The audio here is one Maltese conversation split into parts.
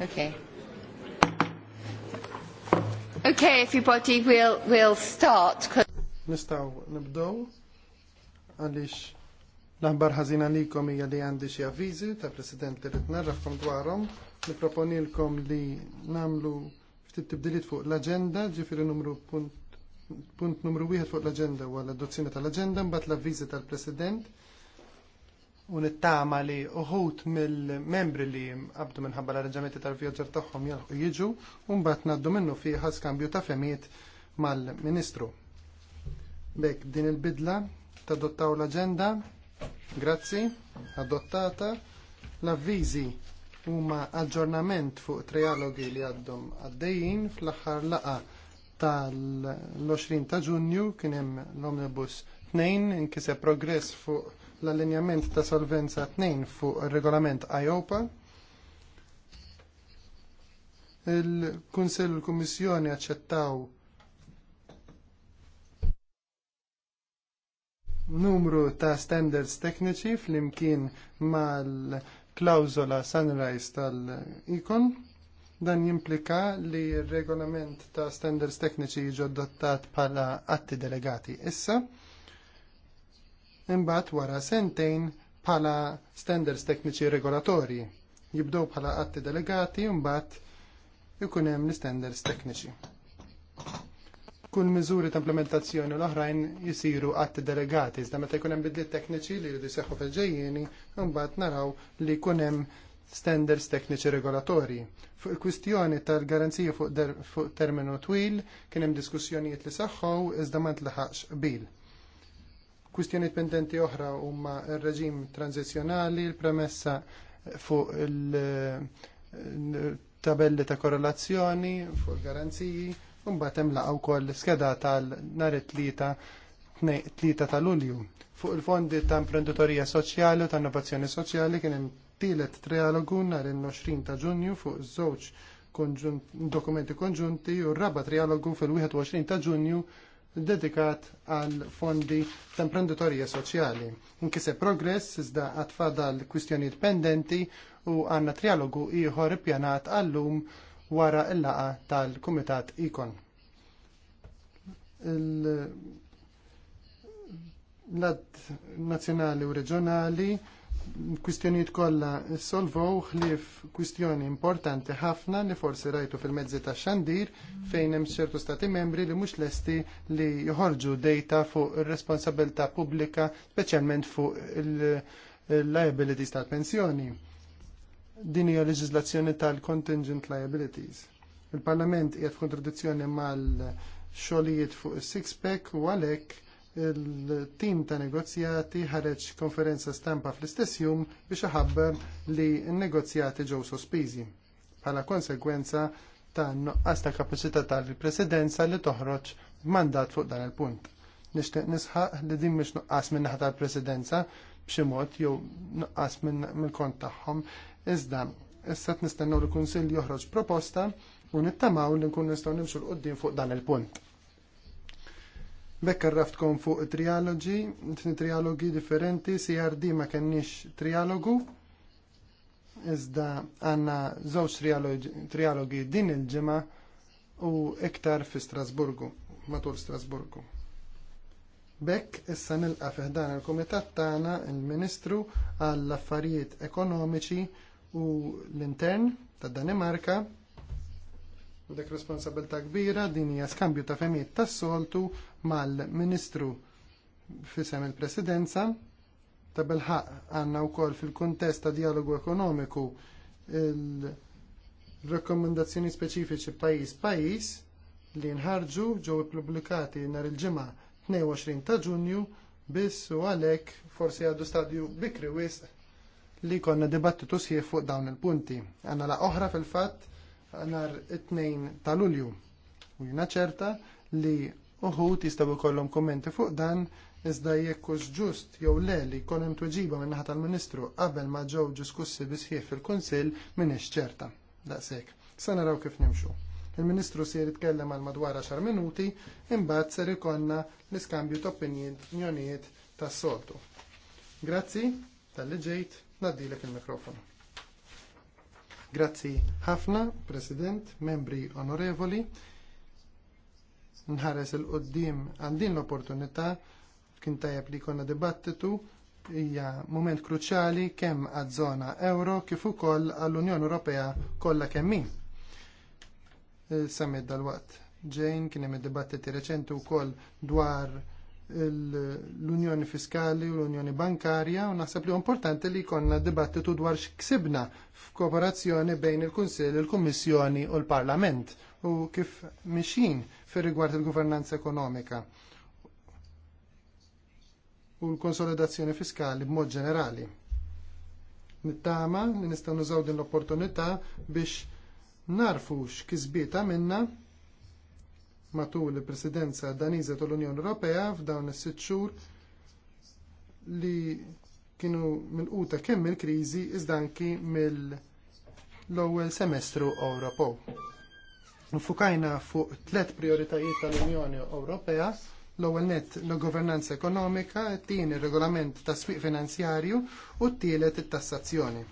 Okay. Okay, everybody, we'll, we'll start. Nistaw nibdow għalix l-aħbar ħazina kom hija li għandi xi avviżi ta' President li rid narrafkom dwarhom. Niproponilkom li namlu ftit tibdiliet fuq l-aġenda, ġifieri numru punt, punt numru wieħed fuq l-aġenda u l-adozzjoni tal-aġenda, mbagħad l-avviżi tal-President u nittama li uħut mill-membri li għabdu minħabba l-arranġamenti tal vjaġġar tagħhom jalħu jiġu u mbagħad ngħaddu minnu fiħa skambju ta' femijiet mal-Ministru. Bek din il-bidla tadottaw l-aġenda, grazzi, adottata, l-avviżi huma aġġornament fuq trialogi li għaddhom għaddejjin fl-aħħar laqa tal-20 ta' Ġunju kien hemm l-Omnibus 2 inkiseb progress fuq l-allinjament ta' solvenza 2 fuq ir regolament IOPA. Il-Kunsell u l-Kummissjoni aċċettaw numru ta' standards tekniċi flimkien mal-klawzola sunrise tal-ikon. Dan jimplika li r regolament ta' standards tekniċi jiġu adottat bħala atti delegati issa imbagħad wara sentejn bħala standards tekniċi regolatorji. Jibdew bħala atti delegati imbagħad ikun hemm l-standards tekniċi. Kull miżuri ta' implementazzjoni l-oħrajn jisiru atti delegati, iżda meta jkun hemm bidliet tekniċi li jridu jseħħu fil-ġejjieni, imbagħad naraw li jkun hemm standards tekniċi regolatorji. Fuq il-kwistjoni tal-garanzija fuq, fuq terminu twil kien hemm diskussjonijiet li saħħu iżda ma tlaħaqx qbil. Kwistjoni pendenti oħra huma r-reġim tranzizzjonali, l-premessa fuq il-tabelli ta' korrelazzjoni, fuq il garanziji, u mbagħad hemm laqgħu wkoll skeda tal-nhar it-tlieta tlieta ta' Lulju. Fuq il-fondi ta' imprenditorija soċjali u ta' innovazzjoni soċjali kien hemm tielet trialogu nhar il-20 ta' Ġunju fuq żewġ dokumenti konġunti u r-raba trialogu fil-21 ta' Ġunju dedikat għal fondi tal imprenditorija soċjali. Inkiseb progress iżda għatfada l-kwistjonijiet pendenti u għanna trialogu ieħor ippjanat għallum wara il-laqa tal-Kumitat Ikon. l lad nazjonali u reġjonali kwistjonijiet kollha solvow ħlief kwistjoni importanti ħafna li forsi rajtu fil-mezzi ta' xandir fejn hemm ċertu stati membri li mhux lesti li joħorġu data fuq ir-responsabilità pubblika speċjalment fuq il-liabilities tal-pensjoni. Din hija leġiżlazzjoni tal-contingent liabilities. Il-Parlament qiegħed f'kontradizzjoni mal-xogħlijiet fuq is-six pack u għalhekk il-tim ta' negozjati ħareġ konferenza stampa fl-istess jum biex iħabbar li n-negozjati ġew sospiżi bħala konsegwenza ta' nuqqas ta' kapaċità tal-presidenza li toħroġ mandat fuq dan il-punt. Nixtieq nisħaq li din mhix nuqqas minn naħa tal-presidenza b'xi mod jew nuqqas minn kont tagħhom iżda issa nistennew li kunsill joħroġ proposta u nittamaw li nkun nistgħu nimxu l-qudiem fuq dan il-punt. Bekk arraftkom fuq triologi, tni triologi differenti, CRD ma kenniex trialogu, iżda għanna żewġ triologi din il-ġimgħa u iktar fi Strasburgu, matul Strasburgu. Bekk issa nilqa fiħdan il-Kumitat tagħna il-Ministru għall-Affarijiet Ekonomiċi u l-Intern ta' Danimarka dak responsabilta kbira din hija skambju ta' femijiet tas-soltu mal-Ministru fisem il-Presidenza. Ta' belħaq għanna u koll fil-kontest ta' dialogu ekonomiku il-rekomendazzjoni speċifiċi pajis pajis li nħarġu ġew ippubblikati nhar il-ġimgħa 22 ta' Ġunju biss u għalhekk forsi għadu stadju bikri wisq li konna dibattitu sħiħ fuq dawn il-punti. Għanna la oħra fil-fatt nhar it-tnejn ta' Lulju. U jina ċerta li uħud jistgħu jkollhom kummenti fuq dan iżda jekk hux ġust jew le li jkun hemm tweġiba min naħa tal-Ministru qabel ma ġew ġiskussi bisħieħ fil-Kunsill m'iniex ċerta. Daqshekk. Sa naraw kif nimxu. Il-Ministru sir jitkellem għal madwar 10 minuti, imbagħad ser ikollna l-iskambju ta' opinjonijiet tas-soltu. Grazzi tal-li ġejt, naddilek il-mikrofonu. Grazzi ħafna, President, membri onorevoli, nħares il-qoddim għandin l-opportunità kien tajab li konna dibattitu hija moment kruċjali kemm għaż-żona euro kif ukoll għall-Unjoni Ewropea kollha kemm min. Summit dal-waqt. Ġejn kien hemm dibattiti reċenti wkoll dwar l-Unjoni Fiskali u l-Unjoni Bankarja u naħseb li importanti li jkollna dibattitu dwar x'ksibna f'kooperazzjoni bejn il-Kunsill, il-Kummissjoni u l-Parlament u kif mixin fir rigward il-governanza ekonomika u l-konsolidazzjoni fiskali b'mod ġenerali. Nittama li nistgħu nużaw din l-opportunità biex narfu x'kisbieta minna matul il-Presidenza Daniża tal-Unjoni Ewropea f'dawn is-sitt xhur li kienu mill-quta kemm il kriżi iżda anki mill-ewwel semestru Ewropew. Nfukajna fuq tliet prioritajiet tal-Unjoni Ewropea l-ewwel nett l-governanza ekonomika, t-tieni ir-regolament ta' swieq finanzjarju u t-tielet it-tassazzjoni.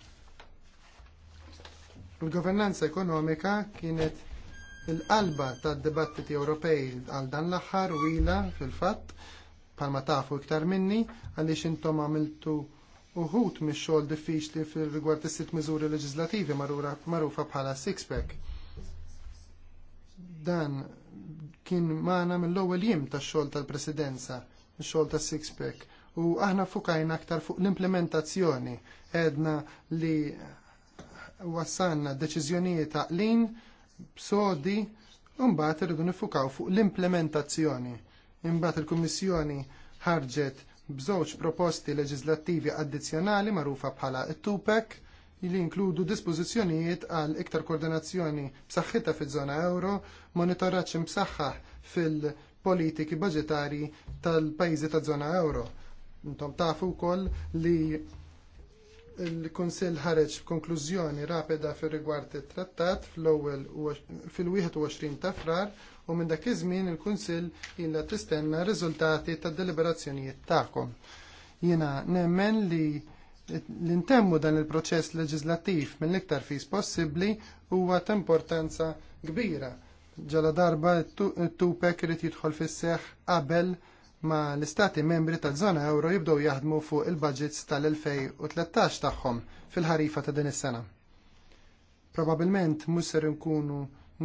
l governanza ekonomika kienet Il-qalba tad dibattiti Ewropej għal dan l-aħħar wila fil-fatt palma tafu iktar minni għaliex intom għamiltu uħut mix xogħol diffiċli fil-rigward is-sitt miżuri leġislativi magħrufa bħala six-pack. Dan kien magħna mill-ewwel jiem tax-xogħol tal-Presidenza, ix-xogħol tas-six-pack. U aħna fukajna aktar fuq l-implementazzjoni edna li wassanna deċiżjonijiet taqlin b'sodi u mbagħad irridu nifukaw fuq l-implementazzjoni. Imbagħad il-Kummissjoni ħarġet b'żewġ proposti leġislattivi addizzjonali magħrufa bħala t tupek li jinkludu dispożizzjonijiet għal iktar koordinazzjoni b'saħħitha fiż-żona euro, monitoraġġ imsaħħaħ fil-politiki budġetarji tal-pajjiżi taż-żona euro. Intom tafu wkoll li il-Kunsill ħareġ konklużjoni rapida fir rigward it-trattat fl-ewwel fil-21 ta' frar u minn dak iż-żmien il-Kunsill illa tistenna riżultati tad deliberazzjonijiet tagħkom. Jiena nemmen li l-intemmu dan il-proċess leġislattiv mill-iktar fis possibbli huwa ta' importanza kbira. Ġala darba t-tupek irid jidħol fis seħħ qabel ma l-istati membri taż-żona euro jibdew jaħdmu fuq il-budgets tal-2013 tagħhom fil-ħarifa ta' din is-sena. Probabilment mhux nkunu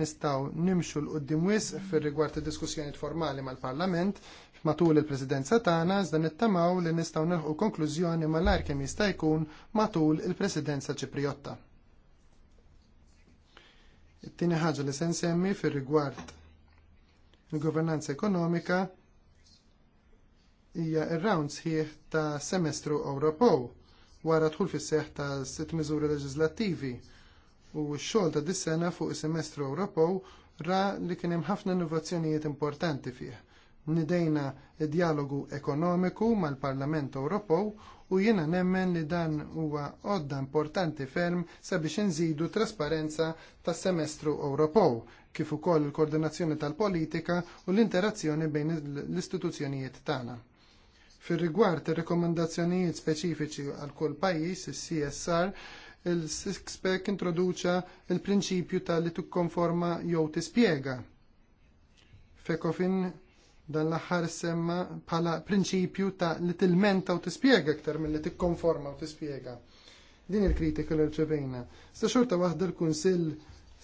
nistgħu nimxu l qudiem wisq fir-rigward id-diskussjonijiet formali mal-Parlament matul il-Presidenza tagħna iżda nittamaw li nistgħu nilħu konklużjoni malajr kemm jista' jkun matul il-Presidenza Ċipriotta. It-tieni ħaġa li se nsemmi fir-rigward il-governanza ekonomika hija r rounds sħiħ ta' semestru Ewropew wara dħul fis seħħ ta' sitt miżuri leġislattivi u x-xogħol ta' dis-sena fuq is-semestru Ewropew ra li kien hemm ħafna innovazzjonijiet importanti fih. Nidejna dialogu ekonomiku mal-Parlament Ewropew u jiena nemmen li dan huwa għodda importanti ferm sabiex inżidu trasparenza tas semestru Ewropew kif ukoll il-koordinazzjoni tal-politika u l-interazzjoni bejn l-istituzzjonijiet tagħna. Fir-rigward ir-rekomandazzjonijiet speċifiċi għal kull pajjiż, is-CSR, il-six-pack introduċa l prinċipju ta' li tikkonforma jew tispjega. Fekofin dan l-aħħar semma bħala prinċipju ta' li tilmenta u tispjega aktar milli tikkonforma u tispjega. Din il-kritika l rċevejna. Sta xorta waħda l-Kunsill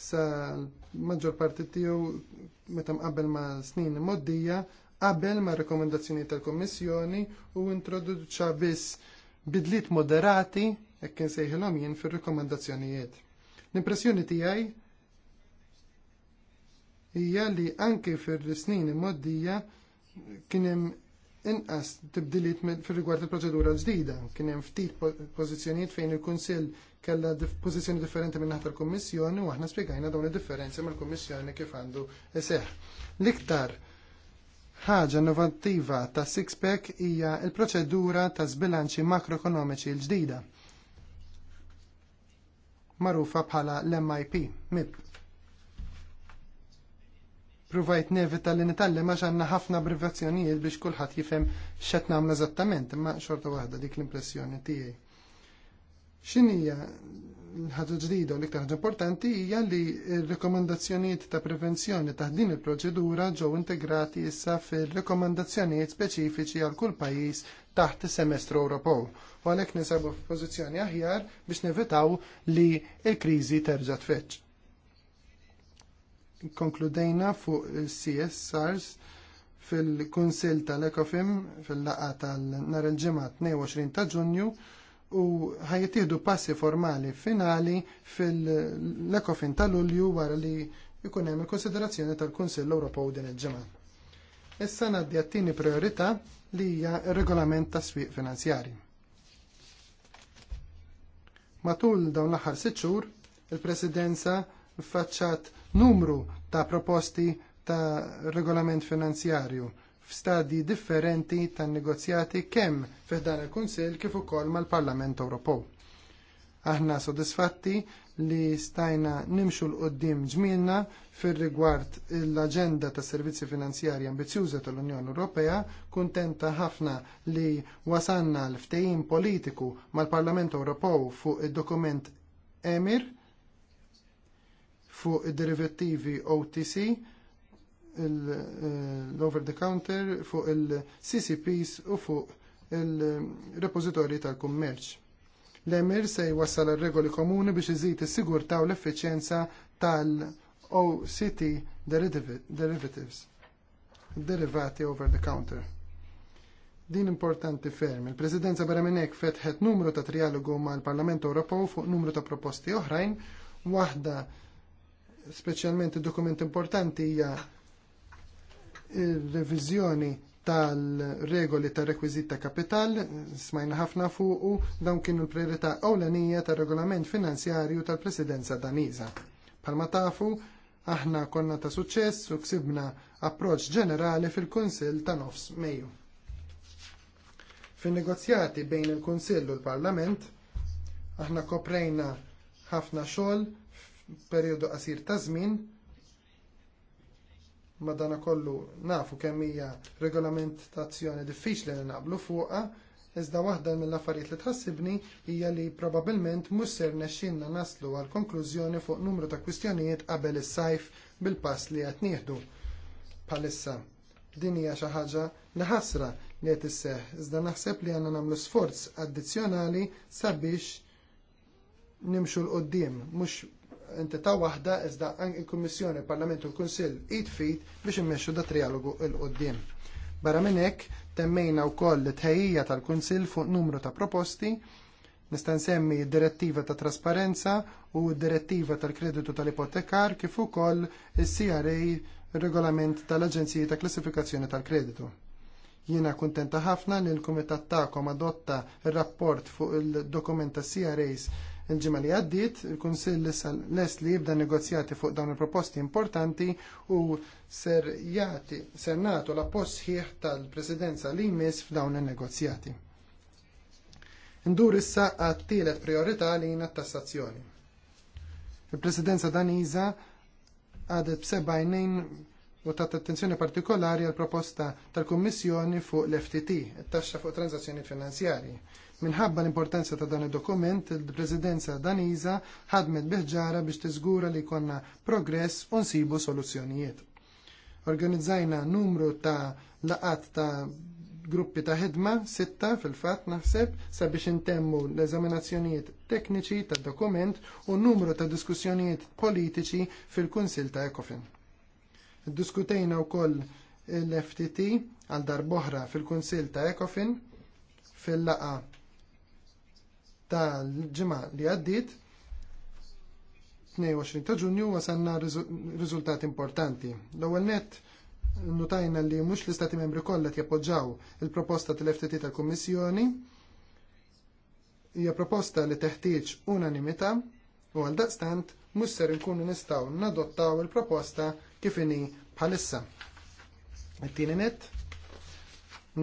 sa maġġor parti tiegħu meta mqabbel ma' snin moddija qabel ma' rekomendazzjoni tal-Kommissjoni u introduċa biss bidliet moderati e kien sejħilhom jien fir-rekomendazzjonijiet. L-impressjoni tiegħi hija li anke fir-snin immoddija kien hemm inqas tibdiliet fir rigward il-proċedura ġdida. Kien hemm ftit pożizzjonijiet fejn il-Kunsill kellha pożizzjoni differenti minn naħta l-Kummissjoni u aħna spjegajna dawn id-differenzi mal-Kummissjoni kif għandu iseħħ. L-iktar ħaġa innovattiva ta' Sixpack hija l-proċedura ta' sbilanċi makroekonomiċi l-ġdida. Marufa bħala l-MIP, MIP. Pruvajt nevita li nitalli ma ċanna ħafna abbrivazzjonijiet biex kulħadd jifhem x'qed nagħmlu eżattament, imma xorta waħda dik l-impressjoni tiegħi. X'inhija l-ħaġa ġdida u l-iktar ħaġa importanti hija li r-rekomendazzjonijiet ta' prevenzjoni ta' din il-proċedura ġew integrati issa fir-rekomendazzjonijiet speċifiċi għal kull pajjiż taħt is-semestru Ewropew. U għalhekk nisabu f'pożizzjoni aħjar biex nevitaw li l-kriżi terġa' tfeċċ. Konkludejna fuq CSRs fil-Kunsill tal-Ekofim fil-laqgħa tal-nhar il-ġimgħa 22 ta' Ġunju u ħajtieħdu passi formali finali fil-ekofin tal-Ulju wara li jkun hemm il-konsiderazzjoni tal-Kunsill Ewropew din il-ġimgħa. Issa ngħaddi għat-tieni priorità li hija r-regolament ta' swieq finanzjari. Matul dawn l-aħħar sitt xhur, il-Presidenza faċċat numru ta' proposti ta' regolament finanzjarju f'stadji differenti tan negozjati kemm fedan il-Kunsill kif ukoll mal-Parlament Ewropew. Aħna sodisfatti li stajna nimxu l-qoddim ġmielna fir-rigward l-Aġenda ta' Servizzi Finanzjarji Ambizjuża tal-Unjoni Ewropea, kuntenta ħafna li wasanna l-ftehim politiku mal-Parlament Ewropew fuq id-dokument Emir fuq id-derivattivi OTC l-over the counter, fuq il-CCPs u fuq il-repozitorji tal-kummerċ. L-emir se jwassal regoli komuni biex iżid is-sigurtà u l-effiċjenza tal-OCT derivatives, derivati over the counter. Din importanti ferm. Il-Presidenza barra fetħet numru ta' trialogu mal-Parlament Ewropew fuq numru ta' proposti oħrajn, waħda speċjalment dokument importanti hija ir revizjoni tal-regoli tar rekwizit ta' kapital, smajna ħafna fuqu, dawn kienu l-priorità ewlenija tar regolament finanzjarju tal-presidenza Daniza. Palma tafu, aħna konna ta' suċċess u ksibna approċ ġenerali fil-Kunsill ta' nofs Mejju. Fin-negozjati bejn il-Kunsill u l-Parlament, aħna koprejna ħafna xogħol f'perjodu qasir ta' żmien kollu nafu kemm hija regolamentazzjoni diffiċli li naqblu fuqha, iżda waħda mill-affarijiet li tħassibni hija li probabbilment mhux se nexxinna naslu għal konklużjoni fuq numru ta' kwistjonijiet qabel is-sajf bil-pass li qed nieħdu bħalissa. Din hija xi ħaġa li ħasra li qed isseħħ, iżda naħseb li għandna nagħmlu sforz addizzjonali sabiex nimxu l-qoddim, mhux entità waħda iżda il-Kummissjoni, il-Parlament u l-Kunsill id fit biex immexxu da trialogu il qoddim Barra minn hekk temmejna wkoll it-tħejjija tal-Kunsill fuq numru ta' proposti nista' nsemmi d-direttiva ta' trasparenza u d-direttiva tal-kreditu tal-ipotekar kif ukoll is-CRA regolament tal-Aġenziji ta' Klassifikazzjoni tal-Kreditu. Jiena kuntenta ħafna li l-Kumitat tagħkom adotta r rapport fuq il-dokumenta CRAs Il-ġimgħa li għaddiet, il-Kunsill lest li jibda negozjati fuq dawn il-proposti importanti u ser jati, ser nagħtu la posħiħ tal-Presidenza li jmiss f'dawn in-negozjati. Ndur issa għat-tielet priorità li jina tassazzjoni. Il-Presidenza Daniza għadet b'seba' jnejn u tat attenzjoni partikolari għal proposta tal-Kummissjoni fuq l-FTT, it-taxxa fuq transazzjoni finanzjarji. Minħabba l-importanza ta' dan id-dokument, il-Presidenza Daniża ħadmet biħġara biex tiżgura li jkollna progress u nsibu soluzzjonijiet. Organizzajna numru ta' laqat ta' gruppi ta' ħidma, sitta fil-fat naħseb, sabiex intemmu l-eżaminazzjonijiet tekniċi tad dokument u numru ta' diskussjonijiet politiċi fil-Kunsil ta' Ekofin. Diskutejna wkoll l-FTT għal darboħra fil-Kunsil ta' Ekofin fil-laqa tal-ġimgħa li għaddiet 22 ta' Ġunju wasanna riżultati importanti. L-ewwel nett notajna li mhux l-Istati membri kollha jappoġġaw il-proposta tal-FTT tal-Kummissjoni hija proposta li teħtieġ unanimità u għal daqstant mhux ser inkunu nistgħu nadottaw il-proposta kif inhi bħalissa. It-tieni nett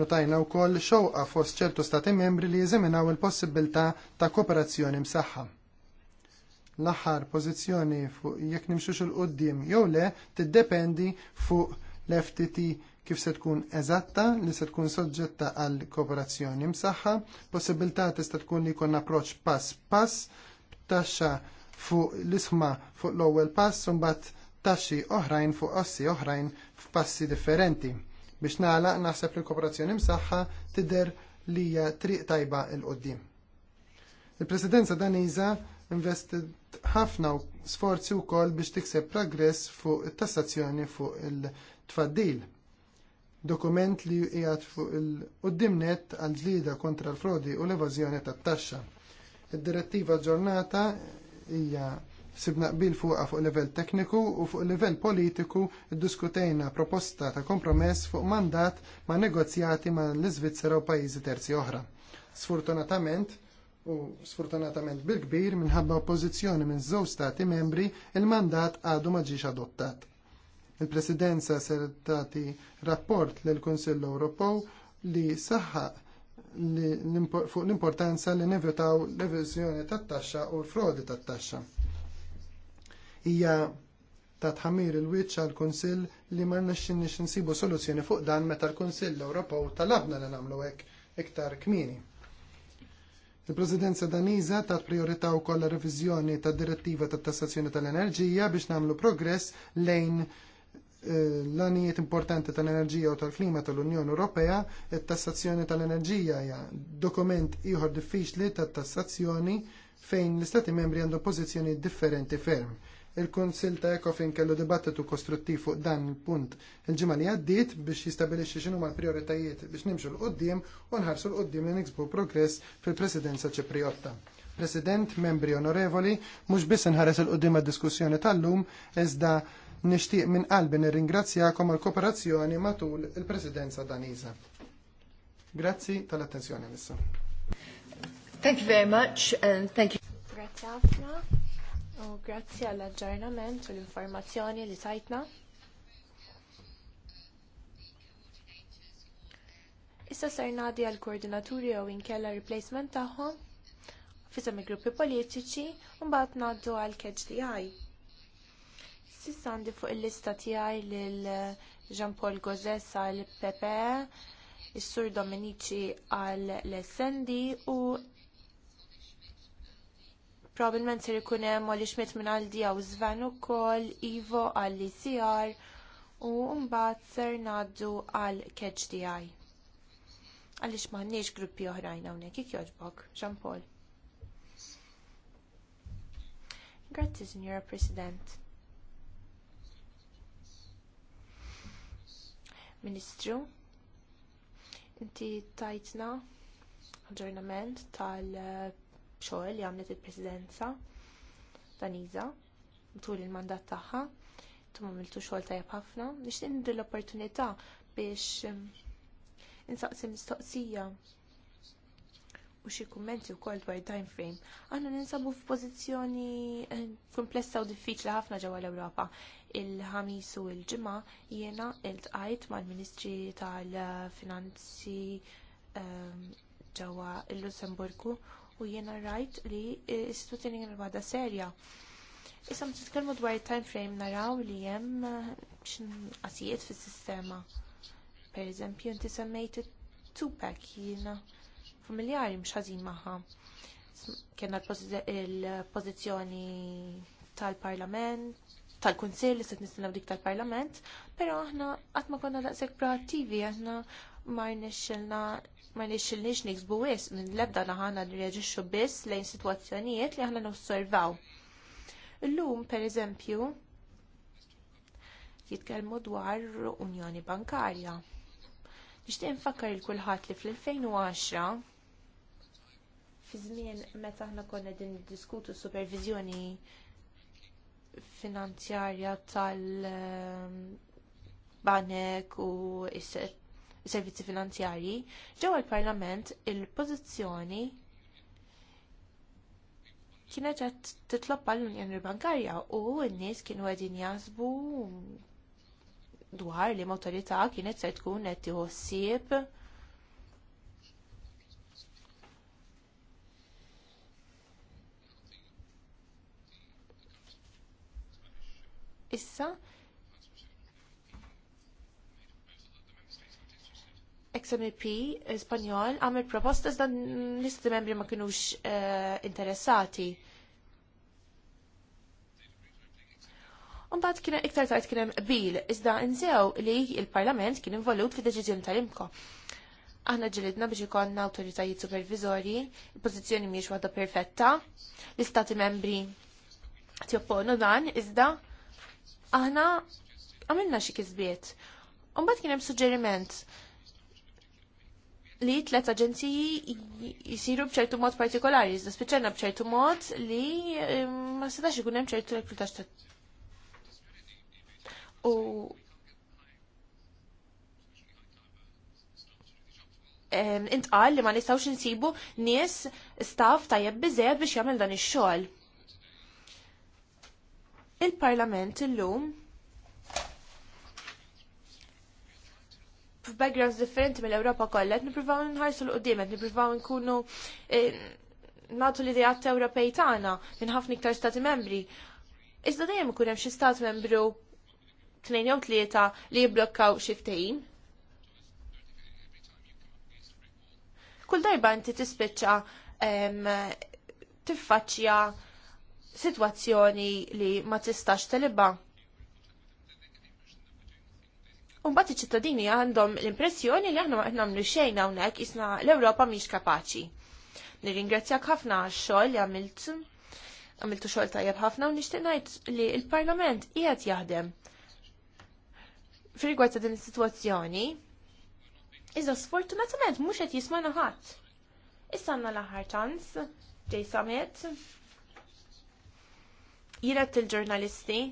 Notajna u koll xewqa fost ċertu stati membri li jizeminaw il-possibilità ta' kooperazzjoni msaħħa. L-aħħar pożizzjoni fuq jekk nimxux il-qoddim jew le tiddependi fuq l-FTT kif se tkun eżatta li se tkun soġġetta għal kooperazzjoni msaħħa, possibilità tista' tkun li jkun approċċ pass pass, taxxa fuq l-isma fuq l-ewwel pass u mbagħad taxxi oħrajn fuq ossi oħrajn f'passi differenti. Biex nagħlaq naħseb li l-kooperazzjoni msaħħa tidher li hija triq tajba il qoddim Il-Presidenza Daniża investit ħafna sforzi wkoll biex tikseb progress fuq it-tassazzjoni fuq il-tfaddil. Dokument li jgħat fuq il net għal ġlida kontra l-frodi u l-evażjoni tat-taxxa. Id-direttiva ġurnata hija sibna qbil fuqa fuq level tekniku u fuq livell politiku diskutejna proposta ta' kompromess fuq mandat ma' negozjati ma' l-Iżvizzera u pajjiżi terzi oħra. Sfortunatament, u sfortunatament bil-kbir minħabba oppożizzjoni minn żewġ stati membri, il-mandat għadu ma ġiex adottat. Il-Presidenza ser tagħti rapport lill kunsill Ewropew li saħħaq fuq l-importanza li nevitaw l-eviżjoni tat-taxxa u l-frodi tat-taxxa hija ta' tħammir il-wiċċ għal kunsill li ma nixxinniex nsibu soluzzjoni fuq dan meta l-Kunsill tal talabna li nagħmlu hekk iktar kmieni. Il-Presidenza Daniża tat priorità wkoll reviżjoni tad direttiva tat tassazzjoni tal-enerġija biex nagħmlu progress lejn eh, l-għanijiet importanti tal-enerġija u tal-klima tal-Unjoni Ewropea, it-tassazzjoni tal-enerġija hija dokument ieħor diffiċli tat-tassazzjoni fejn l-Istati membri għandhom pożizzjoni differenti ferm. Il-Kunsil ta' Ekofin kellu dibattitu kostruttiv fuq dan il-punt il-ġimgħa li għaddiet biex jistabilixxi xinu ma' prioritajiet biex nimxu l-qudiem u nħarsu l qoddim li niksbu progress fil-Presidenza Ċipriotta. President, membri onorevoli, mhux biss nħares l qudiem għad-diskussjoni tal-lum, iżda nixtieq minn qalbi nirringrazzjakom għal kooperazzjoni matul il-Presidenza daniza. Grazzi tal-attenzjoni missa. Thank you very much and thank you grazzi għall aġġornament u l-informazzjoni li tajtna. Issa ser ngħaddi għall koordinaturi jew inkella replacement tagħhom fisem il-gruppi politiċi u mbagħad ngħaddu għal KHDI. Sissa għandi fuq il-lista tiegħi lil Jean-Paul Gozessa għal PP, e, is-Sur Domenici għal l-SND u Probabilment ser ikun hemm għaliex ixmet minn għaldi għaw żvan ukoll Ivo għall ICR e u mbagħad ser ngħaddu għal KHDI. Għaliex m'għandniex gruppi oħrajn hawnhekk kif jogħġbok, Jean Paul. Grazzi, Signora President. Ministru, inti tajtna aġġornament tal xogħol li għamlet il-Presidenza Daniża tul il-mandat tagħha. tu għamiltu xogħol tajjeb ħafna. Nixtieq nidri l-opportunità biex ehm, insaqsi mistoqsija u xi kummenti wkoll dwar time frame. Aħna ninsabu f'pożizzjoni eh, komplessa u diffiċli ħafna ġewwa l-Ewropa. Il-ħamis u l-ġimgħa jiena iltqajt mal-Ministri tal-Finanzi ehm, ġewwa l-Lussemburgu u jiena rajt li s-situazzjoni kien għada serja. Issa nitkellmu dwar time frame naraw li hemm eh, x'inqasijiet fis-sistema. Pereżempju inti semmejt it-tupac jiena familjari mhux ħażin magħha. Kienna l-pożizzjoni tal-Parlament, tal kunsil li se nistennew dik tal-Parlament, pero aħna qatt ma konna daqshekk proattivi, aħna ma jnexxilna niksbu wis minn l-ebda naħana nirreġixxu biss lejn sitwazzjonijiet li aħna nosservaw. Illum, pereżempju, jitkellmu dwar Unjoni Bankarja. Nixtieq nfakkar il kulħadd li fl-2010 fi żmien meta aħna konna din diskutu supervizjoni finanzjarja tal-banek ehm, u is servizzi finanzjarji, ġew l-Parlament il-pożizzjoni kienet qed titlob għall-Unjoni Bankarja u n-nies kienu qegħdin jaħsbu dwar li m-awtorità kienet se tkun qed tieħu ssieb Issa, XMP Spanjol għamil proposta iżda l-istati membri ma kienux uh, eh, interessati. Umbagħad kiena iktar tard kien hemm qbil iżda nżew li il-Parlament kien involut fid-deċiżjoni tal-imko. Aħna ġilidna biex ikonna awtoritajiet supervizori, il-pożizzjoni mhijiex waħda perfetta, l-istati membri jopponu dan iżda aħna għamilna xi kizbiet. Umbagħad kien hemm suġġeriment li tlet aġenziji jisiru bċertu mod partikolari, iżda spiċċerna bċertu mod li ma setax ikun hemm ċertu reklutax ta' u intqal li ma nistawx insibu nies staff tajjeb biżejjed biex jagħmel dan ix-xogħol. Il-Parlament illum f'backgrounds differenti mill-Ewropa kollha qed nippruvaw nħarsu l-qudiem, qed nippruvaw nkunu eh, nagħtu l-idejat Ewropej tagħna minn ħafna iktar stati membri. Iżda dejjem ikun hemm xi stat membru tnejn jew tlieta li jibblokkaw xi ftehim. Kull darba inti tispiċċa tiffaċċja sitwazzjoni li ma tistax telibba. Umbat iċ-ċittadini għandhom l-impressjoni li aħna ma qed nagħmlu xejn hawnhekk isna l-Ewropa mhix kapaċi. Nirringrazzjak ħafna għax-xogħol li għamilt għamiltu xogħol tajjeb ħafna u nixtieq ngħid li l-Parlament qiegħed jaħdem. fir ta' din is-sitwazzjoni, iżda sfortunatament mhux qed jismana ħadd. Issa għandna l-aħħar tans, ġej samet, jiret il-ġurnalisti,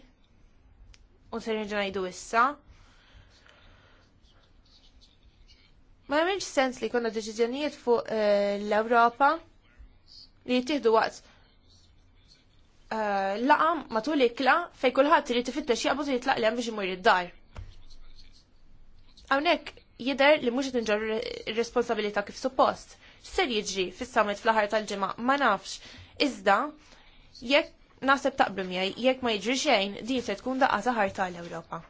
u ser ngħidu issa, Ma jemmenx sens li konna deċiżjonijiet fuq eh, l-Ewropa li jittieħdu waqt eh, laqam matul ikla fej kulħadd irid tifittex xie li jitlaq lem biex imur id-dar. Hawnhekk jidher li mhux qed responsabilita responsabilità kif suppost. Ser jiġri fis-summit fl-aħħar tal-ġimgħa ma nafx. Iżda jekk naħseb taqblu miegħi jekk ma jiġri xejn din se tkun daqqa saħar tal-Ewropa.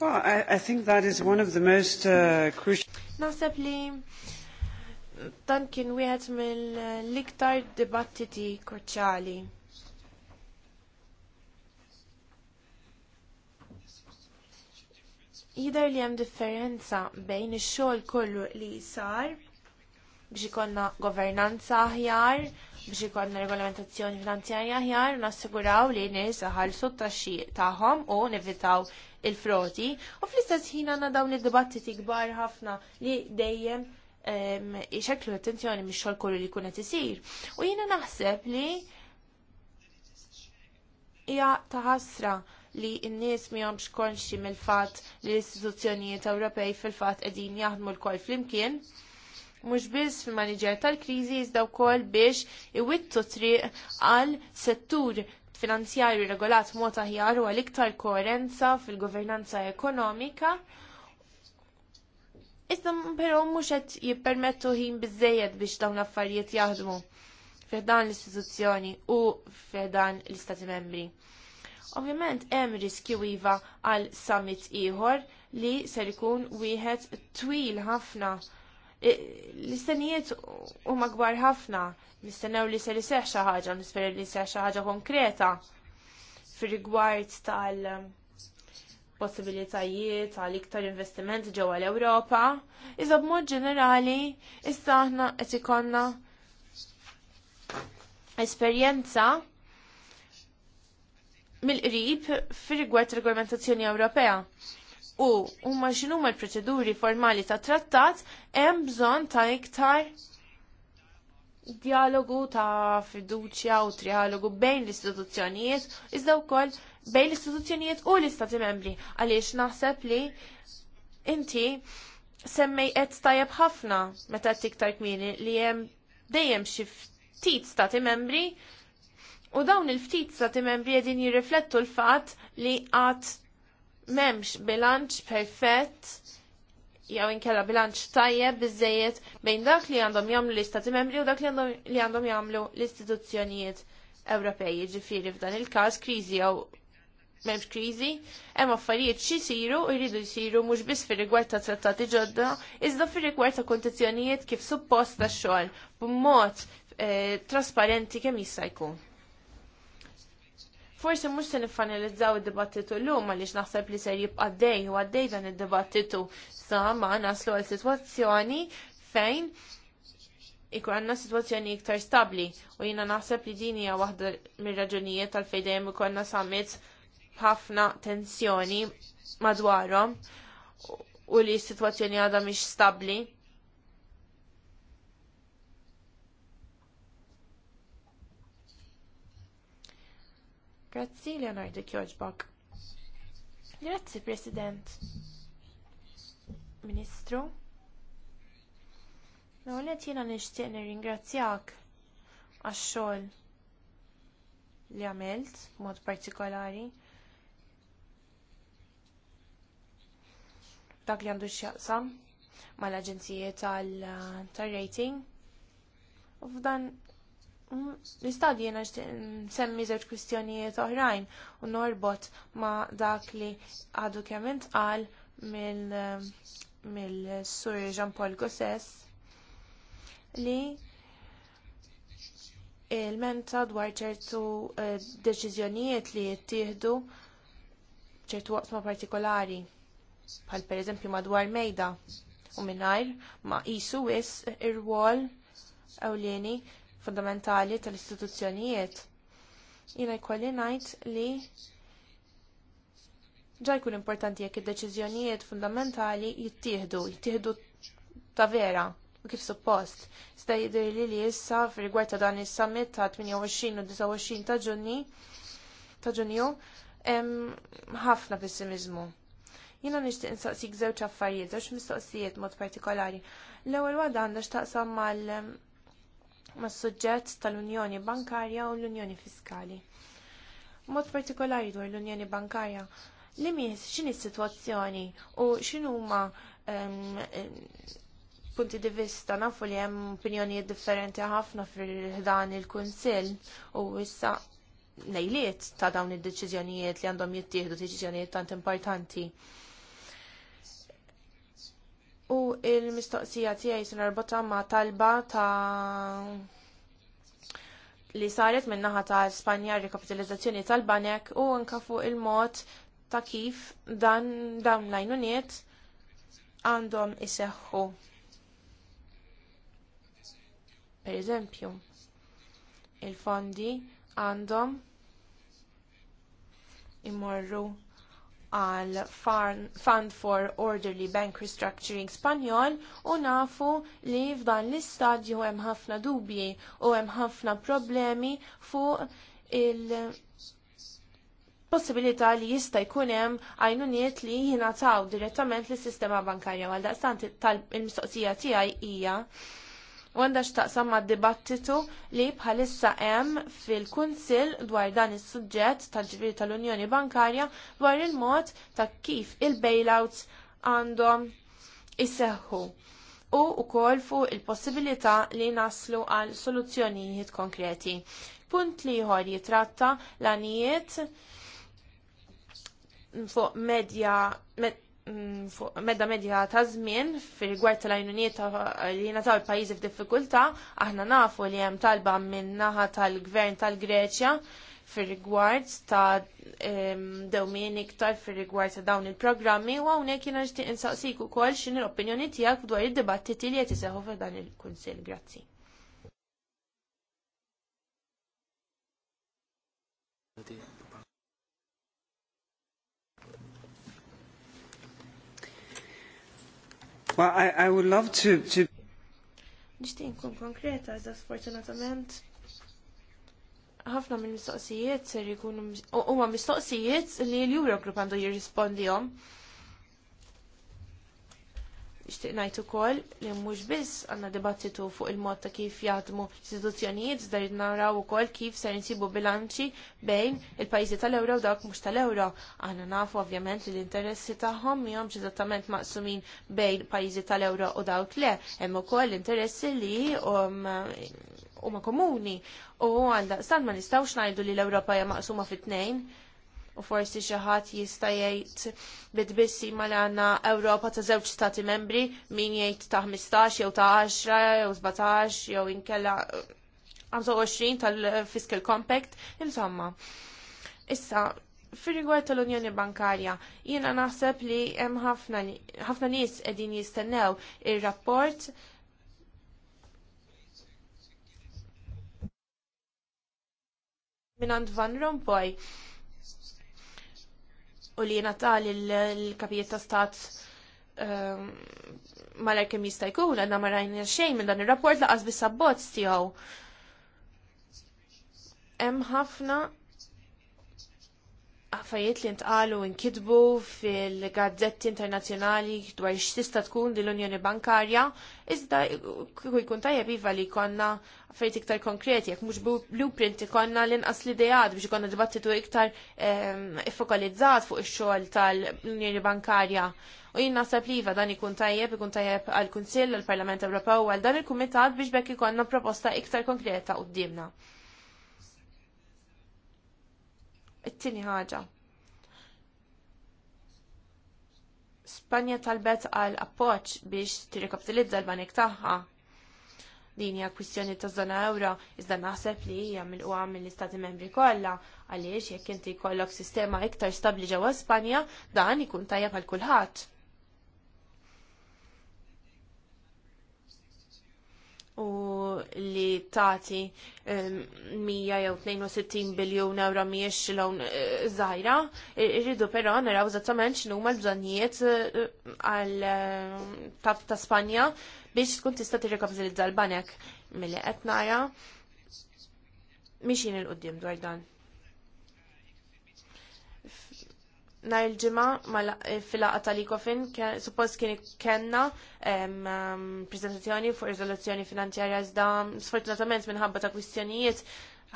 I, think that is one of the most uh, crucial. Naħseb li dan kien wieħed mill-iktar dibattiti kruċjali. Jidher li hemm differenza bejn ix-xogħol kollu li sar biex ikonna governanza aħjar, biex ikonna regolamentazzjoni finanzjarja aħjar, nassiguraw li n-nies iħallsu tax-xi tagħhom u nevitaw il-frodi u fl-istess ħin għandna dawn id-dibattiti kbar ħafna li dejjem ixeklu l-attenzjoni mix xogħol kollu li kunet isir. U jiena naħseb li hija taħasra li n-nies mihomx konxi mill-fatt li l-istituzzjonijiet Ewropej fil-fatt qegħdin jaħdmu l-kol flimkien mhux biss fil-maniġer tal-kriżi iżda wkoll biex iwittu triq għal settur finanzjarju regolat mod aħjar u għal-iktar koerenza fil-governanza ekonomika. Iżda però mhux qed jippermettu ħin biżejjed biex dawn l-affarijiet jaħdmu f'dan l-istituzzjoni u f'dan l-istati membri. Ovvjament hemm riskju iva għal summit ieħor li ser ikun wieħed twil ħafna l-istennijiet huma kbar ħafna, nistennew li ser iseħħ xi ħaġa, nisper li jseħħ xi ħaġa konkreta fir-rigward tal um, possibilitajiet tal iktar investiment ġewwa l-Ewropa, iżda b'mod ġenerali issa aħna qed ikonna esperjenza mill-qrib fir-rigward regolamentazzjoni Ewropea u huma x'inhuma l-proċeduri formali ta' trattat hemm bżonn ta' iktar dialogu ta' fiduċja u trialogu bejn l-istituzzjonijiet, iżda wkoll bejn l-istituzzjonijiet u l-istati membri, għaliex naħseb li inti semmej qed tajjeb ħafna meta tiktar iktar kmieni li hemm dejjem xi ftit stati membri u dawn il-ftit stati membri qegħdin jirriflettu l-fatt li għad memx bilanċ perfett jew inkella bilanċ tajjeb biżejjed bejn dak li għandhom jagħmlu l-istati membri u dak li għandhom jagħmlu l-istituzzjonijiet Ewropej. Ġifieri f'dan il-każ kriżi jew m'hemmx kriżi, hemm affarijiet xi jsiru u jridu jsiru mhux biss fir-rigward ta' trattati ġodda, iżda fir-rigward ta' kundizzjonijiet kif suppost tax-xogħol b'mod eh, trasparenti kemm jista' jkun. Forsi mhux se nifanalizzaw id-dibattitu llum għaliex naħseb li ser jibqa' dej u għaddej dan id-dibattitu sa ma naslu għal sitwazzjoni fejn ikun għanna sitwazzjoni iktar stabbli u jiena naħseb li din hija waħda mir-raġunijiet tal fejdejem dejjem għanna summits ħafna tensjoni madwarhom u li s-sitwazzjoni għadha mhix stabbli Grazzi, Leonardo Kjoġbok. Grazzi, President. Ministru. Għonet jena nishtiq nirringrazzjak għax-xogħol li għamilt b'mod partikolari. Dak li għandu x'jaqsam mal-aġenzijiet tal-rating. U f'dan Mm, l-istadji jena semmi zewġ kwistjonijiet oħrajn u norbot ma dak li għadu kemm intqal mill-sur Jean Paul Gossess li il-menta dwar ċertu eh, deċiżjonijiet li jittieħdu ċertu waqsma partikolari, bħal pereżempju madwar mejda u mingħajr ma qisu wis ir wol ewlieni fundamentali tal-istituzzjonijiet. Jiena jkolli ngħid li ġa jkun importanti jekk id-deċiżjonijiet fundamentali jittieħdu, jittieħdu ta' vera u kif suppost. Sta jidher li li issa f'rigward ta' dan is-summit ta' 28 u 29 ta' Ġunni ta' Ġunju hemm ħafna pessimizmu. Jiena nixtieq insaqsik żewġ affarijiet, żewġ mistoqsijiet mod partikolari. L-ewwel waħda għandha x'taqsam mal mas-suġġett tal-Unjoni Bankarja u l-Unjoni Fiskali. Mod partikolari dwar l-Unjoni Bankarja, li mis x'inhi s-sitwazzjoni u x'inhuma punti di vista nafu li hemm opinjonijiet differenti ħafna fil-ħdan il-Kunsill u issa lejliet ta' dawn id-deċiżjonijiet li għandhom jittieħdu deċiżjonijiet tant importanti. U il-mistoqsija tiegħi se narbota ma' talba ta' li saret minn naħa ta' Spanja rekapitalizzazzjoni tal-banek u anka fuq il-mod ta' kif dan dawn l-għajnuniet għandhom iseħħu. Per eżempju, il-fondi għandhom imorru għal Fund for Orderly Bank Restructuring Spanjol u nafu li f'dan l-istadju hemm ħafna dubji u hemm ħafna problemi fuq il- possibilità li jista' jkun hemm għajnuniet li jingħataw direttament lis sistema bankarja għal daqstant il-mistoqsija tiegħi hija u għandha x'taqsam mad-dibattitu li bħalissa hemm fil-Kunsill dwar dan is-suġġett tal-ġbir tal-Unjoni Bankarja dwar il-mod ta' kif il-bailouts għandhom isseħħu u wkoll fuq il-possibilità li naslu għal soluzzjonijiet konkreti. Punt li jħor jitratta l-anijiet fuq medja med Mm, medda medja ta' żmien fil rigward tal-għajnuniet li nataw il-pajjiżi f'diffikultà, aħna nafu li hemm talba minn naħa tal-gvern tal-Greċja fir rigward ta' dewmien iktar fil rigward ta' dawn il-programmi u hawnhekk jiena nixtieq insaqsik ukoll x'inhi l-opinjoni tiegħek dwar id-dibattiti li qed iseħħu f'dan il-Kunsill. Grazzi. Well, I, I would love to... to... Nishtin kun konkreta, iżda sfortunatament ħafna minn mistoqsijiet ser jkunu huma mistoqsijiet li l-Eurogroup għandu jirrispondihom. Ixtieq ngħid ukoll li mhux biss għandna dibattitu fuq il-mod ta' kif jaħdmu istituzzjonijiet iżda rid naraw ukoll kif ser insibu bilanċi bejn il-pajjiżi tal-ewro u dawk mhux tal-ewro. Aħna nafu ovvjament li l-interessi tagħhom mihomx eżattament maqsumin bejn pajjiżi tal-ewro u dawk le, hemm ukoll interessi li huma komuni u għandha ma nistgħux ngħidu li l-Ewropa hija maqsuma fit-tnejn u forsi xi ħadd jista' jgħid li tbissi li Ewropa ta' żewġ stati membri min jgħid ta' 15 jew ta' 10 jew 17 jew inkella 25 eh, tal-Fiscal Compact, insomma. Issa, fir-rigward tal-Unjoni Bankarja, jiena naħseb li hemm ħafna nies qegħdin jistennew ir-rapport minant Van Rompuy u li natal il-kapijiet ta' stat ehm, malar kem jista' jkun għanna ma rajna xejn minn dan ir-rapport laqas bis sabbozz tiegħu. Hemm ħafna affarijiet li ntqalu nkitbu fil-gazzetti internazzjonali dwar x'tista' tkun din l-Unjoni Bankarja, iżda kieku jkun tajjeb iva li jkollna affarijiet iktar konkreti, jekk mhux blueprint ikollna l-inqas l-idejat biex ikonna dibattitu iktar ehm, ifokalizzat fuq ix-xogħol tal-Unjoni Bankarja. U jien naħseb li iva dan ikun tajjeb, ikun tajjeb għall kunsill għall-Parlament Ewropew għal dan il-Kumitat biex bekk ikonna proposta iktar konkreta d-dimna. It-tieni ħaġa. Spanja talbet għal appoġġ biex tirrikapitalizza l-banek tagħha. Din hija kwistjoni ta' żona ewra, iżda naħseb li hija milquha mill-Istati Membri kollha għaliex jekk inti jkollok sistema iktar stabbli ġewwa Spanja dan ikun tajjeb għal kulħadd. u li tagħti 100 jew 62 biljun euro mhijiex lawn żgħira, eh, irridu però naraw xinu ma l-bżonnijiet eh, għal eh, ta' Spanja biex tkun tista' tirrekapitalizza l-banek milli qed nara mixin il qoddim dwar dan. na il-ġimgħa eh, fil laqqa tal-Ikofin suppost kien kenna preżentazzjoni fuq riżoluzzjoni finanzjarja iżda sfortunatament minħabba ta' kwistjonijiet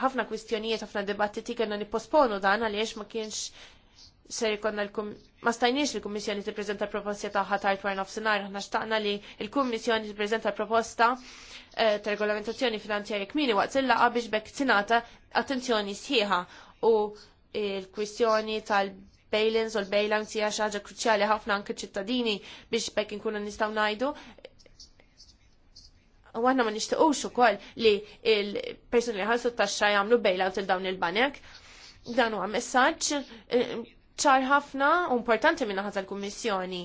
ħafna kwistjonijiet ħafna dibattiti kellna nipposponu dan għaliex ma kienx ser ikonna ma stajniex il-Kummissjoni tippreżenta proposti ħatar t wara nofsinhar, aħna xtaqna li l-Kummissjoni tippreżenta proposta eh, ta' regolamentazzjoni finanzjarja kmini waqt il laqqa biex bekk tingħata attenzjoni sħiħa u l kwistjoni tal- bail-ins u l-bail-outs hija xi ħaġa kruċjali ħafna anke ċittadini biex bekk inkunu nistgħu ngħidu u għanna ma nishtiqux ukoll li il persuni li ħalsu taxxa jagħmlu bailout il dawn il-banek. Dan huwa messaġġ eh, ċar ħafna u importanti minn ħadd tal kummissjoni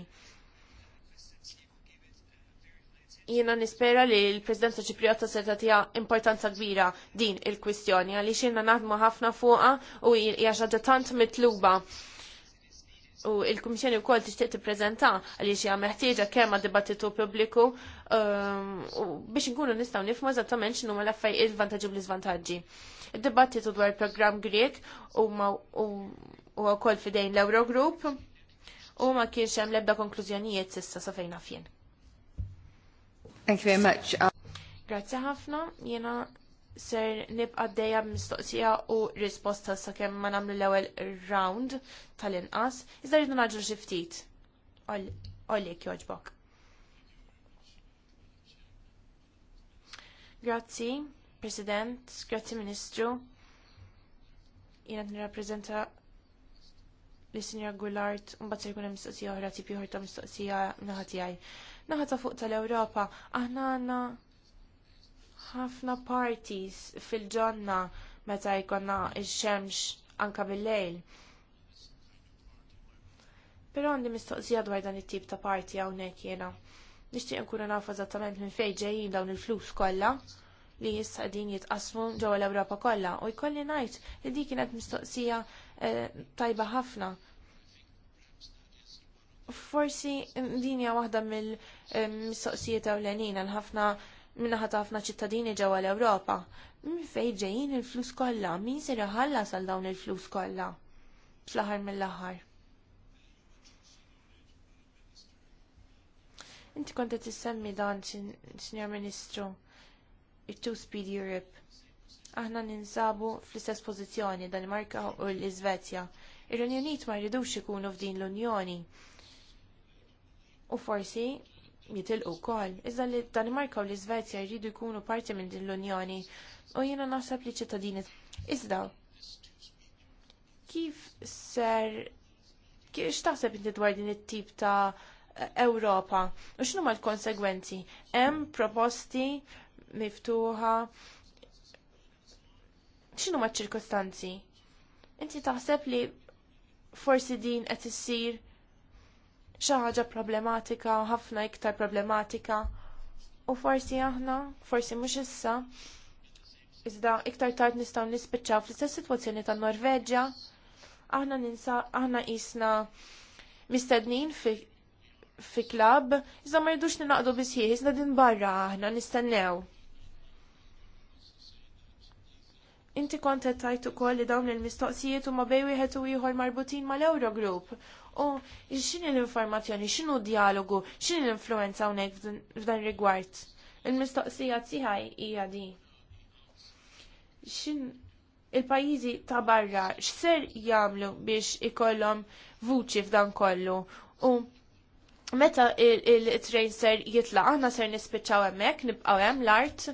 Jiena nispera li l-Presidenza Ċipriota se tagħtiha importanza kbira din il-kwistjoni għaliex jiena naħdmu ħafna fuqha u hija xi tant mitluba u il-Kummissjoni wkoll tixtieq tippreżenta għaliex hija meħtieġa kemm dibattitu pubbliku um, biex inkunu nistgħu nifhmu eżattament x'inhuma l-affarijiet il-vantaġġi u l-iżvantaġġi. Id-dibattitu dwar il-programm Grek u wkoll fidejn l-Eurogroup u ma kienx hemm l-ebda konklużjonijiet s'issa sa fejn Thank you very much. Grazzi ħafna, jena ser nibqa' dejja mistoqsija u risposta sakemm ma nagħmlu l-ewwel round tal-inqas, iżda rridu naġru xi ftit. Ollek jogħġbok. Grazzi, President, grazzi Ministru. Jiena nirrappreżenta li Sinjor Gullart mbagħad se jkun hemm mistoqsija oħra tipi oħra ta' mistoqsija naħa tiegħi. Naħa ta' fuq tal-Ewropa, aħna għandna ħafna parties fil-ġonna meta jkollna x-xemx anke bil-lejl. Però għandi mistoqsija dwar dan it-tip ta' parti hawnhekk jiena. Nixtieq nkunu nafu eżattament minn fejn ġejjin dawn il-flus kollha li jista' din jitqasmu ġewwa l-Ewropa kollha u jkolli ngħid li dik kienet mistoqsija eh, tajba ħafna. Forsi mm, din hija waħda mill-mistoqsijiet eh, ewlenin għal ħafna minna ħafna ċittadini ġewwa l-Ewropa. Fejn ġejjin il-flus kollha, min se iħallas għal dawn il-flus kollha? Fl-aħħar mill-aħħar. Inti kont qed tissemmi dan, Sinjor Ministru, it-Two Speed Europe. Aħna ninsabu fl-istess pożizzjoni Danimarka u l-Iżvezja. Ir-Renju Unit ma jridux ikunu f'din l-Unjoni. U forsi jitilqu wkoll, Iżda li Danimarka u l-Iżvezja jridu jkunu parti minn din l-Unjoni u jiena naħseb li ċittadini. Iżda, kif ser, kif xtaħseb inti dwar din it-tip ta' Ewropa u x'nu ma l-konsegwenzi? Hemm proposti miftuħa x'inhu ma ċirkostanzi? Inti taħseb li forsi din qed issir xi ħaġa problematika, ħafna iktar problematika. U forsi aħna, forsi mhux issa, iżda iktar tard nistgħu nispiċċaw fl-istess sitwazzjoni tan Norveġġja, aħna ninsa aħna qisna mistednin fi fi klab, iżda ma rridux ninaqdu bisħieħ, iżda din barra aħna nistennew. Inti kont qed ukoll li dawn il-mistoqsijiet huma bej wieħed u ieħor marbutin mal-Eurogroup u x'inhi l-informazzjoni, x'inhu dialogu, x'inhi l-influenza hawnhekk f'dan rigward. Il-mistoqsija tiegħi hija di. X'in il-pajjiżi ta' barra x'ser jagħmlu biex ikollhom vuċi f'dan kollu u meta il-train ser jitla, aħna ser nispiċċaw hemmhekk, nibqgħu hemm l-art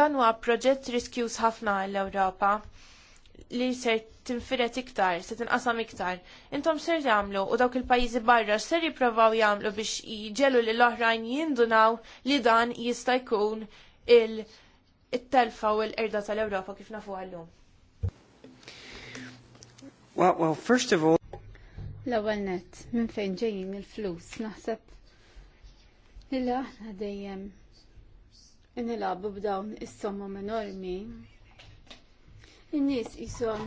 dan huwa proġett riskjus ħafna l-Ewropa li ser tinfiret iktar, se tinqasam iktar. Intom ser jagħmlu u dawk il-pajjiżi barra ser jipravaw jagħmlu biex jġelu li l-oħrajn jindunaw li dan jista' jkun il-telfa u l-erda tal-Ewropa kif nafu għallum. Well, well, first of all... L-ewwel nett, minn fejn ġejjin il-flus, naħseb li aħna dejjem nilabu b'dawn is-somma enormi in-nies qishom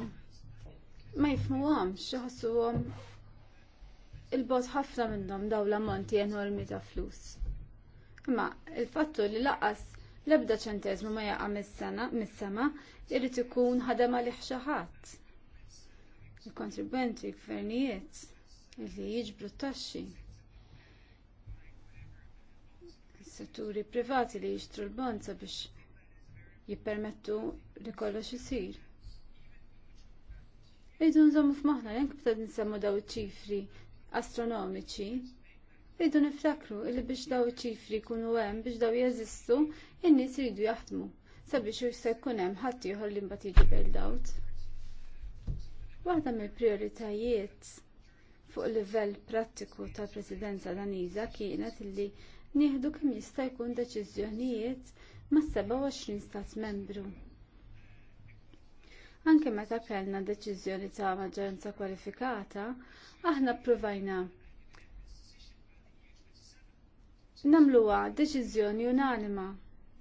ma xaħsu ħassuhom il-bot ħafna minnhom dawn l-ammonti enormi ta' flus. Imma il-fattu li laqas l-ebda ċentezmu ma jaqa mis-sena mis-sema irid ikun ħadem għalih xi ħadd. Il-kontribwenti, il-gvernijiet li jiġbru t-taxxi. Is-setturi privati li jixtru l-bonza biex jippermettu li kollox isir. Irridu nżommu f'maħna jenk bta' nsemmu daw iċ-ċifri astronomiċi. rridu niftakru li biex daw iċ-ċifri jkunu hemm biex daw jeżistu, in-nies iridu jaħdmu sabiex u se jkun hemm ħadd ieħor li mbagħad jiġi bail out. Waħda mill-prioritajiet fuq livell prattiku tal-Presidenza Daniża kienet illi nieħdu kemm jista' jkun deċiżjonijiet mas-27 stat membru. Anke meta kellna deċiżjoni ta' maġġoranza kwalifikata, aħna provajna namluwa deċiżjoni unanima,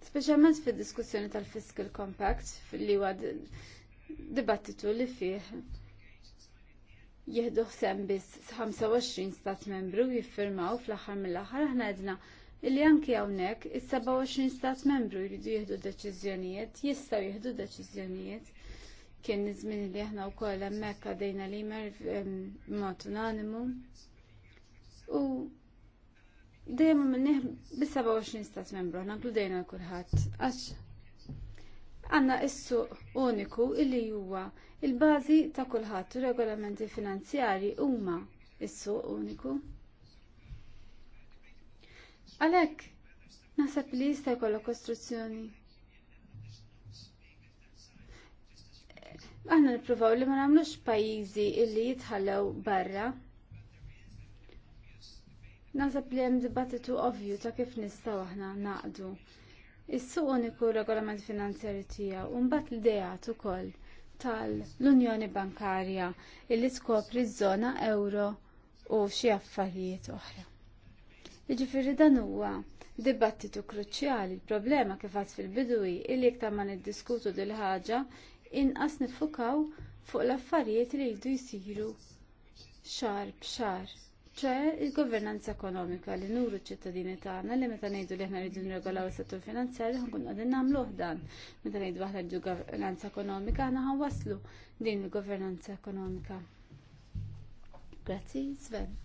speċjalment fid-diskussjoni tal-Fiscal Compact li huwa dibattitu li fih jihdu ħsem biss 25 stat membru jiffirmaw fl-aħħar mill-aħħar aħna għedna illi anki hawnhekk is-27 stat membru jridu jieħdu deċiżjonijiet, jistgħu jieħdu deċiżjonijiet Kien żmien li aħna wkoll hemmhekk għadejna mer mod unanimu. U dejjem minniħ bi 27 stat membru aħna l kulħadd għax għandna is-suq uniku illi huwa il-bażi ta' kulħadd u regolamenti finanzjarji huma is-suq uniku. Għalhekk naħseb li jista' jkollok kostruzzjoni aħna nippruvaw li ma nagħmlux pajjiżi illi jitħallew barra. Nasab li hemm dibattitu ovvju ta' kif nistgħu aħna naqdu. Is-suq uniku regolament finanzjarju tiegħu u mbagħad l-ideat ukoll tal-Unjoni Bankarja illi tkopri ż-żona euro u xi affarijiet oħra. Jiġifieri dan huwa dibattitu kruċjali, il-problema kif kifat fil-bidu illi li ma niddiskutu dil ħaġa inqas nifukaw fuq l-affarijiet li jridu jsiru xahar b'xahar. ċe il-governanza ekonomika li nuru ċittadini tagħna li meta ngħidu li aħna rridu nirregolaw is-settur finanzjarju nkunu qegħdin nagħmlu dan. Meta ngħidu aħna rridu governanza ekonomika aħna waslu din il-governanza ekonomika. Grazzi, Sven.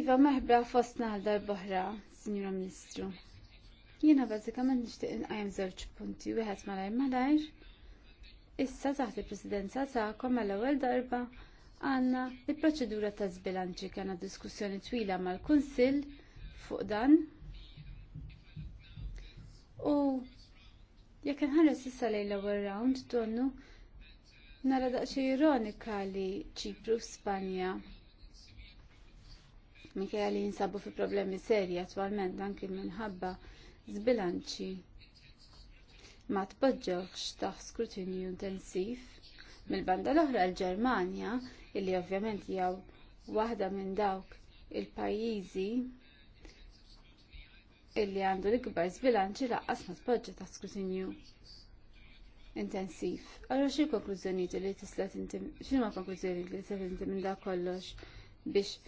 Iva, meħbra fostna għal oħra, Signora Ministru. Jiena bażikament nixtieq nqajm żewġ punti wieħed malaj malajr. Issa taħt il-Presidenza tagħkom mal-ewwel darba għandna il-proċedura ta' żbilanċi kena diskussjoni twila mal-Kunsill fuq dan. U jekk inħares issa lejn l-ewwel round donnu nara daqsxi ironika li ċipru Spanja Mikela li jinsabu fi problemi serji attualment anki minħabba zbilanċi ma tpoġġewx taħ skrutinju intensiv. Mill-banda l-oħra l-Ġermanja, illi ovvjament hija waħda minn dawk il-pajjiżi illi għandu l-ikbar zbilanċi laqqas ma tpoġġa taħt skrutinju intensiv. Allora xi konklużjonijiet li tista' konklużjonijiet li tista' tinti minn dak kollox biex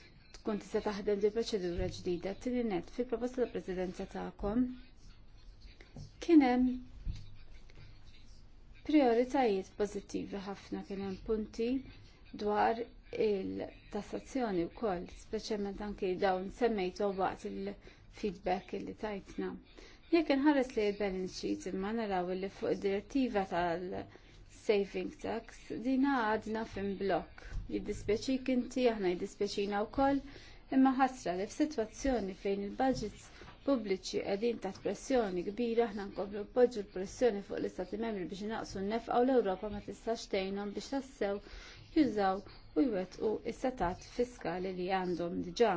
tkun tista' taħdem di proċedura ġdida tieni net fil proposta ta' presidenza tagħkom kien hemm prioritajiet pożittivi ħafna kien hemm punti dwar il-tassazzjoni wkoll, speċjalment anke dawn semmejtu waqt il-feedback li tajtna. Jekk inħares li l-balance sheet imma naraw li fuq id-direttiva tal-saving tax dina għadna fin blok jiddispjaċik inti, aħna jiddispjaċina wkoll, imma ħasra li f'sitwazzjoni fejn il-budgets pubbliċi qegħdin taħt pressjoni kbira aħna nkomplu poġġu l-pressjoni fuq l-Istati Membri biex naqsu n-nefqa l-Ewropa ma tistax tgħinhom biex tassew jużaw u jwettqu is-setat fiskali li għandhom diġà.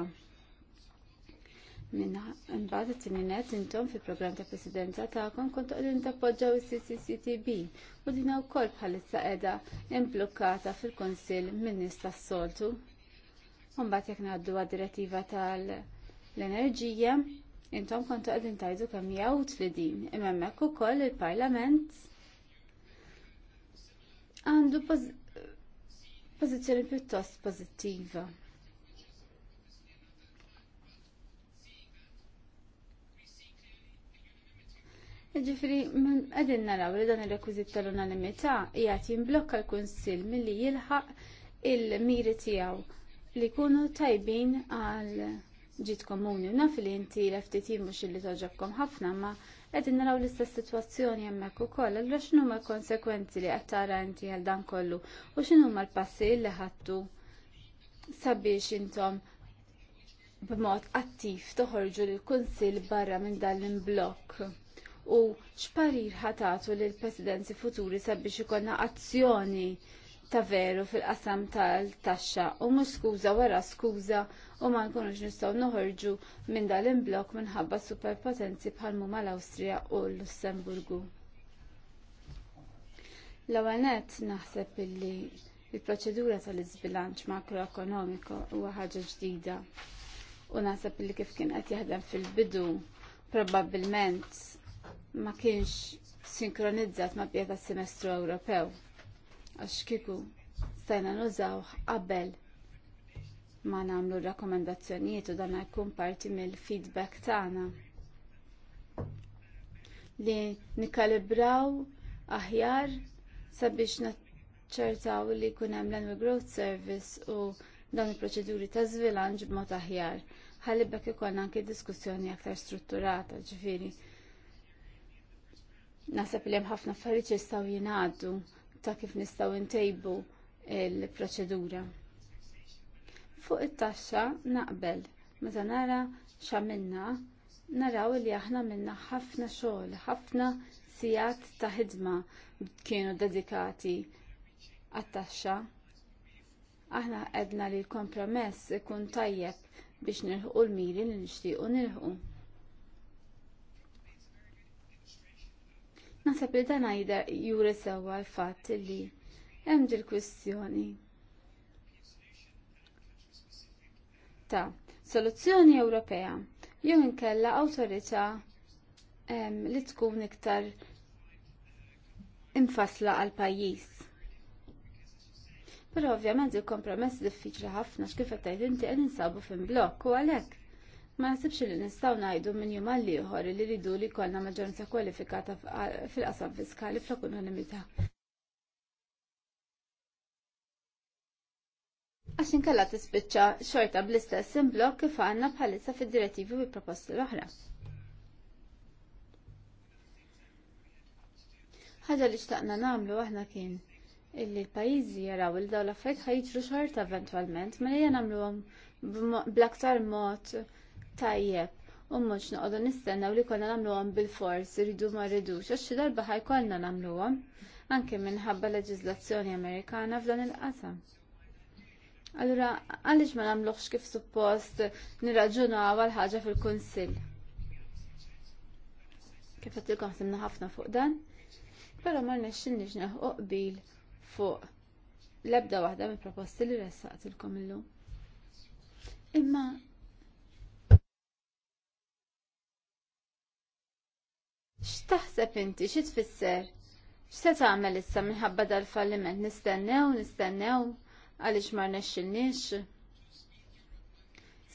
Minna, mbagħad it-tieni intom fil-programm ta' presidenza tagħkom kontu qegħdin tappoġġjaw is-CCCTB u din wkoll bħalissa qiegħda implukkata fil-Kunsill minn nies tas-soltu. Mbagħad jekk ngħaddu għad-direttiva tal-enerġija, intom kontu qegħdin tajdu kemm hija utli din, imma hemmhekk ukoll il-Parlament għandu pożizzjoni pjuttost pożittiva. Ġifri, għedin naraw li dan il-rekwizit tal-unanimità jgħat jimblokka l-Kunsil milli jilħaq il-miri tijaw li kunu tajbin għal ġit komuni. Naf li inti l-FTT mux li toġobkom ħafna, ma għedin naraw l-istess situazzjoni jemmek u koll, għallu xinu ma konsekwenzi li għattara inti għal dan kollu u xinu ma l-passi li ħattu sabiex intom b'mod attiv toħorġu l-Kunsil barra minn dan l-imblokk u x'parir ħatatu lil presidenzi futuri sabiex ikollna azzjoni ta' veru fil-qasam tal-taxxa u mhux skuża wara skuża u ma nkunux nistgħu noħorġu minn dan imblok minħabba superpotenzi bħal huma l-Awstrija u l-Lussemburgu. L-ewwel nett naħseb illi il-proċedura tal-iżbilanċ makroekonomiku huwa ħaġa ġdida u naħseb illi kif kien qed jaħdem fil-bidu probabbilment ma kienx sinkronizzat ma bjeta semestru Ewropew. Għax kiku stajna nużaw qabel ma namlu rakkomandazzjonijiet u dan jkun parti mill-feedback tagħna. Li nikkalibraw aħjar sabiex naċċertaw li jkun hemm l-Annual Growth Service u dawn il-proċeduri ta' żvilanġ b'mod aħjar. Ħalli bekk ikollna anke diskussjoni aktar strutturata, ġifieri Nasab li hemm ħafna affarijiet jistgħu jingħaddu ta' kif nistgħu ntejbu l proċedura Fuq it-taxxa naqbel meta nara x'għamilna naraw li aħna minna ħafna xogħol, ħafna sijat ta' ħidma kienu dedikati għat-taxxa. Aħna qedna li l-kompromess ikun tajjeb biex nilħu l-miri li nixtiequ nilħu. Naħseb li dan għajda juri sewwa l-fatt li hemm il kwistjoni ta' soluzzjoni Ewropea jew inkella awtorità li tkun iktar infasla għal pajjiż. Però ovvjament il-kompromess diffiċli ħafna x'kif qed tgħid inti qed insabu fin blokk u għalhekk. Ma nasibx li nistaw najdu minn jum għal liħor li ridu li kollna maġġoranza kwalifikata fil-qasam fiskali fl-ekonomita. Għax inkella tispiċċa xorta bl-istess imblok kif għandna bħalissa fid-direttivi u proposti l-oħra. Ħaġa li xtaqna nagħmlu aħna kien illi l-pajjiżi jaraw il dawn l-affarijiet ħajġru xorta eventwalment, ma li jagħmluhom bl-aktar mod tajjeb. U mhux noqogħdu nistennew li konna nagħmluhom bil-fors, irridu ma rridux, għax darba ħajkollna nagħmluhom anke minħabba leġiżlazzjoni Amerikana f'dan il-qasam. Allura, għaliex ma nagħmluhx kif suppost nirraġunaw għal ħaġa fil-Kunsill? Kif għattilkom semna ħafna fuq dan, però ma rnexxinniex neħu qbil fuq l-ebda waħda mill proposti li ressaqtilkom illum. Imma X'taħseb inti, xi tfisser? X'se tagħmel issa minħabba dal-falliment? Nistennew, nistennew għaliex ma rnexxilniex?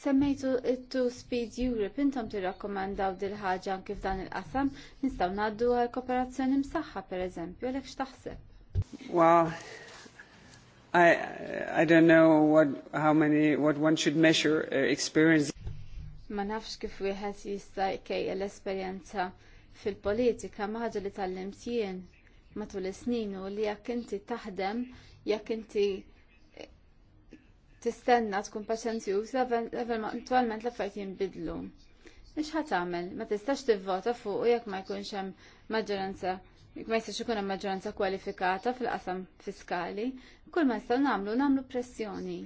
Semmejtu it-Two Speed Europe intom tirrakkomandaw dil ħaġa kif dan il-qasam nistgħu ngħaddu għal kooperazzjoni msaħħa pereżempju għalhekk x'taħseb? Wow. I I don't know what how many what one should measure uh, experience. Ma nafx kif wieħed jista' jkejjel l-esperjenza fil-politika maħġa li tal-limt jien matul is-snin u li jekk inti taħdem, jekk inti tistenna tkun paċenzjuż, eventualment l-affarijiet jinbidlu. Ix ħadd tagħmel, ma tistax tivvota fuq u jekk ma jkunx hemm maġġoranza jekk ma jistax ikun hemm maġġoranza kwalifikata fil-qasam fiskali, kull ma nistgħu nagħmlu nagħmlu pressjoni.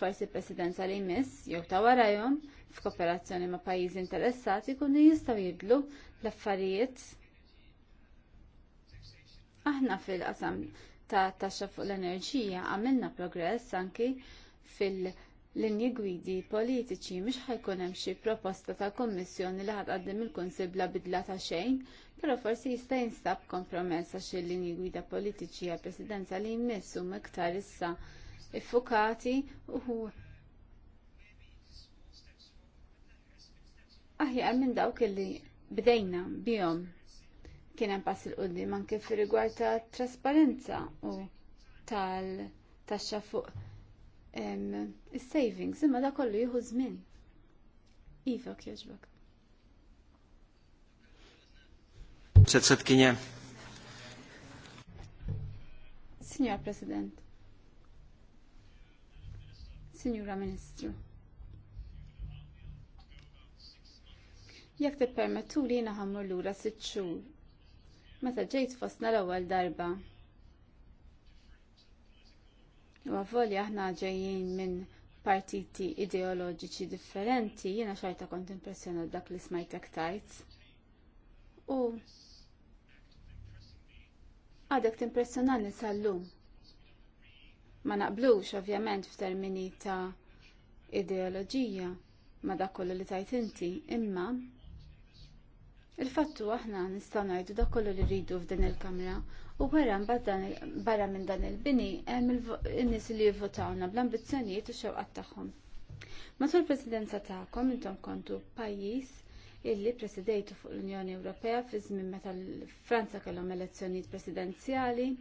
Forsi presidenza li jmiss jew ta' warajhom f'kooperazzjoni ma' pajjiżi interessati jkunu jistgħu jidlu l-affarijiet. Aħna fil-qasam ta' taxxa fuq l-enerġija għamilna progress anki fil-linji gwidi politiċi mhux ħajkun hemm xi proposta ta' kommissjoni li ħadqaddim il-Kunsill bla bidla ta' xejn, però forsi jista' jinstab kompromessa għax linji gwida politiċi għal presidenza li jmissu iktar issa iffukati u aħjar minn dawk illi bdejna bihom kien hemm pass il-qudiem anke fir-rigward ta' trasparenza u tal-taxxa fuq is-savings imma da kollu jieħu żmien. Iva jogħġbok. Signor President. Signora Ministru. jekk tippermettu li jiena lura sitt xhur. Meta ġejt fostna l-ewwel darba. U għavolja aħna ġejjin minn partiti ideoloġiċi differenti, jiena xajta kont impressjonat dak li smajtek tajt. U għadek timpressjonani sal-lum. Ma naqblux ovvjament f'termini ta' ideoloġija ma dak kollu li tajt inti, imma Il-fattu aħna nistgħu ngħidu dak kollu li rridu f'din il-Kamra u wara barra minn dan il-bini hemm in-nies li jivvotawna bl-ambizzjonijiet u xewqat tagħhom. Matul presidenza tagħkom intom kontu pajjiż illi presidejtu fuq l-Unjoni Ewropea fi żmien meta l-Franza kellhom elezzjonijiet presidenzjali u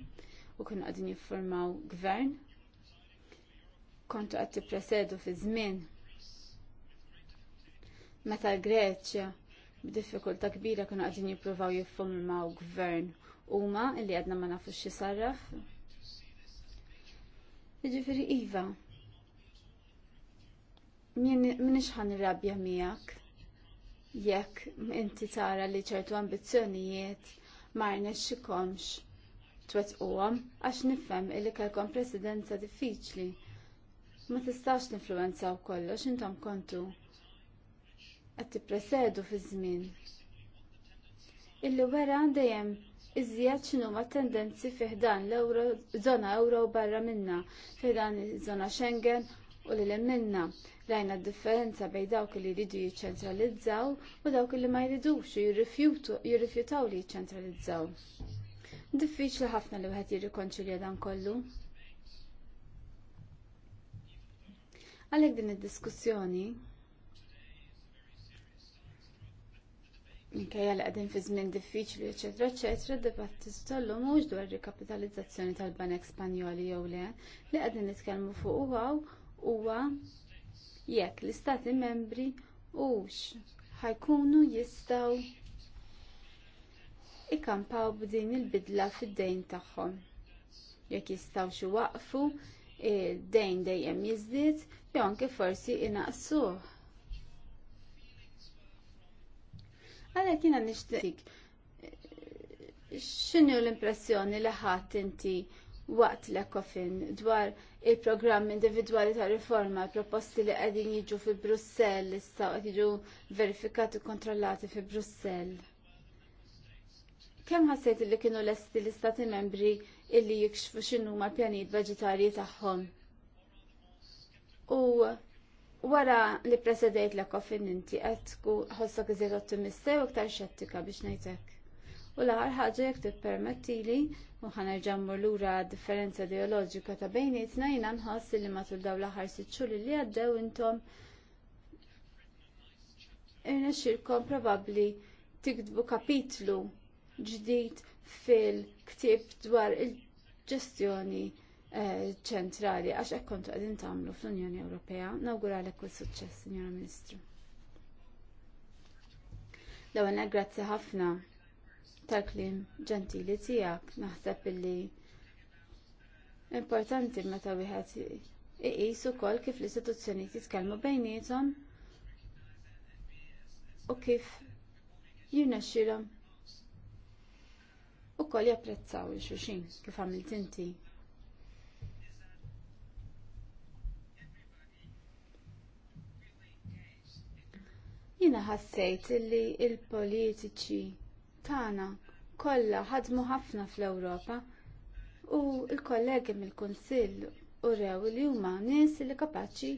kienu qegħdin jiffurmaw gvern. Kontu qed tippresedu fi żmien meta l-Greċja b'diffikulta kbira kienu għadin jippruvaw jiffurmaw gvern huma illi għadna ma nafux xi sarraf. Jiġifieri iva. Minix ħan irrabja miegħek jekk inti tara li ċertu ambizzjonijiet ma rnex xikomx twettquhom għax nifhem illi kellkom presidenza diffiċli. Ma tistax ninfluwenzaw kollox intom kontu qed tippresedu fi żmien. Illi wera dejjem iżjed x'inhuma tendenzi fi ħdan l-euro żona euro barra minna, fi dan iż-żona Schengen u lil minna. Rajna d-differenza bejn dawk li jridu jiċċentralizzaw u dawk li ma jridux jirrifjutaw li jiċċentralizzaw. Diffiċli ħafna li wieħed jirrikonċilja dan kollu. Għalhekk din id-diskussjoni minkejja li qegħdin fi żmien diffiċli, eċetera, eċetera, d-dibattitu tal-lum mhux dwar rikapitalizzazzjoni tal-Banek Spanjoli jew le, li qegħdin nitkellmu fuq huwaw huwa jekk l-istati membri hux ħajkunu jistgħu ikkampaw b'din il-bidla fid-dejn tagħhom. Jekk jistgħu waqfu, dejn dejjem jiżdied jew anke forsi inaqsuh Għalhekk jiena nixtieq eh, x'inhu l-impressjoni li ħadd inti waqt l-ekofin dwar il-programm individwali ta' riforma, proposti li qegħdin jiġu fi Brussell issa qed jiġu verifikati u kontrollati fi Brussell. Kemm ħassejt li kienu lesti l-istati membri illi jikxfu x'inhuma ma' pjanijiet veġitarji tagħhom? U Wara li presedejt l koffin inti qed ku ħossak iżjed ottimista u iktar xettika biex najtek. U l-aħħar ħaġa jekk tippermettili u ħanerġa' l lura differenza ideoloġika ta' bejnietna jina nħoss li matul dawn l-aħħar li għaddew intom irnexxilkom probabbli tiktbu kapitlu ġdid fil-ktib dwar il-ġestjoni Eh, ċentrali għax hekk kontu qegħdin tagħmlu fl-Unjoni Ewropea. Nawguralek kull suċċess, Sinjora Ministru. l grazzi ħafna tal-klim ġentili tiegħek naħseb illi importanti meta wieħed iqis ukoll kif l-istituzzjonijiet jitkellmu bejniethom u kif jirnexxilhom ukoll japprezzaw il xuxin kif għamilt inti. Jina ħassejt li il-politiċi tagħna kollha ħadmu ħafna fl-Ewropa u l-kollegi mill-Kunsill u rew li huma nies li kapaċi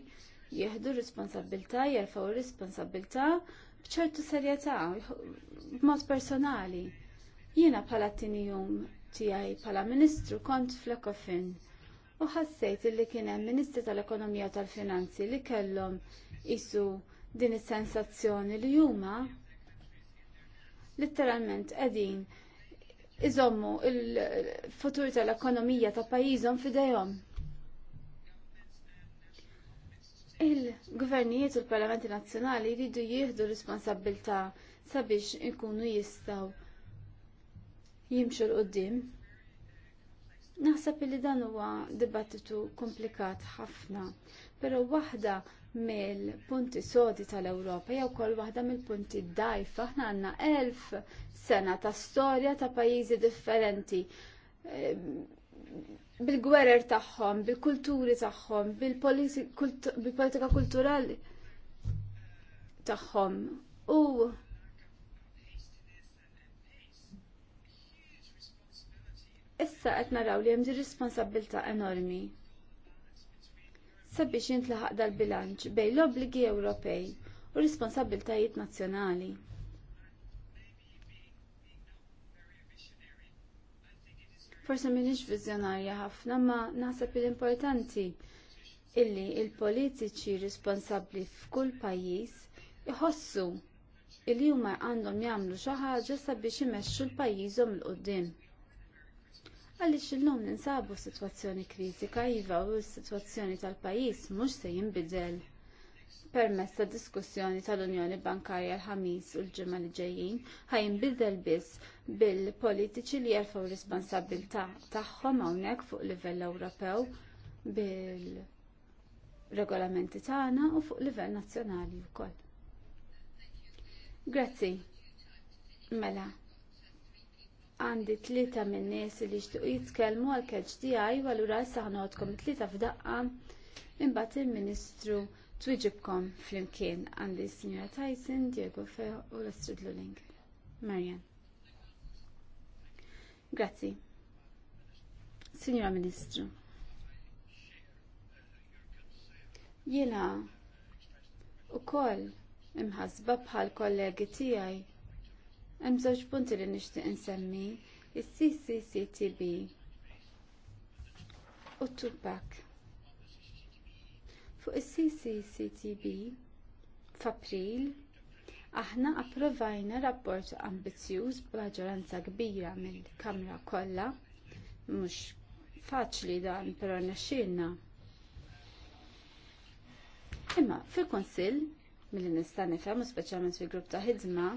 jieħdu responsabilità, jerfgħu responsabilità b'ċertu serjetà, b'mod personali. Jiena bħala t-tieni jum tiegħi bħala Ministru kont fl-Ekofin u ħassejt li kien hemm Ministri tal-Ekonomija u tal-Finanzi li kellhom isu din is-sensazzjoni li huma letteralment qegħdin iżommu il-futur tal-ekonomija ta' pajjiżhom f'idejhom. Il-gvernijiet u l-parlamenti nazzjonali jridu jieħdu responsabilità sabiex ikunu jistgħu jimxu l-qoddim. Naħseb li dan huwa dibattitu komplikat ħafna, però waħda mill-punti sodi tal-Ewropa jew kol waħda mill-punti d-dajf, Aħna għandna elf sena ta' storja ta' pajjiżi differenti eh, bil-gwerer tagħhom, bil-kulturi tagħhom, bil-politika kulturali tagħhom. U issa qed naraw li hemm responsabilità enormi sabiex jintlaħaq dal-bilanċ bejn l obbligi Ewropej u responsabiltajiet nazzjonali. Forse minix vizjonarja ħafna ma naħseb l-importanti illi il-politiċi responsabbli f'kull pajjiż iħossu illi huma għandhom jagħmlu xi ħaġa sabiex imexxu l-pajjiżhom l-qudiem għaliex illum ninsabu situazzjoni kritika iva u s-sitwazzjoni tal-pajjiż mhux se jinbidel permezz ta' diskussjoni tal-Unjoni Bankarja l-ħamis u l-ġimgħa li ġejjin jinbidel biss bil-politiċi li jerfgħu responsabilità tagħhom hawnhekk fuq livell Ewropew bil-regolamenti tagħna u fuq livell nazzjonali wkoll. Grazzi. Mela, għandi tlieta minn nies li jixtiequ jitkellmu għal keġ tiegħi u allura issa ħanodkom tlieta f'daqqa imbagħad il-Ministru twiġibkom flimkien għandi s-Sinjora Tyson, Diego Feo u l-Astrid Luling. Marian. Grazzi. Signora Ministru. Jena u koll imħasba bħal kollegi tijaj Hemm żewġ punti li nixtieq insemmi is-CCCTB u t Fuq is-CCCTB f'April aħna approvajna rapport ambizzjuż b'maġġoranza kbira mill-Kamra kollha mhux faċli dan però nexxielna. Imma fil-Konsill mill nista' nifhem u speċjalment fil-grupp ta' ħidma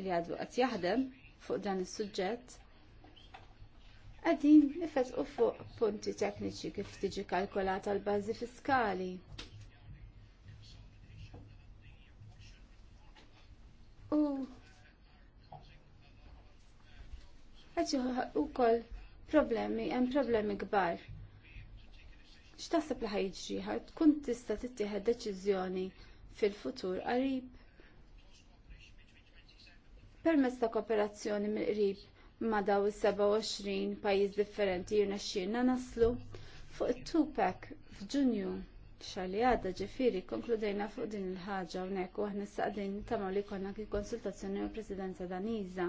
li għadu għat jaħdem fuq dan is-suġġett għadin nifet u fuq punti tekniċi kif tiġi kalkolata l-bazi fiskali. U għadġi u koll problemi, hemm problemi kbar. X'taħseb li ħajġri Kun tista' tittieħed deċiżjoni fil-futur qarib. Permezz ta' kooperazzjoni mill-qrib ma' daw is-27 pajjiż differenti jirnexxielna naslu fuq it-Tupac f'Ġunju xar li għadda ġifieri konkludejna fuq din il-ħaġa hawnhekk u aħna saqdin tagħmel li konna konsultazzjoni mal presidenza Daniża.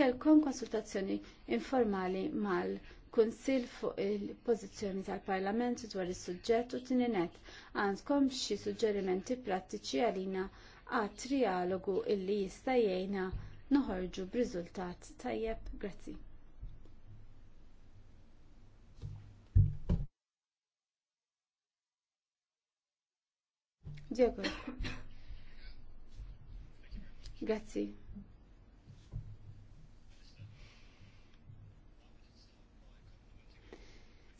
Kelkom konsultazzjoni informali mal kunsil fuq il-pożizzjoni tal-Parlament dwar is-suġġett u tininet għandkom xi suġġerimenti prattiċi għalina għat trialogu illi jista' jgħinna noħorġu b'riżultat tajjeb. Grazzi. Diego. Grazzi.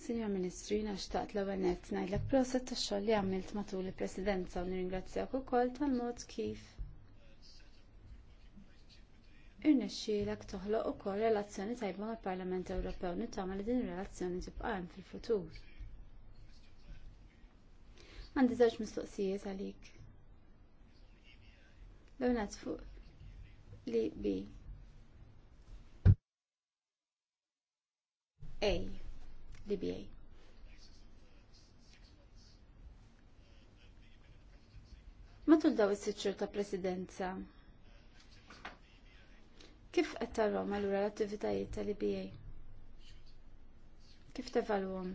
Signor Ministru, jina xtaqt l ewwel nett ngħidlek proset tax-xogħol li għamilt matul il-Presidenza u nirringrazzjak ukoll tal-mod kif irnexxielek toħloq ukoll relazzjoni tajba mal-Parlament Ewropew nittama li din ir-relazzjoni tibqa' hemm fil-futur. Għandi żewġ mistoqsijiet għalik. Lewnat fuq li B. A. Li bi A. Matul daw is-sitxur ta' presidenza, Kif qed tarhom allura l-attivitajiet tal-IBA? Kif tevalwhom?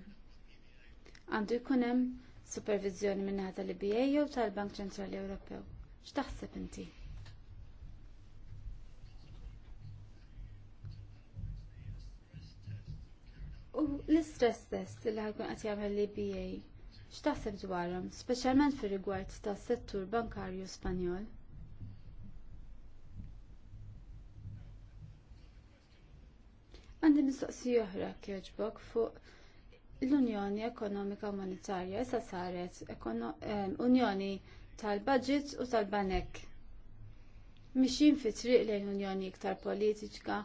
Għandu jkun hemm supervizjoni min-naħa tal-IBA jew tal-Bank Ċentrali Ewropew. X'taħseb inti? U l-istress test li ħakun qed jagħmel l-IBA, x'taħseb dwarhom, speċjalment fir-rigward tas-settur bankarju Spanjol? Għandi mistoqsija oħra kieġbok fuq l-Unjoni Ekonomika Monetarja issa saret Unjoni tal-Budget u tal-Banek. Mixin fi triq lejn Unjoni iktar politika,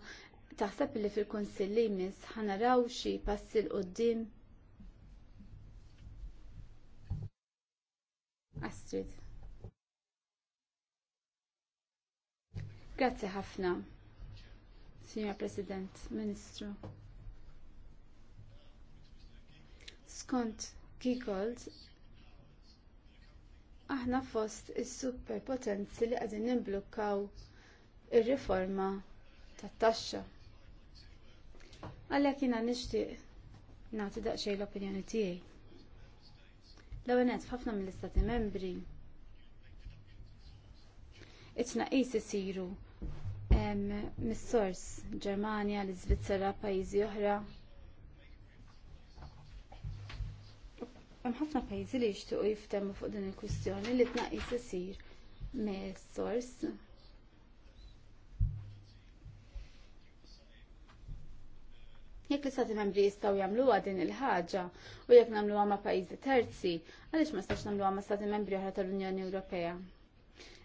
taħseb li fil-Kunsill li jmiss ħanaraw xi passi l-qoddim. Astrid. Grazzi ħafna. Signor President, Ministru. Skont kikolt, aħna fost is-superpotenzi li għadin nimblukkaw ir-riforma tat-taxxa. Għalhekk jiena nixtieq nagħti daqsxejn l-opinjoni tiegħi. L-ewwel ħafna mill-istati membri it-tnaqqis isiru mis-sors Ġermanja, l-Iżvizzera, pajjiżi oħra. Hemm ħafna pajjiżi li jixtiequ jiftemmu fuq din il-kwistjoni li tnaqqis isir mis-sors. Jekk l-istati membri jistgħu jagħmluha din il-ħaġa u jekk nagħmluha ma' pajjiżi terzi, għaliex ma stax nagħmluha ma' stati membri oħra tal-Unjoni Ewropea?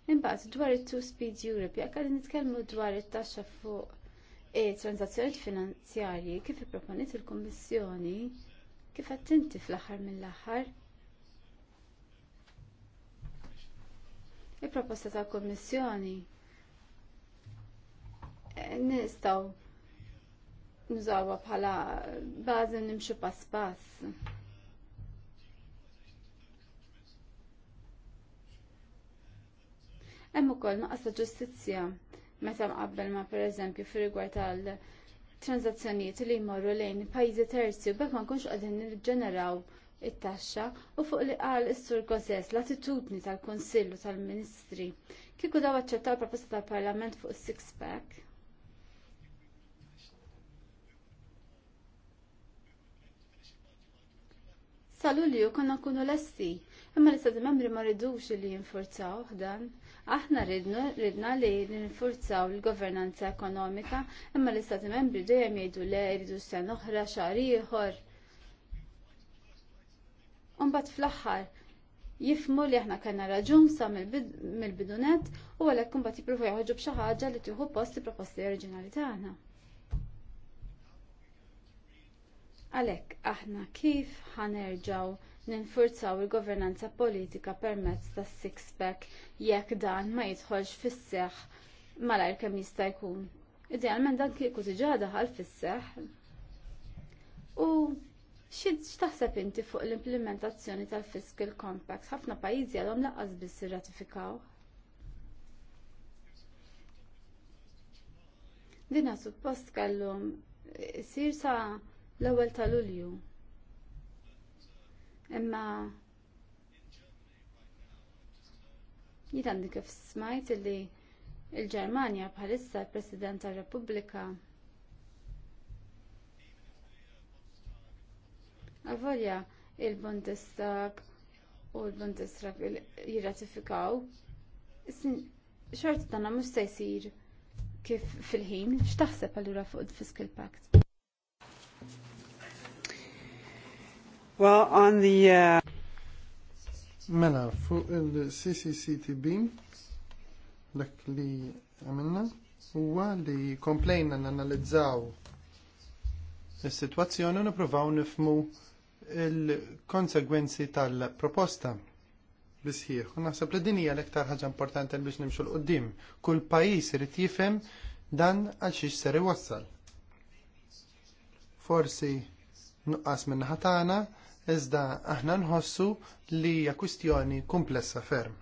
Imbagħad dwar it-Two Speed Europe jekk qegħdin nitkellmu dwar it-taxxa fuq transazzjonijiet finanzjarji kif ipproponiet il-Kummissjoni kif qed inti fl-aħħar mill-aħħar. Il-proposta tal kummissjoni nistgħu nużawha bħala bażi nimxu pass pass. Hemm ukoll naqas ta' ġustizzja meta mqabbel ma' pereżempju fir-rigward tal transazzjonijiet li jmorru lejn pajjiżi terzi u bekk ma nkunx qegħdin nirġeneraw it-taxxa u fuq li qal is-sur Gozes l-attitudni tal-Kunsillu tal-Ministri kieku daw aċċettaw proposta tal-Parlament fuq is-six pack. Salu li konna nkunu lesti, imma l-istati membri ma rridux li jinfurzaw dan. Aħna ridna li ninfurzaw l-governanza ekonomika, imma l-Istati membri dejjem jgħidu le jridu sen oħra xahar ieħor. mbagħad fl-aħħar jifmu li aħna kellna raġun sa mill-bidunet u għalhekk imbagħad jippruvu joħorġu b'xi ħaġa li tieħu post il proposti oriġinali tagħna. Għalhekk aħna kif ħanerġaw ninfurzaw il-governanza politika permezz tas six pack jekk dan ma jidħolx fis-seħħ malajr kemm jista' jkun. Idealment dan kieku diġà daħal fis-seħħ. U xid x'taħseb inti fuq l-implementazzjoni tal-Fiscal Compact? Ħafna pajjiżi għalhom laqqas biss irratifikaw. Dina suppost kellhom isir sa l-ewwel ta' Lulju. Imma jitandi kif smajt li il ġermania bħalissa il-President tal-Repubblika Avolja il-Bundestag u l-Bundestag jirratifikaw. Xorti tagħna mhux se jsir kif fil-ħin, x'taħseb allura fuq il-Fiscal Pact? Well, on the... Uh... Mela, fuq il-CCCTB, dak li għamilna, huwa li komplejna nanalizzaw is-sitwazzjoni u nipruvaw nifmu il-konsegwenzi tal-proposta Bisħir, U naħseb li din hija l-iktar ħaġa importanti biex nimxu l-qoddim. Kull pajjiż irid jifhem dan għal xiex ser iwassal. Forsi nuqqas minn ħatana, iżda aħna nħossu li hija kwistjoni komplessa ferm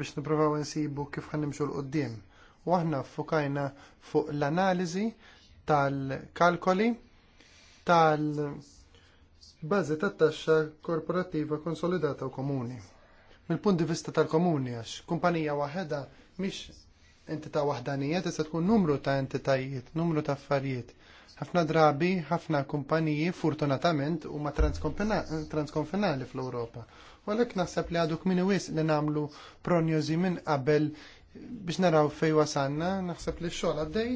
biex nippruvaw insibu kif ħannimxu l-qoddim. U aħna ffukajna fuq l-analiżi tal-kalkoli tal-bażi tat-taxxa korporattiva konsolidata u komuni. Mill-punt di vista tal-komuni għax kumpanija waħedha mhix entità waħdanija tista' tkun numru ta' entitajiet, numru ta' affarijiet. Ħafna drabi, ħafna kumpaniji fortunatament huma transkonfinali fl-Ewropa. U għalhekk naħseb li għadu kmini wis li nagħmlu pronjosi minn qabel biex naraw fej wasanna, naħseb li x-xogħol għaddej.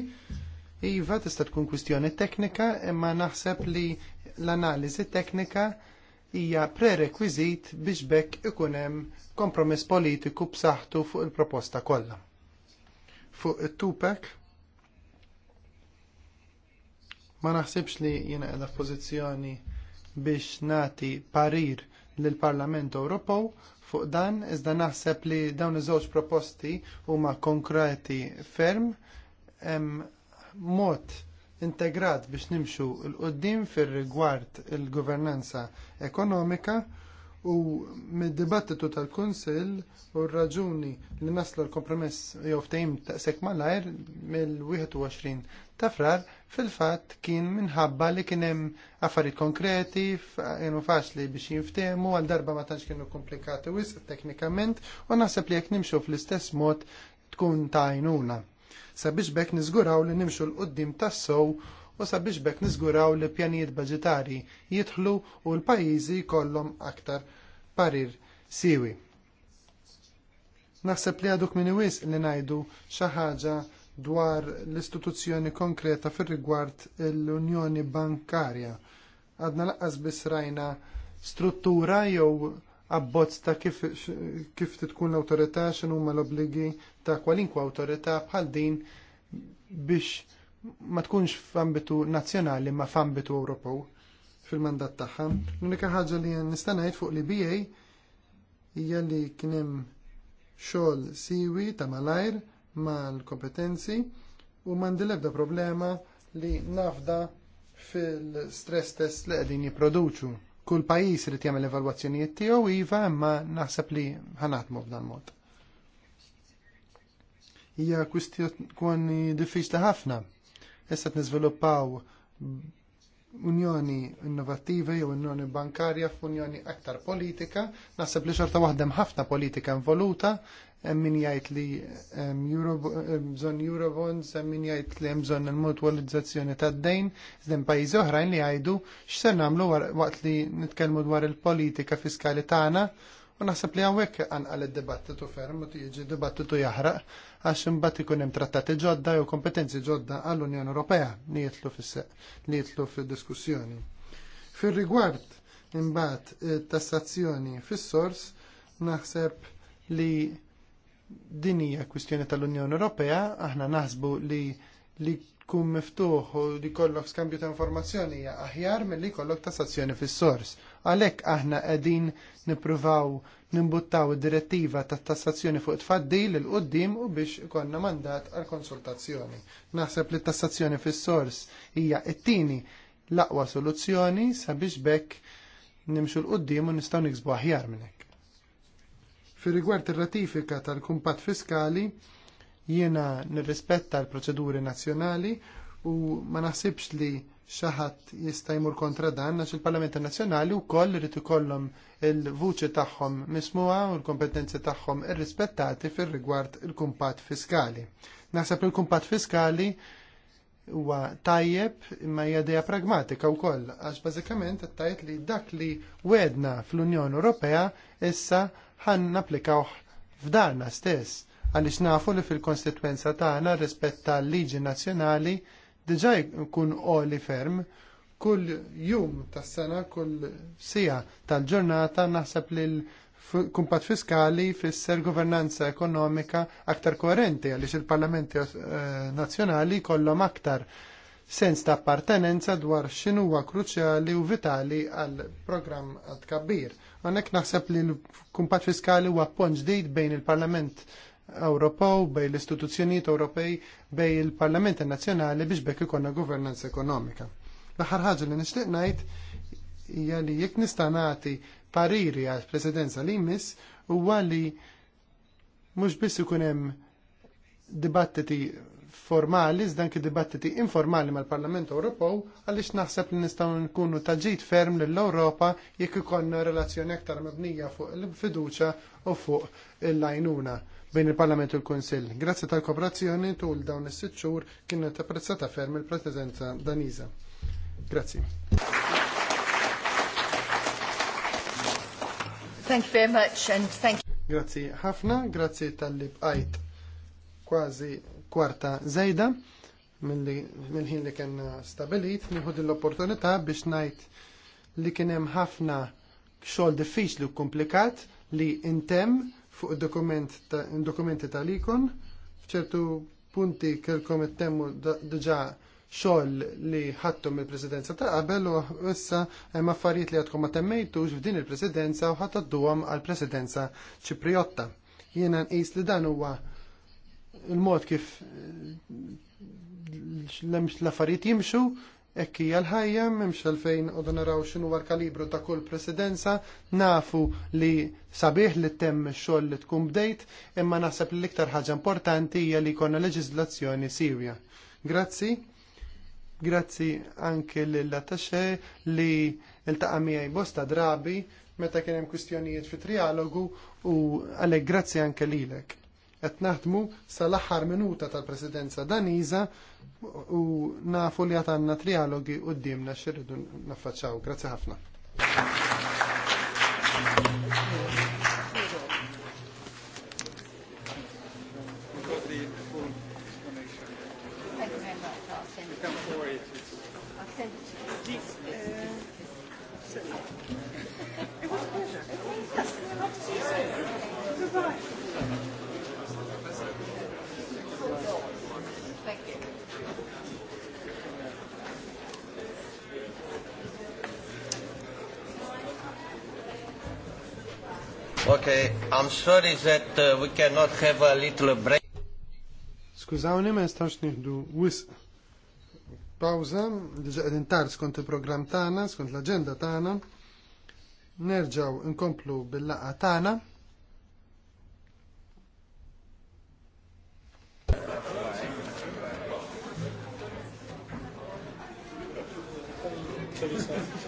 Iva tista' tkun kwistjoni teknika, imma naħseb li l-analiżi teknika hija prerekwiżit biex bekk ikun hemm kompromiss politiku b'saħħtu fuq il-proposta kollha. Fuq it-tupek ma naħsibx li jiena qiegħda f'pożizzjoni biex nagħti parir lill Parlament Ewropew fuq dan iżda naħseb li dawn iż-żewġ proposti huma konkreti ferm hemm mod integrat biex nimxu l-qoddim fir rigward il-governanza ekonomika U mid-dibattitu tal-Kunsill u r-raġuni li naslu l-kompromess jew ftehim taqsek malajr mill-21 ta' frar fil-fatt kien minħabba li kien hemm affarijiet konkreti kienu faċli biex jinftehmu għal darba ma tantx kienu komplikati wisq teknikament u naħseb li jekk nimxu fl-istess mod tkun ta' għajnuna. Sabiex bekk niżguraw li nimxu l-qoddim tas sew u sabiex bekk niżguraw li pjanijiet baġitarji jidħlu u l-pajjiżi jkollhom aktar parir siwi. Naħseb li għaduk kmini wis li ngħidu xi ħaġa dwar l-istituzzjoni konkreta fir-rigward l-Unjoni Bankarja. Għadna laqqas biss rajna struttura jew abbozz ta' kif, kif titkun l-autorità x'inhu huma l-obbligi ta' kwalinkwa awtorità bħal din biex ma tkunx f'ambitu nazzjonali ma f'ambitu Ewropew fil-mandat tagħha. L-unika ħaġa li nista' ngħid fuq li BA hija li kien hemm xogħol siwi ta' malajr mal-kompetenzi u m'għandi l-ebda problema li nafda fil-stress test li qegħdin jipproduċu. Kull pajjiż irid jagħmel evalwazzjonijiet tiegħu iva imma naħseb li ħanatmu b'dan mod. Hija kwistjoni diffiċli ħafna Issa niżviluppaw unjoni innovativi jew unjoni bankarja f'unjoni aktar politika. Naħseb li xorta waħdem ħafna politika involuta, hemm min jgħid li bżonn Eurobonds, hemm min jgħid li hemm bżonn il-mutualizzazzjoni tad-dejn, żdem pajjiżi oħrajn li jgħidu x'se nagħmlu waqt li nitkellmu dwar il-politika fiskali tagħna U naħseb li għawek għal id-dibattitu ferm u jiġi dibattitu jaħraq għax imbat ikun hemm trattati ġodda jew kompetenzi ġodda għall-Unjoni Ewropea li jitlu li jitlu fid-diskussjoni. Fir-rigward imbagħad tassazzjoni fis-sors naħseb li din hija kwistjoni tal-Unjoni Ewropea aħna naħsbu li li kum miftuħ u li kollok skambju ta' informazzjoni hija aħjar milli jkollok tassazzjoni fis-sors Għalhekk aħna qegħdin nippruvaw nimbuttaw id-direttiva tat tassazzjoni fuq tfaddil il qudiem u biex konna mandat għal konsultazzjoni. Naħseb li t tassazzjoni fis-sors hija t-tieni l-aqwa soluzzjoni sabiex bekk nimxu l qoddim u nistgħu nixbu aħjar minnek. Fi rigward ir-ratifika tal-kumpat fiskali, jiena nirrispetta l-proċeduri nazzjonali u ma naħsibx li xaħat jista' jmur kontra dan għax il-Parlament Nazzjonali wkoll irid ikollhom il-vuċi tagħhom mismuha u l-kompetenzi tagħhom irrispettati fir-rigward il-kumpat fiskali. Naħseb il-kumpat fiskali huwa tajjeb imma hija dejja pragmatika wkoll għax bażikament qed tajjeb li dak li wedna fl-Unjoni Ewropea issa ħan applikawh f'darna stess għaliex nafu li fil kostitwenza tagħna rispett tal-liġi nazzjonali diġà jkun oli ferm kull jum tas-sena, kull sija tal-ġurnata naħseb li l-kumpat fiskali fisser governanza ekonomika aktar koerenti għaliex il-parlamenti eh, nazzjonali kollom aktar sens ta' appartenenza dwar x'inhuwa kruċjali u vitali għal programm għad kabbir. Għandek naħseb li l-kumpat fiskali huwa pont ġdid bejn il-Parlament Ewropew bej l-istituzzjonijiet Ewropej bej il parlamenti Nazzjonali biex bekk ikonna governance ekonomika. L-aħħar ħaġa li nixtieq ngħid hija li jekk nista' nagħti pariri għall presidenza li jmiss huwa li mhux biss ikun hemm dibattiti formali zdan ki dibattiti informali mal-Parlament Ewropew għaliex naħseb li nistgħu nkunu taġid ferm lill-Ewropa jekk ikollna relazzjoni aktar mabnija fuq il-fiduċja u fuq l lajnuna bejn il-Parlament u l-Kunsill. Grazzi tal-kooperazzjoni tul dawn is-sitt xhur kienet apprezzata ferm il-preżenza Daniża. Grazzi. Thank you very much and thank you. Grazie, ħafna, grazzi tal libqajt bqajt kważi kwarta zejda mill-ħin li kien stabilit, nieħu l-opportunità biex ngħid li kien hemm ħafna xogħol diffiċli u komplikat li intemm fuq dokumenti tal-ikon f'ċertu punti kelkom ittemmu diġà xogħol li ħadtum il-presidenza ta' qabel u issa hemm affarijiet li għadkom ma temmejtux f'din il-presidenza u ħadd għal-presidenza Ċipriotta. Jiena nqis li dan huwa il-mod kif l-affarijiet jimxu Ekki għal-ħajja, memx fejn u naraw xinu għal kalibru ta' kull presidenza, nafu li sabiħ li temm xoll li tkun bdejt, imma naħseb li l-iktar ħaġa importanti hija li konna leġizlazzjoni sirja. Grazzi, grazzi anke l-attaxe li l-taqa miegħi bosta drabi meta kien hemm kwistjonijiet fi trialogu u għalhekk grazzi anke lilek. Qed naħdmu sal-aħħar minuta tal-Presidenza Daniża u nafu li għandna trialogi d-dimna xirridu naffaċċaw. Grazie ħafna. I'm sorry that uh, we cannot have a little break. Skużawni ma jistax nieħdu wisq. Pawza, diġa qegħdin tard skont il-programm tagħna, skont l-aġenda tagħna. Nerġaw nkomplu bil-laqgħa tagħna. Thank you.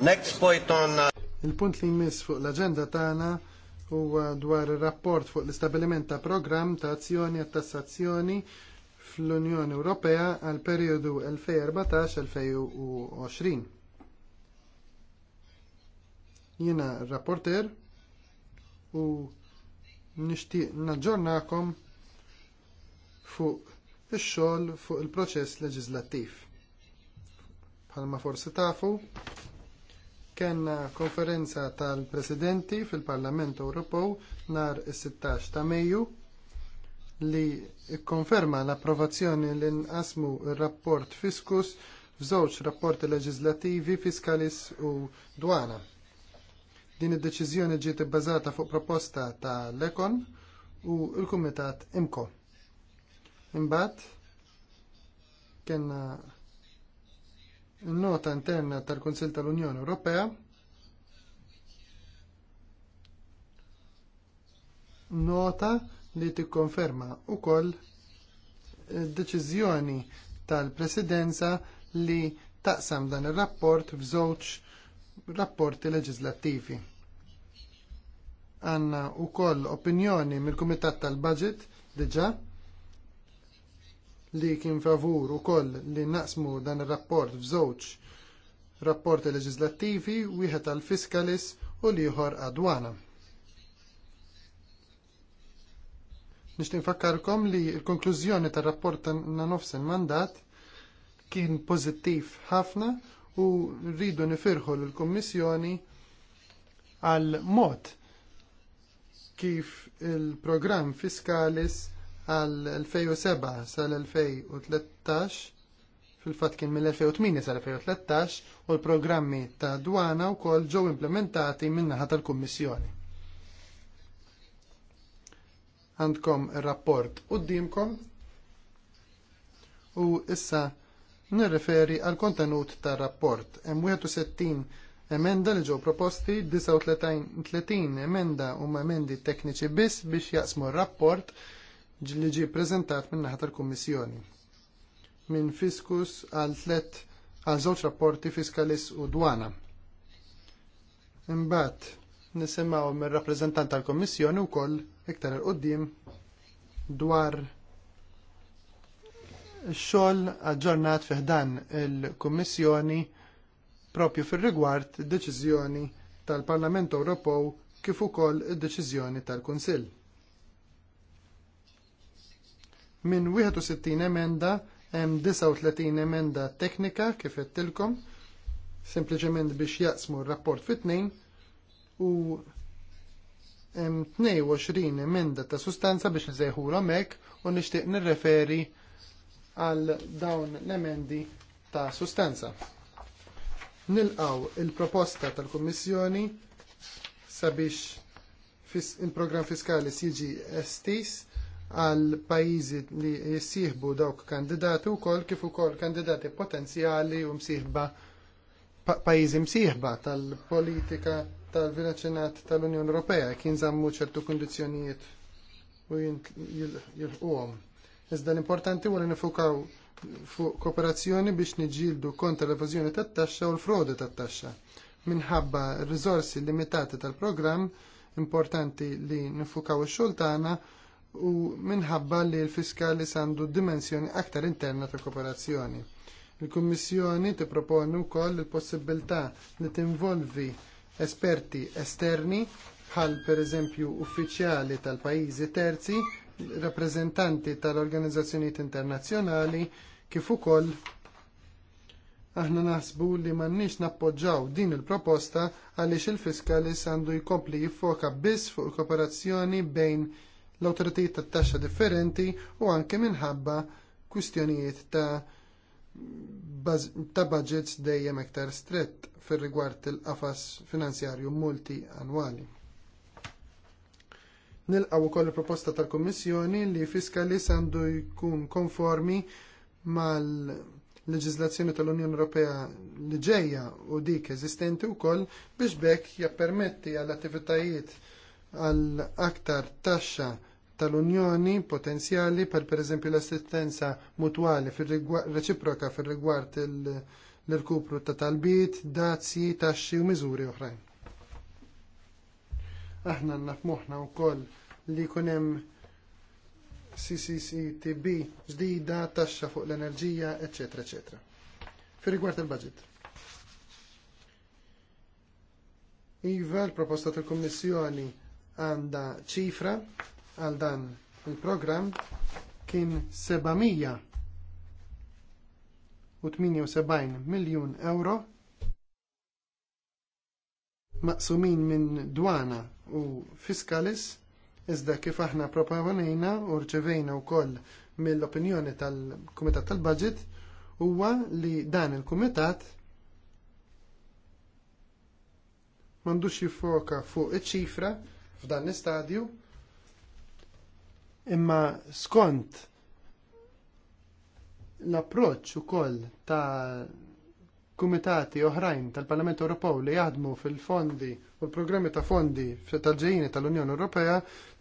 Next point on Il-punt li jmiss fuq l-agenda tagħna huwa dwar ir-rapport fuq l-istabiliment ta' programm ta' azzjoni għat tassazzjoni fl-Unjoni Ewropea għal perjodu 2014-2020. Jiena rapporter u nixtieq naġġornakom fuq ix-xogħol fuq il-proċess leġislattiv. Bħalma forsi tafu, kellna konferenza tal-presidenti fil-Parlament Ewropew nhar is-16 ta' Mejju li kkonferma l-approvazzjoni li nqasmu r rapport Fiskus f'żewġ rapporti leġislattivi Fiskalis u Dwana Din id-deċiżjoni ġiet ibbażata fuq proposta ta' Lekon u l-Kumitat Imko. Imbagħad kellna nota interna tal-Kunsill tal-Unjoni Ewropea nota li tikkonferma wkoll deċiżjoni tal-Presidenza li taqsam dan ir-rapport f'żewġ rapporti leġislattivi. Għanna u koll opinjoni mill-Kumitat tal-Budget diġa li kien favur u koll li naqsmu dan il-rapport f'żewġ rapporti leġislattivi wieħed għal fiskalis u liħor għadwana. Nishtin fakkarkom li l-konklużjoni tar rapport tan nofs il-mandat kien pozittiv ħafna u rridu nifirħu l-Kommissjoni għal mod kif il-programm fiskalis għal 2007 sal-2013 fil-fat kien mill-2008 sal-2013 u l-programmi ta' dwana u kol ġew implementati minnaħa tal-Kummissjoni. Għandkom il-rapport u d-dimkom u issa nirreferi għal kontenut tar rapport hemm 61 emenda li ġew proposti, 39 emenda huma emendi tekniċi biss biex jaqsmu r-rapport li ġie ppreżentat min naħa tal-Kummissjoni. Minn fiskus għal tlet għal żewġ rapporti fiskalis u dwana. Imbagħad nisimgħu mir-rappreżentant tal-Kummissjoni wkoll iktar il-qudiem dwar xogħol aġġornat fiħdan il-Kummissjoni propju fir-rigward id-deċiżjoni tal-Parlament Ewropew kif ukoll id-deċiżjoni tal-Kunsill. Minn 61 emenda hemm 39 emenda teknika kif għedtilkom, sempliċement biex jaqsmu r-rapport fit-tnejn u hemm 22 emenda ta' sustanza biex nżejħulhom hekk u nixtieq nirreferi referi għal dawn l-emendi ta' sustanza. Nilqaw il-proposta tal-Kummissjoni sabiex il-programm fiskali siġi estis għal pajjiżi li jissieħbu dawk kandidati wkoll kif ukoll kandidati potenzjali u msieħba pajjiżi msieħba tal-politika tal-vilaċinat tal-Unjoni Ewropea kien zammu ċertu kundizzjonijiet u jilħquhom. Iżda l-importanti huwa li nifukaw fuq kooperazzjoni biex niġġieldu kontra l-evażjoni tat-taxxa u l-frodi tat-taxxa. Minħabba r-riżorsi limitati tal-programm, importanti li nifukaw ix-xogħol tagħna u minħabba li l-fiskali sandu dimensjoni aktar interna ta' kooperazzjoni. Il-Kummissjoni tipproponi wkoll il-possibilità li tinvolvi esperti esterni bħal pereżempju uffiċjali tal-pajjiżi terzi rappresentanti tal-organizzazzjonijiet internazzjonali kif ukoll aħna naħsbu li m'għandniex nappoġġaw din il-proposta għaliex il-fiskalis għandu jkompli jiffoka biss fuq kooperazzjoni bejn l-awtoritajiet tat-taxxa differenti u anke minħabba kwistjonijiet ta' ta' budgets dejjem iktar strett fir rigward il-qafas finanzjarju multi annwali. Nilqaw ukoll il-proposta tal-Kummissjoni li fiskali sandu jkun konformi mal-leġizlazzjoni tal-Unjoni Ewropea li ġejja u dik eżistenti wkoll biex bekk jappermetti għall attivitajiet għall aktar taxxa tal-Unjoni potenzjali per pereżempju l-assistenza mutwali reċiproka fir rigward l-irkupru ta' talbit, dazji, taxxi u miżuri oħrajn. Aħna nafmuħna wkoll li jkun hemm CCCTB ġdida, taxxa fuq l-enerġija, eċetera, eċetera. Fi rigward il-budget. Iva, l-proposta tal-Kommissjoni għanda ċifra għal dan il-programm kien 778 miljun euro maqsumin minn dwana u fiskalis iżda kif aħna proponejna u rċevejna wkoll mill-opinjoni tal-Kumitat tal-Budget huwa li dan il-Kumitat m'għandux jiffoka fuq iċ-ċifra f'dan l-istadju imma skont l-approċċ ukoll ta' kumitati oħrajn tal-Parlament Ewropew li jaħdmu fil-fondi u l-programmi ta' fondi tal-ġejjini tal-Unjoni Ewropea,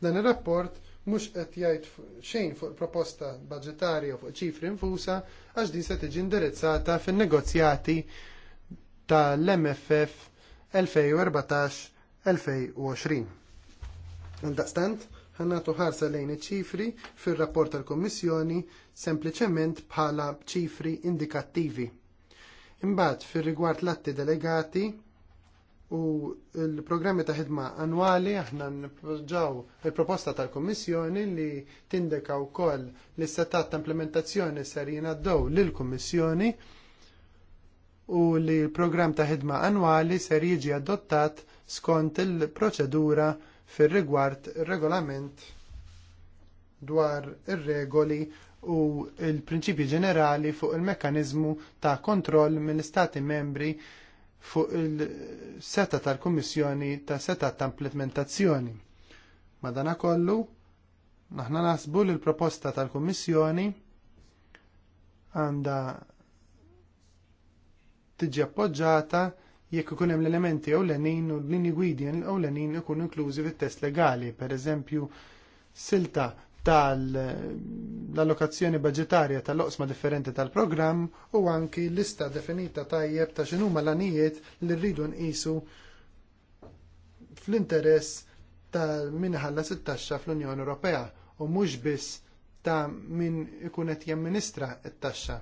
dan ir-rapport mhux qed jgħid xejn fuq proposta budġetarja fuq ċifri infusa għax din se tiġi indirizzata fin-negozjati tal-MFF 2014-2020. Għaldaqstant, ħannatu ħarsa lejn iċ-ċifri fir-rapport tal-Kommissjoni sempliċement bħala ċifri indikattivi Imbagħad fir-rigward l-atti delegati u l-programmi ta' ħidma annwali aħna nipproġaw il-proposta tal-Kummissjoni li tindeka wkoll li s ta' implementazzjoni ser jinaddow lill-Kummissjoni u li l-programm ta' ħidma annwali ser jiġi adottat skont il-proċedura fir-rigward ir-regolament dwar ir-regoli u il-prinċipji ġenerali fuq il-mekkanizmu ta' kontroll mill-Istati membri fuq il-seta tal-Kummissjoni ta' seta ta' implementazzjoni. Madana kollu, naħna nasbu li l-proposta tal-Kummissjoni għanda tiġi appoġġata jekk ikun hemm l-elementi ewlenin u l-lini gwidjen ewlenin ikun inklużi fit-test legali, pereżempju silta tal-allokazzjoni budgetarja tal-oqsma differenti tal-programm u anki lista definita tajjeb ta' x'inhuma l-anijiet li rridu nqisu fl-interess ta' min ħalla 16 fl-Unjoni Ewropea u mhux biss ta' min ikun qed jamministra t-taxxa.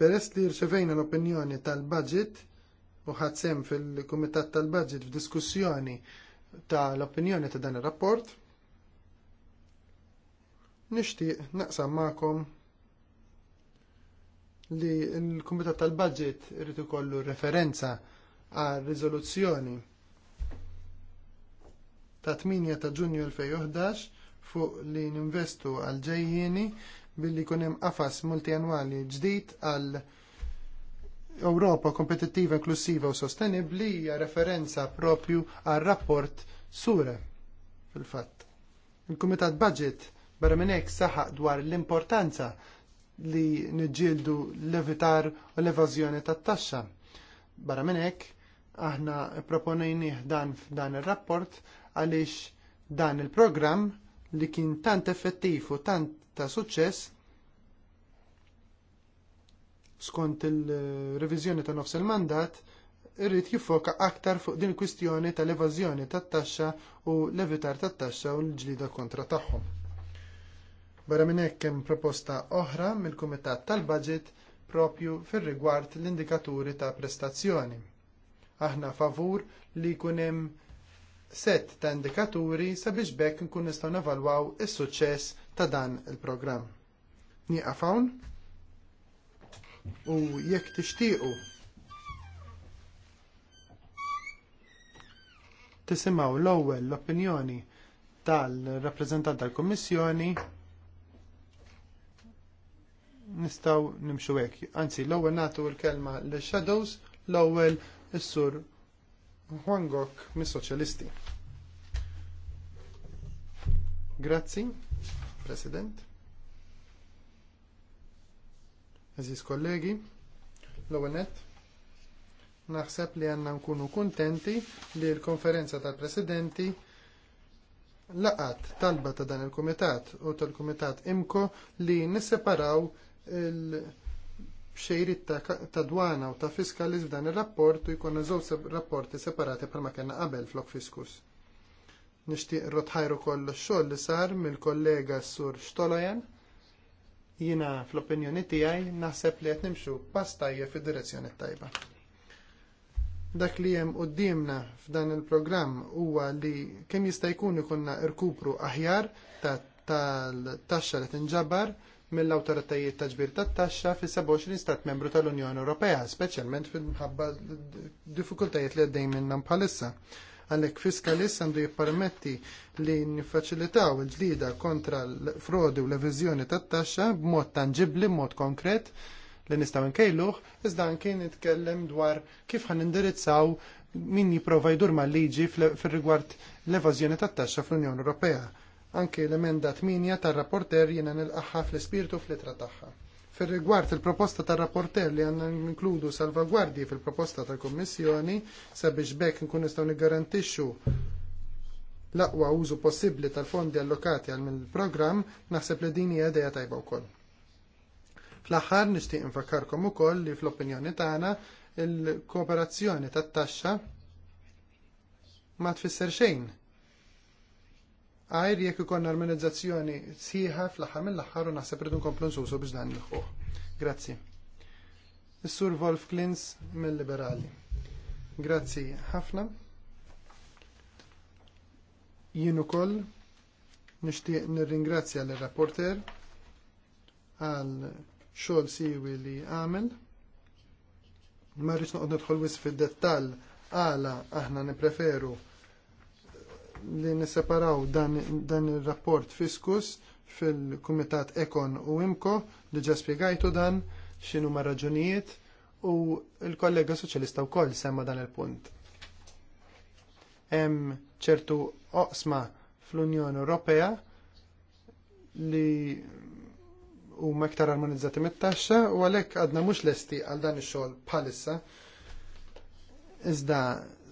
Peress li rċevejna l-opinjoni tal-budget, u ħadsem fil-Kumitat tal-Budget f'diskussjoni ta' l-opinjoni ta' dan ir-rapport. Nixtieq naqsam magħkom li l-Kumitat tal-Budget irid ikollu referenza għal riżoluzzjoni ta' 8 ta' Ġunju 2011 fuq li ninvestu għal ġejjieni billi jkun hemm qafas multianwali ġdid għal Ewropa kompetittiva, inklusiva u sostenibbli hija referenza propju għar rapport Sure fil-fatt. Il-Kumitat Budget barra minn hekk saħaq dwar l-importanza li niġġieldu l-evitar u l-evażjoni tat-taxxa. Barra minn hekk aħna proponejnih dan f'dan ir-rapport għaliex dan il-programm li kien tant effettiv u tant ta' suċċess skont il-reviżjoni ta' nofs il-mandat irrid jiffoka aktar fuq din il-kwistjoni tal-evażjoni tat-taxxa u l-evitar tat-taxxa u l-ġlida kontra tagħhom. Barra minn hekk hemm proposta oħra mill-Kumitat tal-Baġit propju fir-rigward l-indikaturi ta' prestazzjoni. Aħna favur li jkun hemm set ta' indikaturi sabiex bekk nkun nistgħu nevalwaw is-suċċess ta' dan il-programm. Nieqaf hawn? u jekk tixtiequ tisimgħu l-ewwel l-opinjoni tal-rappreżentant tal-Kummissjoni nistgħu nimxu hekk. Anzi, l-ewwel nagħtu l-kelma l-Shadows, l-ewwel is-sur Juan Gok mis-Soċjalisti. Grazzi, President. Aziz kollegi, l-għonet, naħseb li għanna nkunu kontenti li l-konferenza tal-presidenti laqat talba ta' dan il-komitat u tal-komitat imko li nisseparaw il- xejrit ta' dwana u ta' fiskalis f'dan ir rapport u jkun żewġ rapporti separati bħalma kellna qabel flok fiskus. Nixtieq rotħajru koll x-xogħol li sar mill-kollega Sur Stolajan. Jiena fl-opinjoni tiegħi naħseb li qed nimxu pass tajjeb fid-direzzjoni tajba. Dak li hemm quddiemna f'dan il-programm huwa li kemm jista' jkun ikunna rkupru aħjar tal-taxxa li tinġabar mill-awtoritajiet ta' ġbir tat-taxxa fi 27 stat membru tal-Unjoni Ewropea, speċjalment fil-ħabba diffikultajiet li għaddej minnhom bħalissa. Għalhekk fiskalis għandu jippermetti li nifaċilitaw il-ġlida kontra l-frodi u l-eviżjoni tat-taxxa b'mod tangibbli, b'mod konkret li nistgħu nkejluh, iżda anke nitkellem dwar kif ħan indirizzaw min jipprova jdur mal-liġi fir-rigward l-evażjoni tat-taxxa fl-Unjoni Ewropea. Anke l-emenda 8 tar-rapporter jiena nilqaħħa fl-ispirtu fl-itra tagħha. Fir rigward il-proposta tar rapporter li għandna inkludu salvagwardji fil-proposta tal kummissjoni sabiex bekk nkun nistgħu niggarantixxu l-aqwa użu possibbli tal-fondi allokati għal mill programm naħseb li din hija idea tajba wkoll. Fl-aħħar nixtieq infakkarkom ukoll li fl-opinjoni tagħna il-kooperazzjoni tat-taxxa ma tfisser xejn għajr jekk ikon armonizzazzjoni siħa fl-aħħar mill ħar u naħseb irridu nkomplu nsusu biex dan il-ħuħ. Grazzi. Is-Sur Wolf Klins mill-Liberali. Grazzi ħafna. Jien ukoll nixtieq nirringrazzja l rapporter għal xogħol siwi li għamel. Ma rridx noqgħod nidħol wisq fid-dettall għala aħna nippreferu li niseparaw dan, dan il-rapport fiskus fil-Kumitat Ekon u Imko li ġa spiegajtu dan xinu ma raġunijiet u il-kollega soċjalista wkoll semma dan il-punt. Hemm ċertu oqsma fl-Unjoni Ewropea li u mektar armonizzati mit-taxxa u għalhekk għadna mhux lesti għal dan ix-xogħol bħalissa. Iżda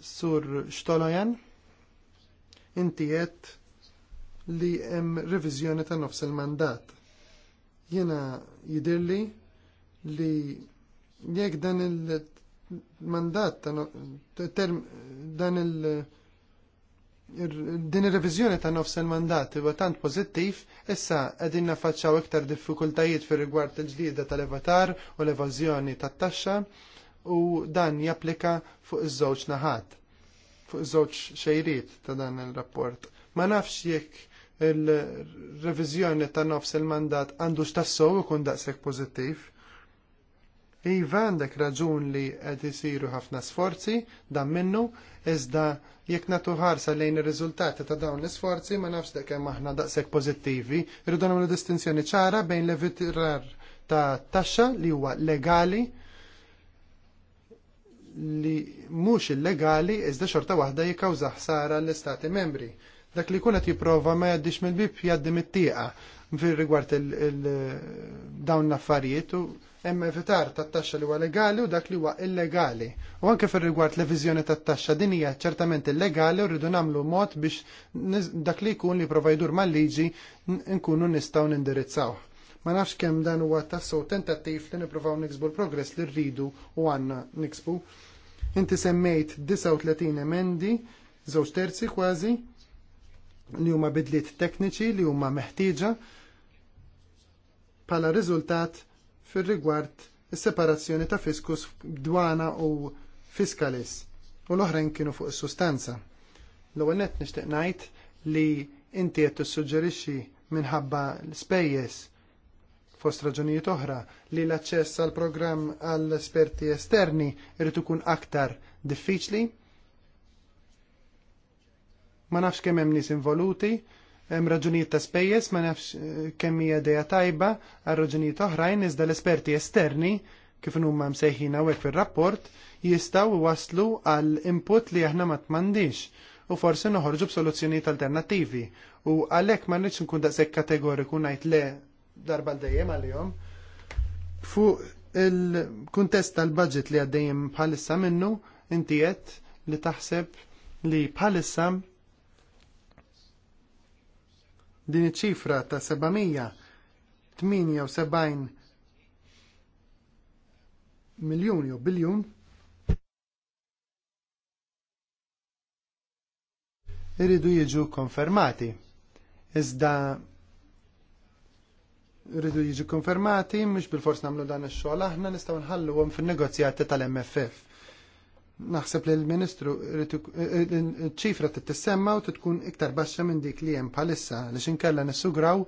sur Stolojan inti qed li hemm reviżjoni ta' nofs il-mandat. Jiena jidirli li jekk dan il-mandat term dan il- din ir-reviżjoni ta' nofs il-mandat huwa tant pożittiv, issa qegħdin nafaċċaw iktar diffikultajiet fir rigward il ġdida tal-evatar u l-evażjoni tat-taxxa u dan japplika fuq iż-żewġ naħat fuq żewġ xejriet ta' dan il-rapport. Ma nafx jekk il-reviżjoni ta' nofs il-mandat għandu x'tassew ikun daqshekk pożittiv. Iva għandek raġun li qed isiru ħafna sforzi dan minnu iżda jekk nagħtu ħarsa lejn ir-riżultati ta' dawn l-isforzi ma nafx dak hemm aħna daqshekk pożittivi. Irridu nagħmlu distinzjoni ċara bejn l-evitrar ta' taxxa li huwa legali li mhux illegali iżda xorta waħda jikkawża ħsara l-istati membri. Dak li kunet jipprova ma jaddix mill-bib jaddi mit-tieqa fil rigward dawn l-affarijiet u hemm evitar tat-taxxa li huwa legali u dak li huwa illegali. U anke fil rigward l-eviżjoni tat-taxxa din hija ċertament illegali u rridu nagħmlu mod biex dak li jkun li provajdur mal-liġi nkunu nistgħu nindirizzaw. Ma nafx kemm dan huwa tassu tentattiv li nippruvaw niksbu l-progress li rridu u għanna niksbu. Inti semmejt 39 emendi, żewġ terzi kważi, li huma bidliet tekniċi li huma meħtieġa bħala riżultat fir-rigward is-separazzjoni ta' fiskus dwana u fiskalis u l-oħrajn kienu fuq is-sustanza. L-ewwel nett nixtieq ngħid li inti qed tissuġġerixxi minħabba l-spejjeż fost raġunijiet oħra li l-aċċess għal programm għall esperti esterni irid ikun aktar diffiċli. Ma nafx kemm hemm nies involuti, hemm raġunijiet ta' spejjeż, ma nafx eh, kemm hija idea tajba għal raġunijiet oħrajn iżda l-esperti esterni kif huma msejħin hawnhekk fir-rapport jistgħu waslu għal input li aħna ma tmandix u forsi noħorġu b'soluzzjonijiet alternattivi u għalhekk ma rridx nkun daqshekk kategoriku ngħid le darba l-dajem għal-jom il-kuntest tal-budget li għaddejjem bħalissa minnu, inti qed li taħseb li bħalissa din iċ-ċifra ta' 778 miljoni jew biljon iridu jiġu konfermati. Iżda rridu jiġi konfermati, mhux bil-fors nagħmlu dan ix-xogħol aħna nistgħu nħalluhom fin-negozjati tal-MFF. Naħseb li l-Ministru eh, eh, ċifra tittissemma u t-tkun iktar baxxa minn dik li hemm bħalissa li xinkella nissugraw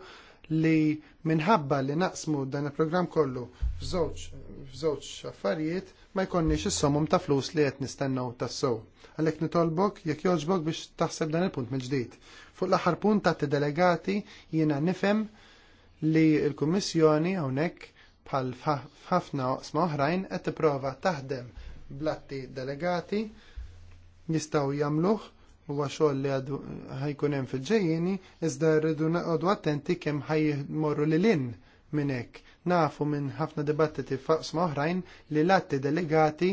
li minħabba li naqsmu dan il-programm kollu f'żewġ affarijiet ma jkollniex is-sommum ta' flus li qed nistennew tassew. sow Għalhekk nitolbok jekk jogħġbok biex taħseb dan il-punt mill-ġdid. Fuq l-aħħar punt ta' delegati jiena nifhem li l-Kummissjoni hawnhekk bħal ħafna oqsma oħrajn qed tipprova taħdem blatti delegati jistgħu jagħmluh huwa xogħol li għadu ħajkun hemm fil-ġejjieni iżda rridu naqgħodu attenti kemm ħajmorru lil in minn hekk. Nafu minn ħafna dibattiti f'oqsma oħrajn li l-atti delegati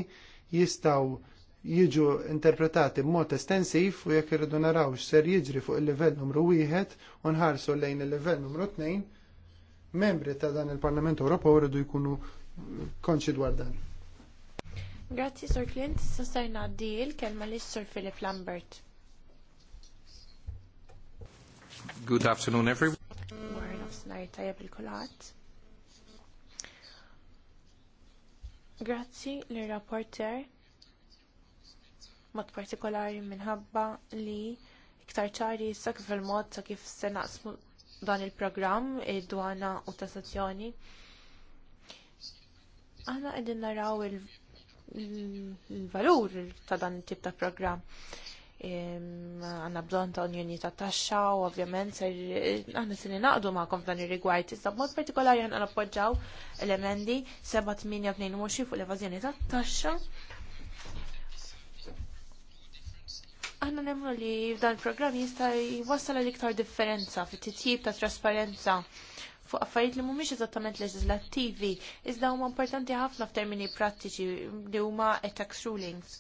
jistgħu jiġu interpretati b'mod estensiv u jekk irridu naraw x'ser jiġri fuq il-livell numru wieħed u nħarsu lejn il-livell numru tnejn membri ta' dan il-Parlament Ewropew rridu jkunu konċi dwar dan. Grazzi, Sir Clint. Sassajna di il-kelma li Sir Philip Lambert. Good afternoon, everyone. tajab il-kulat. Grazzi l-rapporter mod partikolari minħabba li iktar ċari issa kif il-mod ta' kif se naqsmu dan il-programm id-dwana u tassazzjoni. Aħna qegħdin naraw il-valur ta' dan it-tip ta' programm. Għanna bżon ta' unjoni ta' taxxa u ovvjament ser aħna se naqdu kom f'dan ir-rigward. Iżda b'mod partikolari aħna nappoġġaw elementi 7-8-22 fuq l-evażjoni ta' taxxa Aħna nemmu li f'dan il-programm jista' jwassal l iktar differenza fit-titjib ta' trasparenza fuq affarijiet li mhumiex eżattament leġislattivi, iżda huma importanti ħafna f'termini prattiċi li huma tax rulings.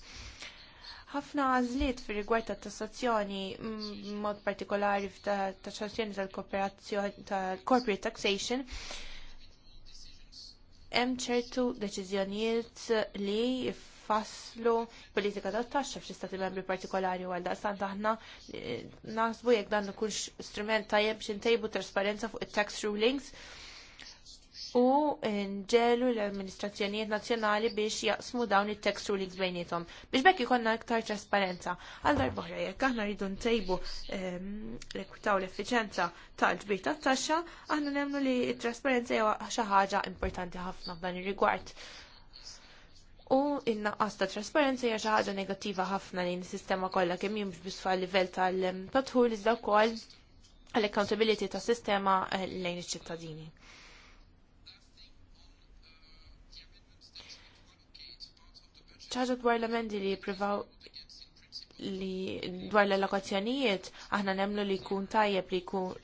Ħafna għażliet fir rigward ta' tassazzjoni mm, mod partikolari f'tassazzjoni tal-kooperazzjoni tal-corporate taxation hemm ċertu deċiżjonijiet li faslu politika ta' taxxa f'xi stati membri partikolari għal daqstant aħna eh, naħsbu jekk dan ikunx strument tajjeb biex intejbu trasparenza fuq it-tax rulings u nġelu l-amministrazzjonijiet nazzjonali biex jaqsmu dawn it-tax rulings bejnietom biex bekk ikonna iktar trasparenza. Għal darbohra jekk aħna rridu ntejbu ehm, rekwitaw l-effiċenza tal-ġbir tat-taxxa, aħna nemmnu li t trasparenza hija xi ħaġa importanti ħafna f'dan ir-rigward u in-naqqas ta' trasparenza hija xi ħaġa negattiva ħafna lejn is-sistema kollha kemm jimx biss fuq livell tal-tadħul iżda wkoll għall accountability tas sistema eh, lejn iċ-ċittadini. ċaġa dwar l amendi li jiprivaw li dwar l-allokazzjonijiet aħna nemlu li jkun tajjeb li,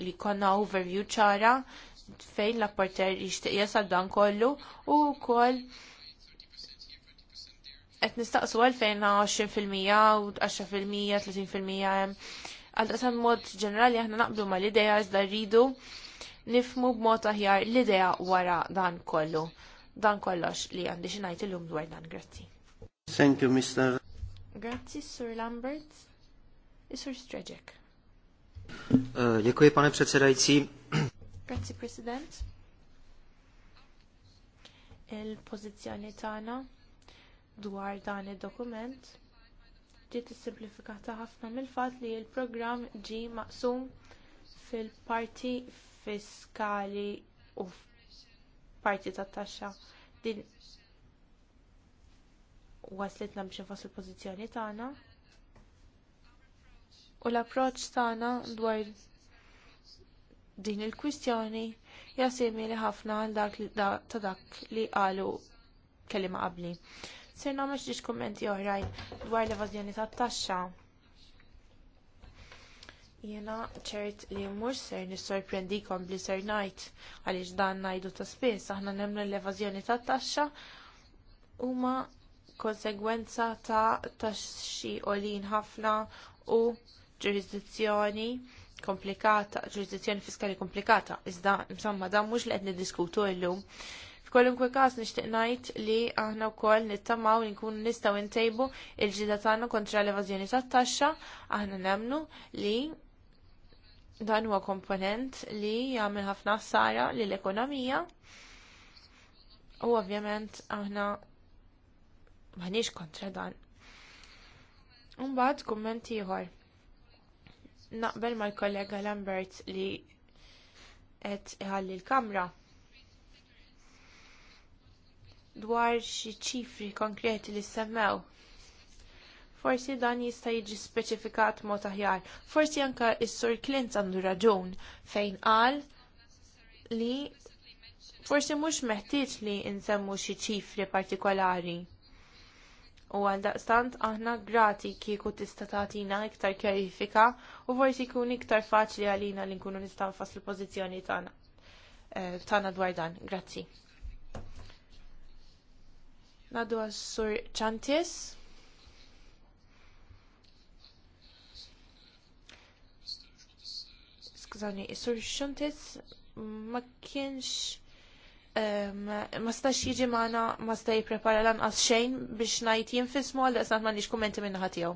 li konna overview ċara fejn l-apporter jixtieq jasal dan kollu u wkoll qed nistaqsu għalfejn 20% u 10%, 30% għal Għal mod ġenerali aħna naqblu ma l-idea iżda rridu nifmu b'mod aħjar l-idea wara dan kollu. Dan kollox li għandi xi ngħid illum dwar dan, grazzi. Thank you, Mr. Grazzi, Sur Lambert. Sir Streġek. Eh, Děkuji, pane předsedající. Grazie, President. Il-pozizjoni tagħna dwar dan id-dokument ġiet issimplifikata ħafna mill-fatt li l-programm ġie maqsum fil-parti fiskali u parti tat-taxxa. Din waslitna biex nfassu l-pożizzjoni tagħna. U l-approċċ tagħna dwar din il-kwistjoni hija simili ħafna għal dak ta' dak li qalu kelima qabbli. Ser nagħmel xi kummenti oħrajn dwar l-evażjoni tat-taxxa. Jiena ċert li mhux ser nissorprendikom li ser ngħid għaliex dan ngħidu ta' spiss aħna nemmnu l-evażjoni tat-taxxa huma konsegwenza ta' taxxi olin ħafna u ġurisdizzjoni komplikata, ġurisdizzjoni fiskali komplikata, iżda msamma dan mhux li qed niddiskutu llum kwe każ nixtieq ngħid li aħna wkoll nittamaw li nkunu nistgħu ntejbu il-ġida tagħna kontra l-evażjoni tat-taxxa, aħna nemnu li dan huwa komponent li jagħmel ħafna ħsara lill ekonomija u ovvjament aħna maħniex kontra dan. Umbagħad kumment ieħor. Naqbel mal-kollega Lambert li qed iħalli l-kamra dwar xi ċifri konkreti li semmew. Forsi dan jista' jiġi speċifikat mod aħjar. Forsi anke s-Sur Clint għandu raġun fejn qal li forsi mhux meħtieġ li nsemmu xi ċifri partikolari. U għaldaqstant aħna grati kieku tista' tagħtina iktar kjarifika u forsi jkun iktar faċli għalina li nkunu nistgħu nfasslu l-pożizzjoni tagħna eh, tagħna dwar dan. Grazzi. Nadu għas-sur ċantis. Skużani, sur ċantis ma kienx ma stax jiġi maħna ma sta jiprepara lanqas xejn biex najt jinfismu għal daqsnat ma nix kommenti minna ħatijaw.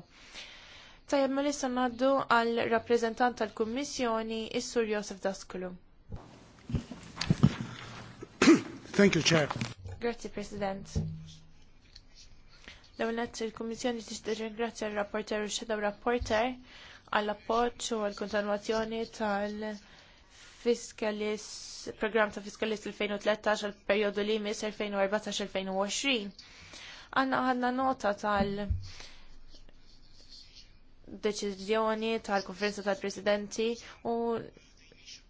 Tajab ma lissa naddu għal rappresentant tal-Kommissjoni, Is-Sur Josef Daskulu. Thank you, Chair. Grazie, President. Dawnet il-Kummissjoni tista' ringrazzja r-rapporter u x rapporter għall appoġġ u għall kontinwazzjoni tal fiskalis program ta' fiskalis 2013 għal perjodu li jmiss 2014-2020. Għanna għanna nota tal deċiżjoni tal-konferenza tal-presidenti u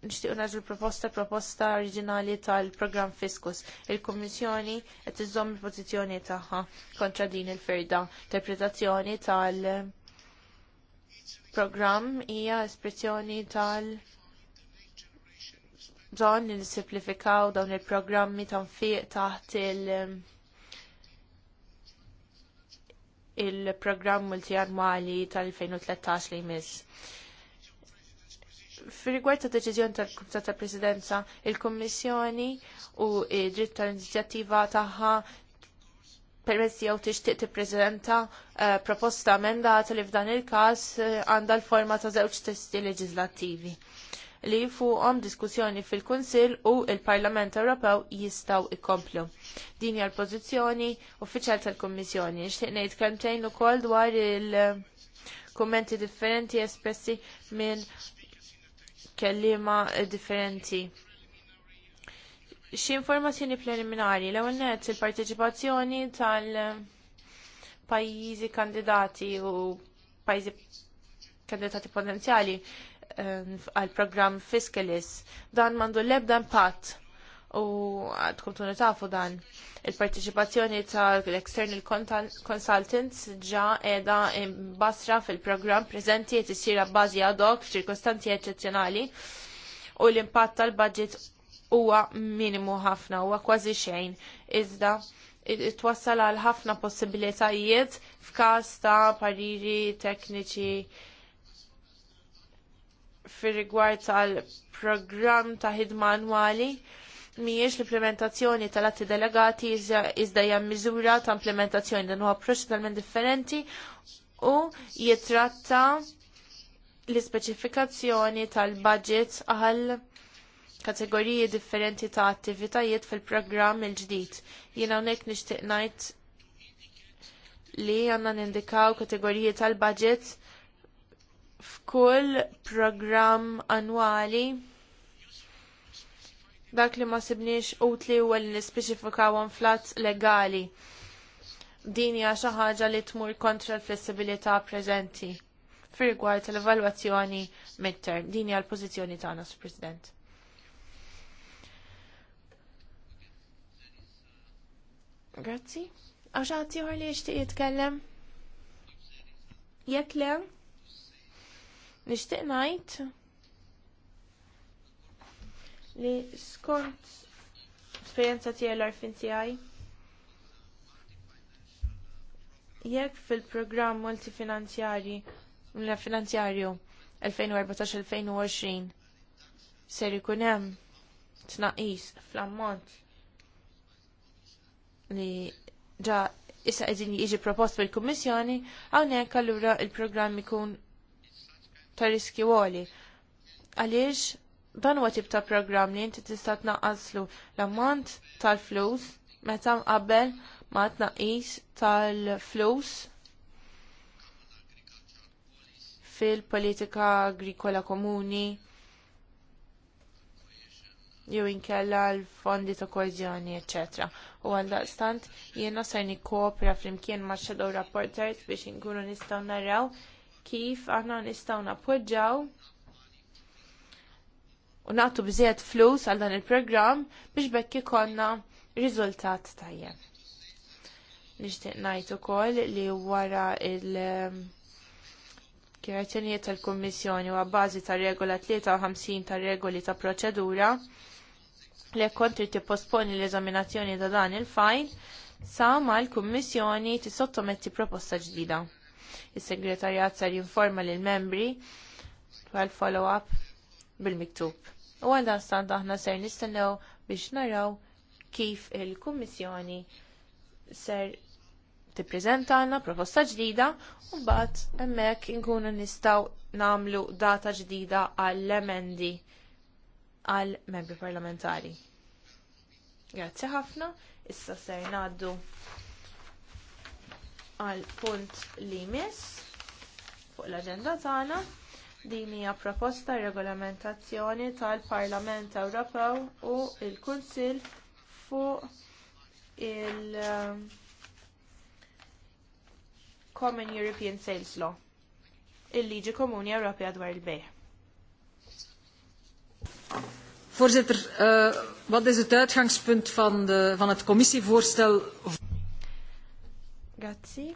nixtiequ naġu l-proposta proposta oriġinali tal-programm Fiskus. Il-Kummissjoni qed iżomm il-pożizzjoni tagħha kontra din il-ferda. Interpretazzjoni tal-programm hija espressjoni tal- bżonn li nisimplifikaw dawn il-programmi ta' fiq taħt il- il-programm multi-annwali tal-2013 li jmiss Fir-rigward ta' deċiżjoni tal-Kumitat tal-Presidenza, il-Kommissjoni u id-dritt tal-inizjattiva tagħha permezz jew tixtieq tippreżenta eh, proposta emendata li f'dan il-każ eh, għandha l-forma ta' żewġ testi leġislattivi li fuqhom diskussjoni fil-Kunsill u l parlament Ewropew jistgħu jkomplu. Din hija l-pożizzjoni uffiċjal tal-Kummissjoni. Nixtieq ngħid kemmtejn ukoll dwar il- kummenti differenti espressi minn kelliema differenti. Xi informazzjoni preliminari l-ewwel nett il-parteċipazzjoni tal-pajjiżi kandidati u pajjiżi kandidati potenzjali ehm, għal programm Fiskalis dan mandu l-ebda impatt u għadkom tunu tafu dan. Il-partiċipazzjoni tal-external consultants ġa edha basra fil-program prezenti jt sira bazi ad hoc f'ċirkostanzi eccezzjonali u l-impatt tal-budget huwa minimu ħafna, huwa kważi xejn. Iżda twassal għal ħafna possibilitajiet f'każ ta' pariri tekniċi fir rigward tal-programm ta' ħidma annwali mhijiex l-implementazzjoni tal-atti delegati iżda hija miżura ta' implementazzjoni dan huwa approċċ totalment differenti u jitratta l-ispeċifikazzjoni tal-budget għal kategoriji differenti ta' attivitajiet fil-programm il-ġdid. Jiena hawnhekk nixtieq ngħid li għandna nindikaw kategoriji tal-budget f'kull programm annwali Dak li ma sibniex utli u li nispeċifikawhom flat legali. Din hija xi ħaġa li tmur kontra l-flessibilità preżenti fir l tal-evalwazzjoni midterm. Din hija l-pożizzjoni tagħna, Sur President. Grazzi. Għax għati għor li jishtiq jitkellem? Jek le? Nishtiq najt? li skont esperjenza tiegħi l-arfin tiegħi jekk fil-programm multifinanzjarji finanzjarju 2014-2020 ser ikun hemm tnaqqis fl-ammont li ġa issa qegħdin jiġi propost fil-Kummissjoni, hawnhekk allura l programm ikun ta' riskju għoli. Għaliex dan huwa tip ta' programm li inti tista' tnaqqaslu l-ammont tal-flus meta mqabbel ma' tnaqqis tal-flus fil-politika agrikola komuni jew inkella l-fondi ta' koezjoni, etc. U għaldaqstant jiena ser nikkoopra flimkien ma' Shadow Rapporters biex inkunu nistgħu naraw kif aħna nistgħu nappoġġjaw u nagħtu bżiet flus għal dan il-programm biex bekk konna riżultat tajjeb. Nixtieq ngħid ukoll li wara il- ehm, kienet tal-Kummissjoni u għabbażi ta' regola 53 ta' regoli ta' proċedura li kontri ti posponi l-eżaminazzjoni ta' dan il-fajn sa' ma' l-Kummissjoni ti sottometti proposta ġdida. Il-Segretarjat sar jinforma l-membri għal follow-up bil-miktub. U għal dan stand aħna ser nistennew biex naraw kif il-Kummissjoni ser tippreżentana proposta ġdida u mbagħad hemmhekk inkunu nistgħu nagħmlu data ġdida għall-emendi għall membri parlamentari. Grazzi ħafna, issa ser ngħaddu għal punt li miss fuq l-aġenda tagħna. Din hija proposta regolamentazzjoni tal-Parlament Ewropew u l kunsill fuq il- um, Common European Sales Law, il-liġi komuni Ewropea dwar il bej Voorzitter, uh, wat is het uitgangspunt van, de, van het commissievoorstel? Grazie.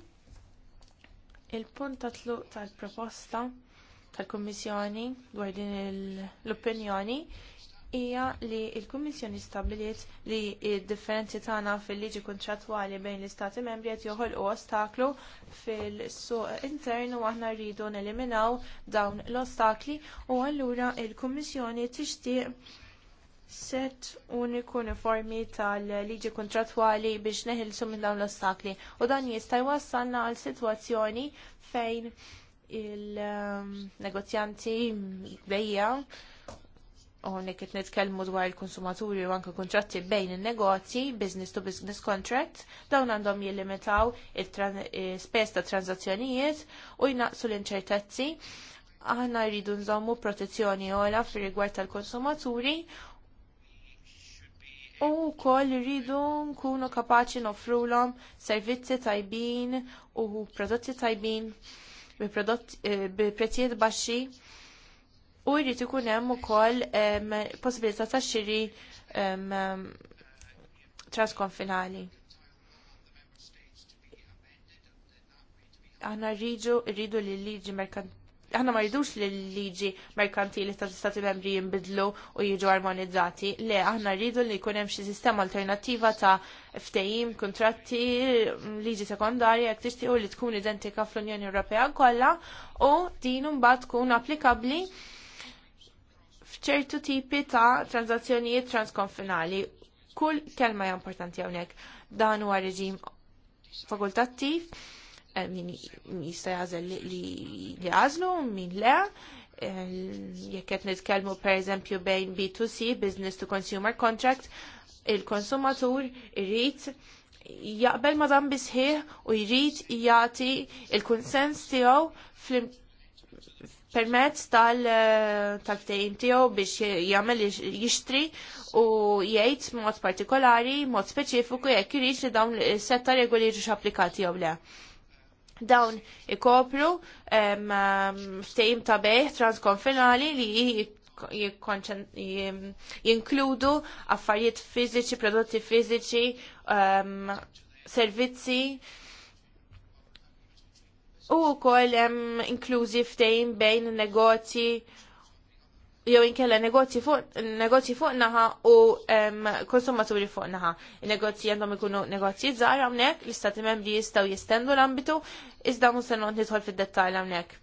Il punt tatlu tal-proposta tal kummissjoni dwar din l-opinjoni hija li l-Kummissjoni stabbiliet li d-differenzi tagħna fil-liġi kontrattwali bejn l-Istati membri qed joħolqu ostaklu fil-suq intern u aħna rridu neliminaw dawn l-ostakli u allura l kummissjoni tixtieq set uniku uniformi tal-liġi kontrattwali biex neħilsu minn dawn l-ostakli u dan jista' jwassalna għal sitwazzjoni fejn il-negozjanti bejja u qed nitkellmu dwar il-konsumaturi u anke kuntratti bejn in-negozji, business to business contract, dawn għandhom jillimitaw il-spess ta' tranzazzjonijiet u jnaqsu l-inċertezzi. Aħna jridu nżommu protezzjoni ola fir rigward tal-konsumaturi u wkoll rridu nkunu kapaċi nofrulhom servizzi tajbin u prodotti tajbin Eh, bi prezzijiet baxxi u jrid ikun hemm ukoll possibilità ta' xiri transkonfinali. Aħna rridu rridu li liġi merkantil aħna ma rridux li l-liġi merkantili ta' stati membri jinbidlu u jiġu armonizzati. Le, aħna rridu li jkun hemm xi sistema alternattiva ta' ftehim, kontratti, liġi sekondarja jekk tixtiequ li tkun identika fl-Unjoni Ewropea kollha u din mbagħad tkun applikabbli f'ċertu tipi ta' transazzjonijiet transkonfinali. Kull kelma hija importanti hawnhekk. Dan huwa reġim fakultattiv Eh, min jista' jażel li għazlu, min le. Eh, jekk qed nitkellmu pereżempju bejn B2C, business to consumer contract, il-konsumatur irrid jaqbel ma dan bisħieħ u jrid jagħti il-kunsens tiegħu fl permezz eh, tal-ftejn tiegħu biex jagħmel jixtri u jgħid mod partikolari, mod speċifiku jekk irid li dawn is-setta regoli jiġux applikati jew le dawn ikopru ftejim ta' beħ transkonfinali li jinkludu affarijiet fiziċi, prodotti fiziċi, servizzi u wkoll inkluzi inklużi ftehim bejn negozji jew inkella negozji fuq negozji fuq naħa u um, konsumaturi fuq naħa. Il-negozji għandhom ikunu negozji żgħar hawnhekk, l-istati membri jistgħu jistendu l-ambitu, iżda mhux se nidħol fid-dettall hawnhekk.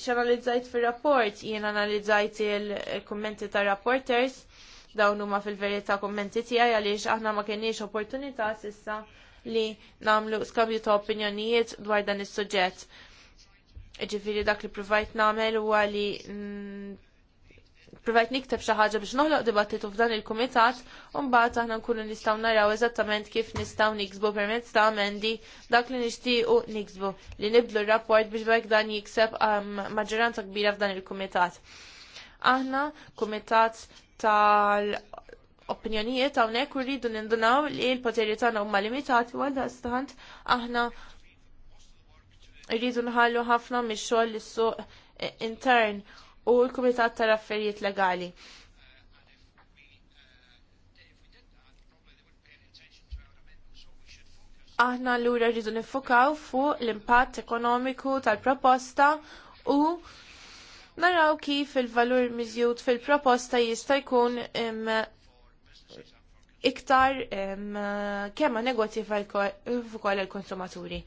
X'analizzajt fir-rapport, jien analizzajt il-kummenti ta' rapporters, dawn huma fil-verità kummenti tiegħi għaliex aħna ma kenniex opportunità s'issa li nagħmlu skambju ta' opinjonijiet dwar dan is-suġġett. Ġifiri dak li provajt namel u għali mm, provajt nikteb xaħġa ħaġa biex noħloq dibattitu f'dan il-kumitat u mbagħad aħna nkunu nistgħu naraw eżattament kif nistgħu niksbu permezz ta' amendi dak li nixtiequ niksbu li nibdlu r-rapport biex bajk dan jikseb um, maġġoranza kbira f'dan il-kumitat. Aħna kumitat tal opinjonijiet hawnhekk u rridu nindunaw li l-poteri tagħna huma limitati għal stant, aħna rridu nħallu ħafna mix-xogħol lis-suq intern u l-Kumitat tal-Affarijiet Legali. Aħna l-ura rridu nifokaw fuq l-impatt ekonomiku tal-proposta u naraw kif il-valur miżjud fil-proposta jista' jkun iktar kemm negozji fuq il-konsumaturi.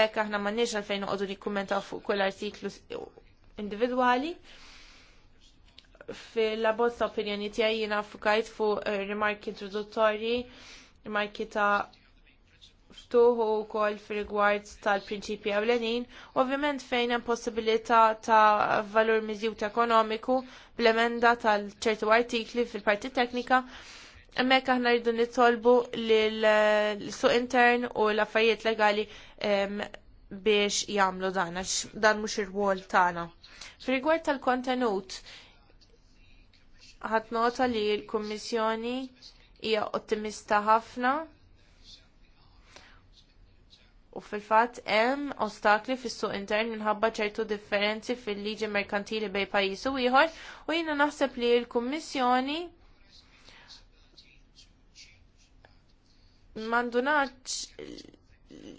Bekk aħna ma nix għalfejn noqogħdu nikkumentaw fuq kull artiklu individwali fil-labozza opinjoni tiegħi jiena fukajt fuq eh, rimarki introduttorji, rimarki ta' ftuħu wkoll fil gwart tal-prinċipji ewlenin, ovvjament fejn hemm possibilità ta' valur miżjut ekonomiku bl-emenda tal-ċertu artikli fil-parti teknika. Hemmhekk aħna rridu nitolbu l-suq eh, intern u l-affarijiet legali biex jagħmlu dan, għax dan mhux ir wol tagħna. Fil-rigward tal-kontenut, ħadd nota li l-Kummissjoni hija ottimista ħafna u fil-fatt hemm ostakli fis-suq intern minħabba ċertu differenzi fil-liġi merkantili bej pajjiż u ieħor u jiena naħseb li l-Kummissjoni mandunax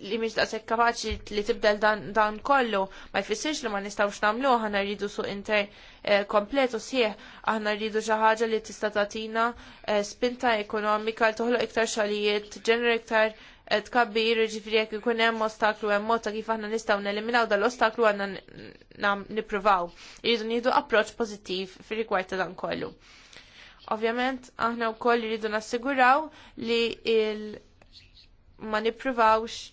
li mhix daqshekk kapaċi li tibdel dan, kollu ma jfissirx li ma nistgħux nagħmlu aħna rridu suq inter eh, komplet u sħiħ aħna rridu xi ħaġa li tista' tagħtina eh, spinta ekonomika li toħloq iktar xogħlijiet, ġenera iktar eh, tkabbir, ġifieri jekk ikun hemm ostaklu hemm mod ta' kif aħna nistgħu neliminaw dal-ostaklu għandna nippruvaw. Irridu nieħdu approċċ pożittiv fir-rigward ta' dan kollu. Ovvjament, aħna wkoll irridu nassiguraw li il- ma nippruvawx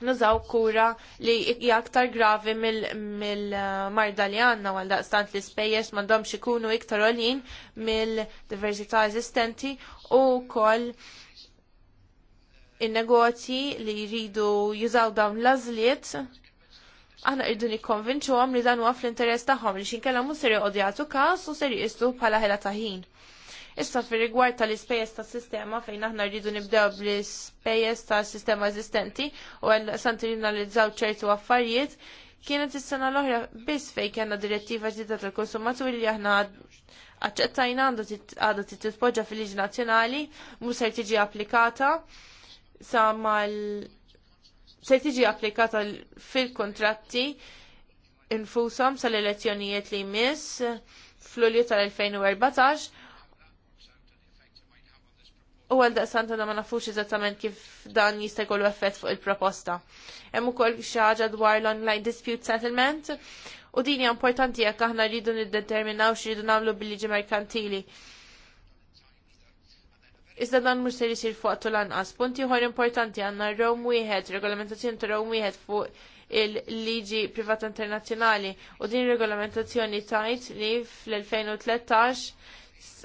nużaw kura li hija aktar gravi mill-marda uh, li għandna għal daqstant li spejjeż m'għandhomx ikunu iktar għolin mill-diversità eżistenti u wkoll in-negozji li jridu jużaw dawn l-azliet, aħna rridu nikkonvinċu li dan huwa fl-interess taħħom li xinkella mhux seri joqgħdu jagħtu każ u ser istu bħala ħela ta' ħin. Issa fir rigward tal-ispejjeż tas-sistema fejn aħna rridu nibdew bl-ispejjeż tas-sistema eżistenti u għal santirinalizzaw ċertu affarijiet, kienet is-sena l-oħra biss fejn kellna direttiva ġdida tal-konsumaturi li aħna aċċettajna għadha titpoġġa fil-liġi nazzjonali mhux se tiġi applikata sa mal se tiġi applikata fil-kontratti infushom sal-elezzjonijiet li jmiss fl-ulju tal-2014 U għal daqsant għadha ma nafux eżattament kif dan jista' jkollu effett fuq il-proposta. Hemm ukoll xi ħaġa dwar l-online dispute settlement u din hija importanti jekk aħna rridu niddeterminaw x'ridu nagħmlu bil-liġi merkantili. Iżda dan mhux se jisir fuq għattu lanqas. Punti ieħor importanti għandna Rom wieħed, regolamentazzjoni ta' Rom wieħed fuq il-liġi privata internazzjonali u din regolamentazzjoni tajt li fl-2013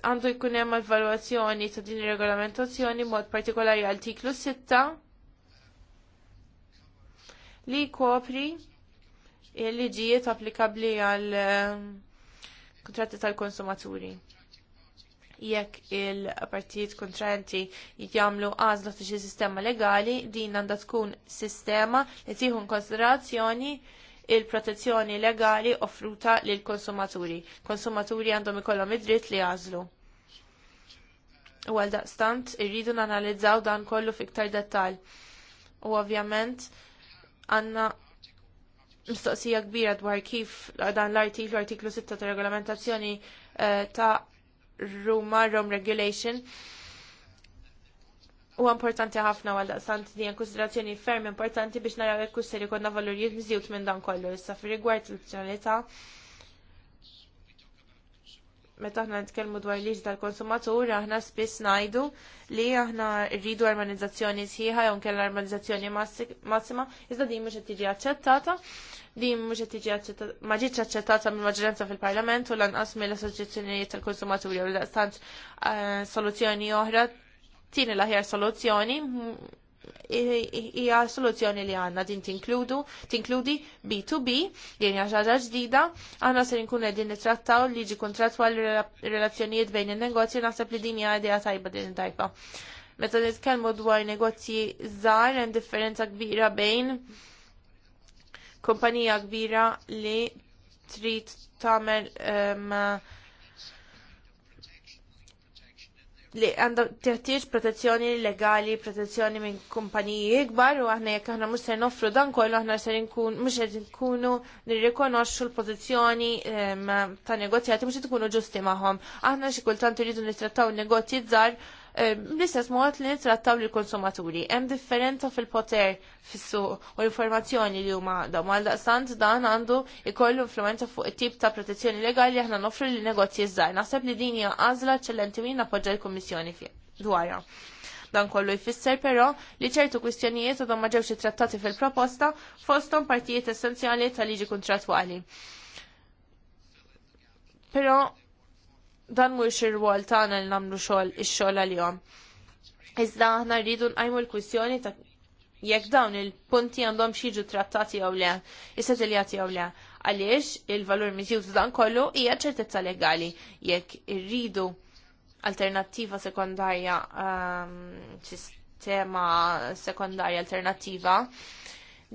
għandu jkun hemm evalwazzjoni ta' din ir-regolamentazzjoni mod partikolari artiklu 6 li kopri il-liġijiet applikabbli għal ehm, kontratti tal-konsumaturi. Jekk il-partijiet kontranti jitjamlu għażla ta' xi sistema legali, din għandha tkun sistema li tieħu konsiderazzjoni il-protezzjoni legali offruta lill konsumaturi. Konsumaturi għandhom ikollhom id-dritt li jażlu. U għal daqstant irridu nanalizzaw dan kollu fiktar dettal. U ovvjament għandna mistoqsija kbira dwar kif dan l-artiklu, artiklu 6 ta' regolamentazzjoni eh, ta' Ruma Rome Regulation U importanti ħafna għal daqsant di konsiderazzjoni ferm importanti biex naraw jekk kusser ikonna valurijiet miżjut minn dan kollu issa fi rigward l-opzjonalità. Meta aħna nitkellmu dwar liġ tal-konsumatur, aħna spiss ngħidu li aħna rridu armonizzazzjoni sħiħa jew nkella armonizzazzjoni massima, iżda din mhux qed tiġi aċċettata din mhux qed tiġi aċċettata ma ġietx aċċettata mill-maġġoranza fil-Parlament u lanqas mill-assoċjazzjonijiet tal-konsumaturi u daqstant eh, soluzzjoni oħra tini laħjar aħjar soluzzjoni mm, hija soluzzjoni li għanna din tinkludu, tinkludi B2B, din hija ħaġa ġdida, għanna ser nkun qegħdin nittrattaw li ġi kontrattwal relazzjonijiet bejn in-negozji naħseb li din hija idea tajba din tajba. Meta nitkellmu dwar negozji żgħar hemm differenza kbira bejn kumpanija kbira li trid tagħmel um, li għandha teħtieġ protezzjoni legali, protezzjoni minn kumpaniji ikbar u aħna jekk aħna mhux se noffru dan kollu aħna se nkun mhux qed nkunu nirrikonoxxu l-pożizzjoni ta' negozjati mhux qed ikunu ġusti magħhom. Aħna xi kultant iridu nittrattaw negozji żgħar Ehm, l-istess mod li nittrattaw lill konsumaturi Hemm differenza fil-poter fissu u l-informazzjoni li huma da mal daqstant dan għandu ikollu influenza fuq it-tip ta' protezzjoni legali aħna nofru lin negozji żgħar. Naħseb li din hija għażla eċċellenti min appoġġa l-Kummissjoni dwarha. Dan kollu jfisser però li ċertu kwistjonijiet u ma ġewx trattati fil-proposta fostom partijiet essenzjali tal-liġi kontratwali. Però dan mhux ir-rwol tagħna li nagħmlu xogħol ix-xogħol għalihom. Iżda aħna rridu nqajmu l-kwistjoni ta' jekk dawn il-punti għandhom xiġu trattati jew le, is-setiljati jew le. Għaliex il-valur miżjud dan kollu hija ċertezza legali jekk irridu alternattiva sekondarja ehm, sistema sekondarja alternattiva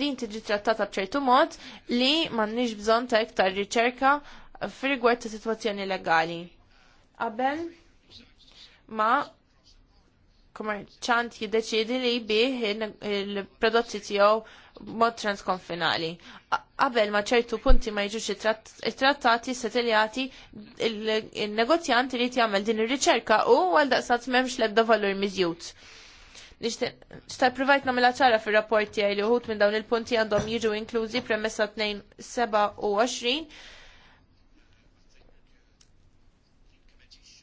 din tiġi trattata b'ċertu mod li m'għandniex bżonn ta' iktar riċerka f'rigward ta' sitwazzjoni legali qabel ma kummerċant jiddeċidi li jbih il-prodotti tiegħu mod transkonfinali. Qabel ma ċertu punti ma jiġux it-trattati setiljati il-negozjant li jagħmel din ir-riċerka u għal daqsat m'hemmx l-ebda valur miżjud. Nixtaq provajt namela ċara fir-rapport tiegħi li uħut minn dawn il-punti għandhom jiġu inklużi premessa 27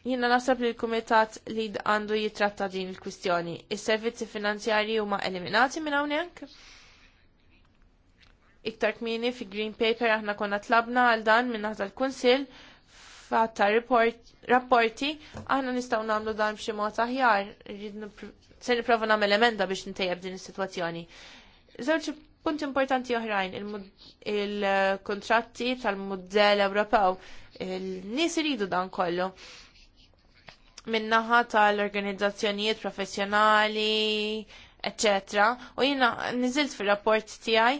Jina nasab li l-Kumitat li għandu jitratta din il-kwistjoni. Is-servizzi finanzjarji huma eliminati minn hawnhekk? Iktar kmini fi Green Paper aħna konna tlabna għal dan minn naħta l-Kunsill fatta rapporti aħna nistgħu nagħmlu dan b'xi mod aħjar. Se nipprova nagħmel emenda biex ntejjeb din is-sitwazzjoni. Żewġ punti importanti oħrajn, il-kontratti tal mudell Ewropew, nies iridu dan kollu minnaħa tal-organizzazzjonijiet professjonali, etc. U jina nizilt fil-rapport tijaj.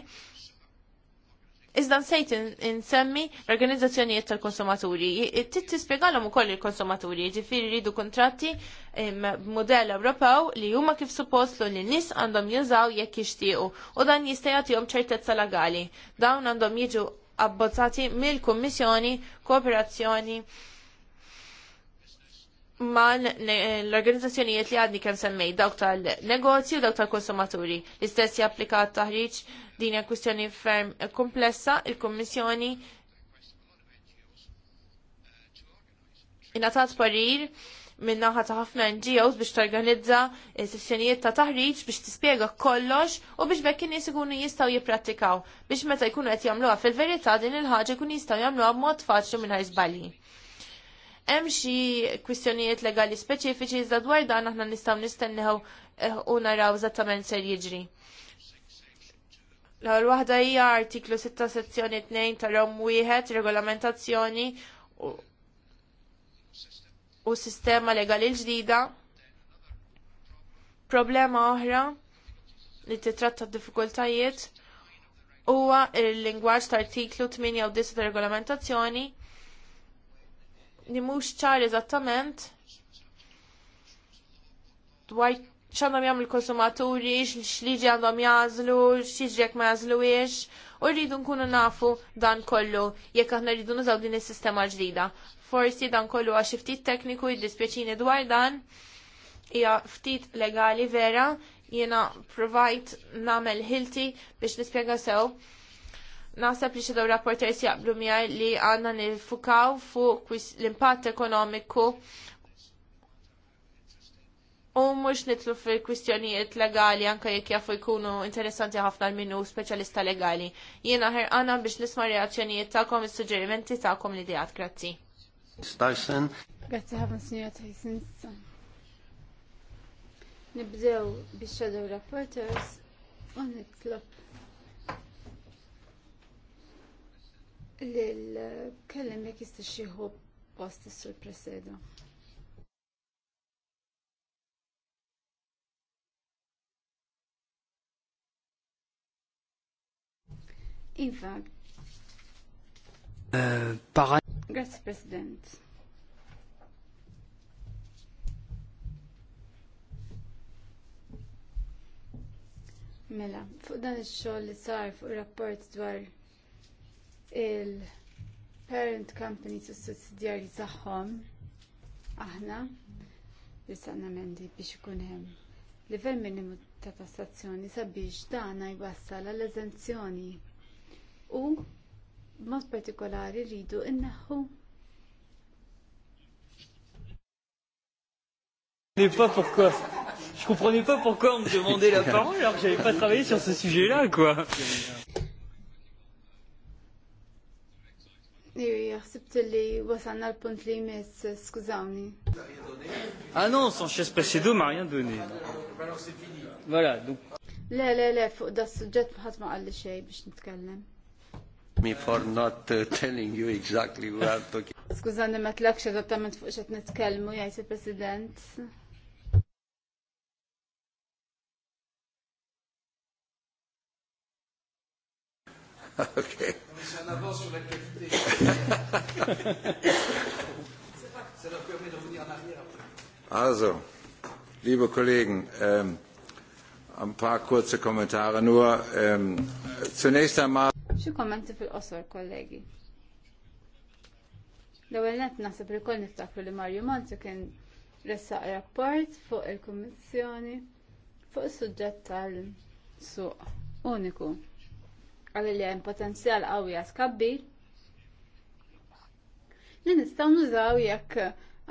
Iżda nsejt insemmi l-organizzazzjonijiet tal-konsumaturi. Tit tispjegalhom ukoll il-konsumaturi, ġifiri jridu kontratti b'mudell Ewropew li huma kif supposlu li n-nies għandhom jużaw jekk jixtiequ u dan jista' jagħtihom ċertezza legali. Dawn għandhom jiġu abbozzati mill-Kummissjoni Kooperazzjoni ma l-organizzazzjonijiet li għadni kem semmej, dawk tal-negozju, dawk tal-konsumaturi. L-istess japplika taħriġ din hija kwistjoni ferm komplessa, il-Kommissjoni inatat parir minn naħa ta' ħafna NGOs biex torganizza sessjonijiet ta' taħriġ biex tispjega kollox u biex bekk nies ikunu jistgħu jippratikaw biex meta jkunu qed jagħmluha fil-verità din il-ħaġa jkunu jistgħu jagħmluha b'mod faċli mingħajr żbalji. Hemm xi kwistjonijiet legali speċifiċi iżda dwar dan aħna nistgħu nistenniħu eh, u naraw eżattament ser jiġri. L-ewwel waħda hija artiklu 6 sezzjoni 2 ta' Rom wieħed regolamentazzjoni u sistema legali ġdida. Problema oħra li titratta diffikultajiet huwa il-lingwaġġ ta' artiklu 8 u 10 ta' regolamentazzjoni nimux mhux ċar eżattament Dwaj ċandom jagħmlu il konsumaturi x'liġi għandhom jażlu, x'jiġri jekk ma jażluwiex, u rridu nkunu nafu dan kollu jekk aħna rridu nużaw din is-sistema ġdida. Forsi dan kollu għax ftit tekniku id-dispieċini dwar dan hija ftit legali vera jiena provajt nagħmel ħilti biex nispjega sew Naħseb li xedaw rapporters jaqblu miħaj li għanna nifukaw fuq l-impatt ekonomiku u mux nitlu fil-kwistjonijiet legali anka jek jafu jkunu interessanti ħafna l-minu specialista legali. Jiena ħerqana biex nisma reazzjonijiet ta'kom, il-sugġerimenti ta'kom li dijat. Grazzi. Starsen. Grazzi ħafna signora Tyson. Nibdew biex xedaw rapporters u nitlob l-kellem jek jistaxieħu post sur preseda. Iva. Eh, Grazie, President. Mela, fuq dan ix-xogħol li sar fuq rapport dwar il-parent company u s tagħhom aħna li sanna mendi biex ikun hemm livell minimu ta' tassazzjoni sabiex dana jwassal għall eżenzjoni u b'mod partikolari rridu inneħħu Je comprenais pas pourquoi on me demandait la parole alors que j'avais pas travaillé sur ce sujet-là, quoi. Jaxsibt li wasanna l-punt li jmiss, skużawni. Ah non, Sanchez Presidu ma rien donné. Voilà, donc. Le, le, le, fuq da s-sujġet maħat ma għalli xej biex nitkellem. Me for not uh, telling you exactly what I'm talking. about. Skużani ma tlakx eżattament fuq xed nitkellmu, jgħid il-President. Okay. Also, liebe Kollegen, ähm, ein paar kurze Kommentare nur. Ähm, zunächst einmal. Xi kommenti fil-qosor, kollegi? L-ewwel net naħseb li kol niftakru li Mario Monti kien ressaq rapport fuq il-Kummissjoni fuq is-suġġett tal-suq uniku. Għalli li hemm potenzjal qawwi għaskabbir li nistaw nużaw jekk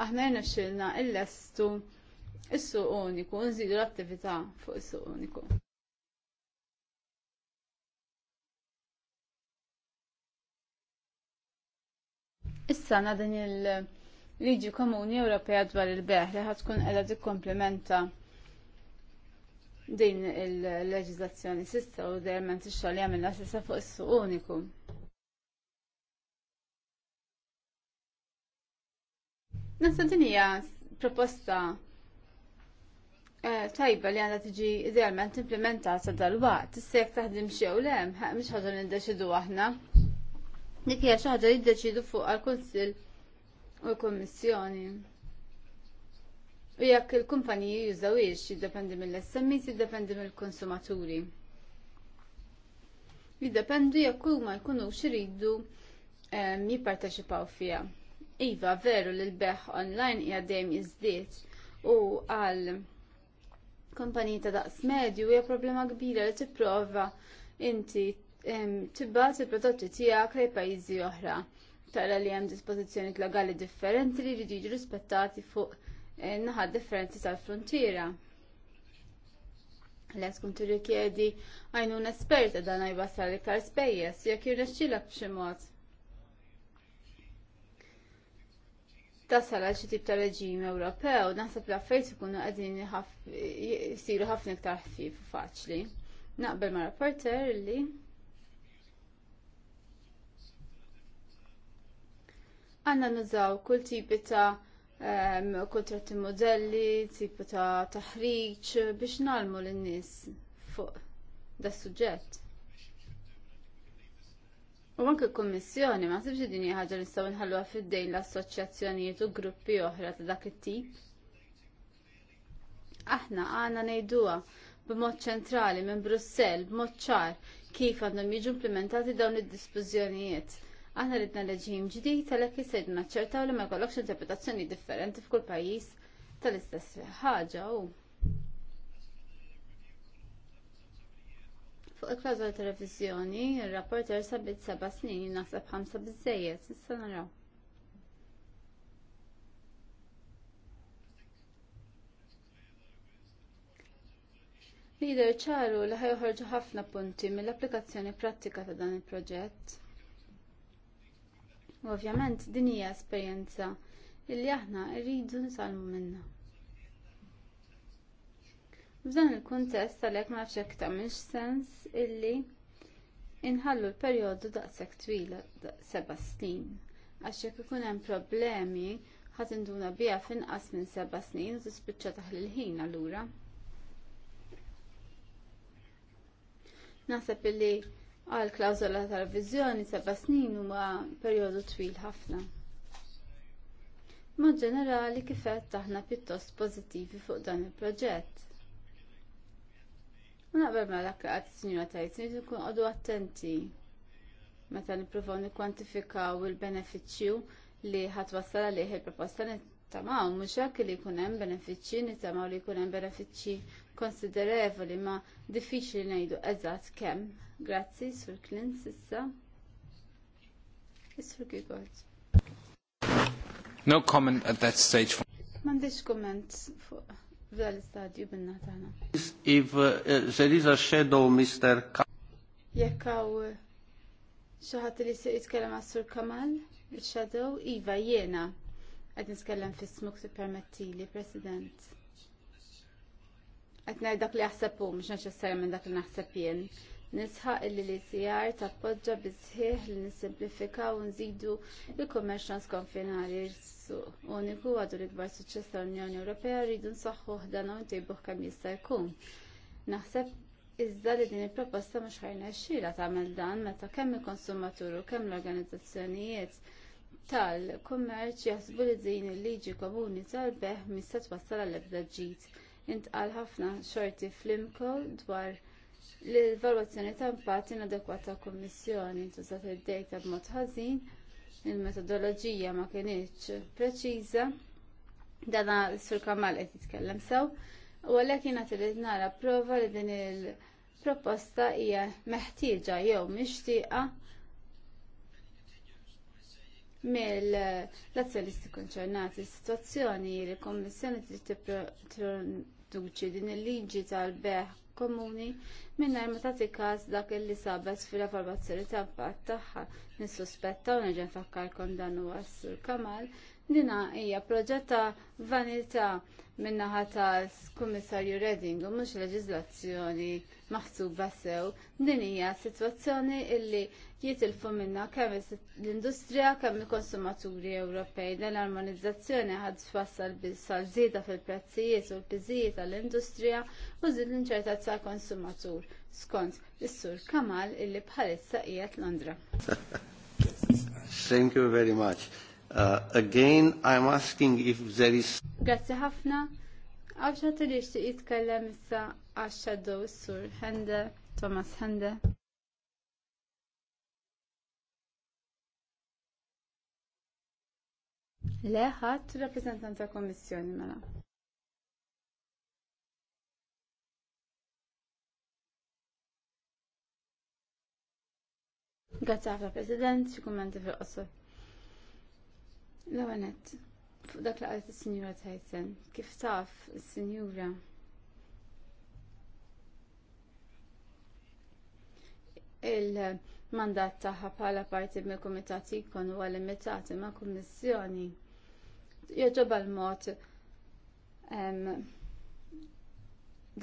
aħna xilna il lestu is-suq uniku, nżidu l-attività fuq is-suq uniku. Issa na din il-Liġi Komuni Ewropea dwar il-beħ li ħatkun qiegħda tikkomplementa din il-leġizazzjoni sissa u dejjem tixxa li għamilna sissa fuq is-suq uniku. Nasa dinija proposta eh, tajba li għandha tiġi idealment implementata dal-waqt. Issa jekk taħdim xew le, mhix ħaġa li niddeċidu aħna. Dik hija xi ħaġa li jiddeċidu fuq għall-Kunsill u l-Kummissjoni. U jekk il-kumpaniji jużawiex jiddependi mill-SMEs, jiddependi mill-konsumaturi. Jiddependi jekk huma jkunu xiridu eh, jipparteċipaw fiha. Iva, veru li l-beħ online jgħaddejm jizdiet u għal kompaniji ta' daqs medju hija problema kbira li tipprova inti tibbat il-prodotti tiegħek lejn pajjiżi oħra. Tara li hemm dispożizzjoni legali differenti li jridu rispettati fuq eh, naħad differenti tal-frontiera. Għalek tkun tirrikjedi għajnuna esperta dan għajbasal iktar spejjes, jekk jirnexxilek b'xi mod tasal għal xi tip ta' reġim Ewropew, naħseb l-affarijiet ikunu qegħdin jsiru ħafna iktar ħfief u faċli. Naqbel ma' rapporter li għanna nużaw kull tipi ta' kontratti modelli, tipi ta' taħriġ biex nalmu lin nies fuq da' suġġett. U anke kommissjoni, kummissjoni ma sibx din ħagġa ħaġa li nistgħu nħalluha fid-dejn l-assoċjazzjonijiet u gruppi oħra ta' dak it-tip. Aħna għandna ngħiduha b'mod ċentrali minn Brussell b'mod ċar kif għandhom jiġu implementati dawn id dispużjonijiet Aħna ridna leġim ġdid għalhekk jisejdu naċċertaw li ma jkollokx interpretazzjoni differenti f'kull pajjiż tal-istess ħaġa u Fuq il Televiżjoni ta' il-rapporter sabit seba' snin naħseb ħamsa biżejjed, issa naraw. Lider ċaru li ħajħorġu ħafna punti mill-applikazzjoni prattika ta' dan il-proġett. Ovvjament din hija esperjenza illi aħna rridu nsalmu minnha. F'dan il-kuntest għalhekk ma nafx hekk tagħmilx sens illi inħallu l-perjodu daqshekk twila seba' snin għax jekk ikun hemm problemi ħadd induna biha f'inqas minn seba' snin u tispiċċa taħli l-ħin allura. Naħseb illi għal klawżola tal-viżjoni seba' snin huma perjodu twil ħafna. Mod ġenerali kif qed aħna pjuttost pożittivi fuq dan il-proġett U naqbel ma dak għat s-sinjura tajt, s għadu għodu attenti. Meta niprofaw nikwantifikaw il-beneficju li ħatwassal għalih il-proposta nittamaw, mux hekk li jkun hemm benefiċċji, nittamaw li jkun hemm benefiċċji konsiderevoli ma diffiċli ngħidu eżatt kemm. Grazzi, Sur Klin, sissa. Is-Sur No comment at that stage. M'għandix komment fuq f'dan l uh, there is a shadow Mr. Jekk hawn xi ħadd li se jitkellem għasur Kamal, il-shadow, iva jiena qed niskellem fis-smuk tippermettili, President. Qed dak li jaħseb hu mhux neċessarjament dak li naħseb jien. Nisħaq il li sijar tappoġġa bisħiħ li nisimplifika u nżidu il-kummerċ transkonfinali suq uniku għadu l-ikbar suċċess tal-Unjoni Ewropea rridu nsaħħu ħdana u ntejbuh kemm jista' jkun. Naħseb iżda li din il-proposta mhux ħajna xxira tagħmel dan meta kemm il-konsumatur u kemm l-organizzazzjonijiet tal-kummerċ jaħsbu li din il-liġi komuni tal-beħ mista twassal għall-ebda ġid. Intqal ħafna xorti flimko dwar l valutazzjoni ta' impatt inadekwata kummissjoni intużat id-dejta b'mod ħażin, il-metodoloġija ma kinitx preċiża, dana sur kamal qed jitkellem sew, u għalhekk jiena trid nara prova li din il-proposta hija meħtieġa jew mixtieqa mill-azzjonisti konċernati. Situazzjoni li l-Kommissjoni trid tipproduċi din il-liġi tal-beħ komuni minnar ma tagħti każ dak illi sabet fil-evalvazzjoni ta' impatt tagħha. Nissuspetta u nerġa' nfakkarkom kondannu għas sur Kamal Dina hija proġetta vanità minnaħa tal-Kummissarju Reding u mhux leġiżlazzjoni maħsuba sew. Din hija sitwazzjoni illi jitilfu minna kemm l-industrija kemm il-konsumaturi Ewropej. Dan l-armonizzazzjoni ħad tfassal bissal żieda fil-prezzijiet u l-piżijiet tal-industrija u żid l tal konsumatur skont is-sur Kamal illi bħalissa qiegħed Londra. Thank you very much. Uh, again, I'm asking if there is... Grazie ħafna. Għabxa t-li jitkellem issa għaxa s-sur Hende, Thomas Hende. Leħat rappresentanta komissjoni, mela. Grazie ħafna President, xi kummenti fil-qosor. Lawanet, fuq dak laqgħet is-Sinjura Tyson, kif taf is-Sinjura il-mandat tagħha bħala parti mill kumitat ikun huwa limitat imma kummissjoni. Joġoba l-mod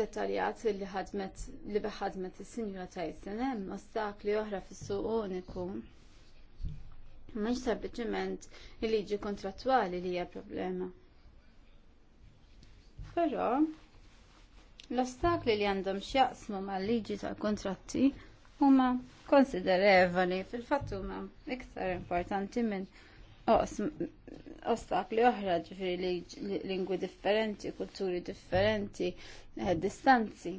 dettaljat li ħadmet li beħadmet is-Sinjura Tyson hemm ostakli oħra fis-suq uniku Mhux sempliċement il-liġi kontrattwali li hija problema. Però l-ostakli li għandhom x'jaqsmu mal-liġi tal-kontratti huma konsiderevoli fil-fatt huma iktar importanti minn ostakli oħra ġifiri lingwi differenti, kulturi differenti, eh, distanzi.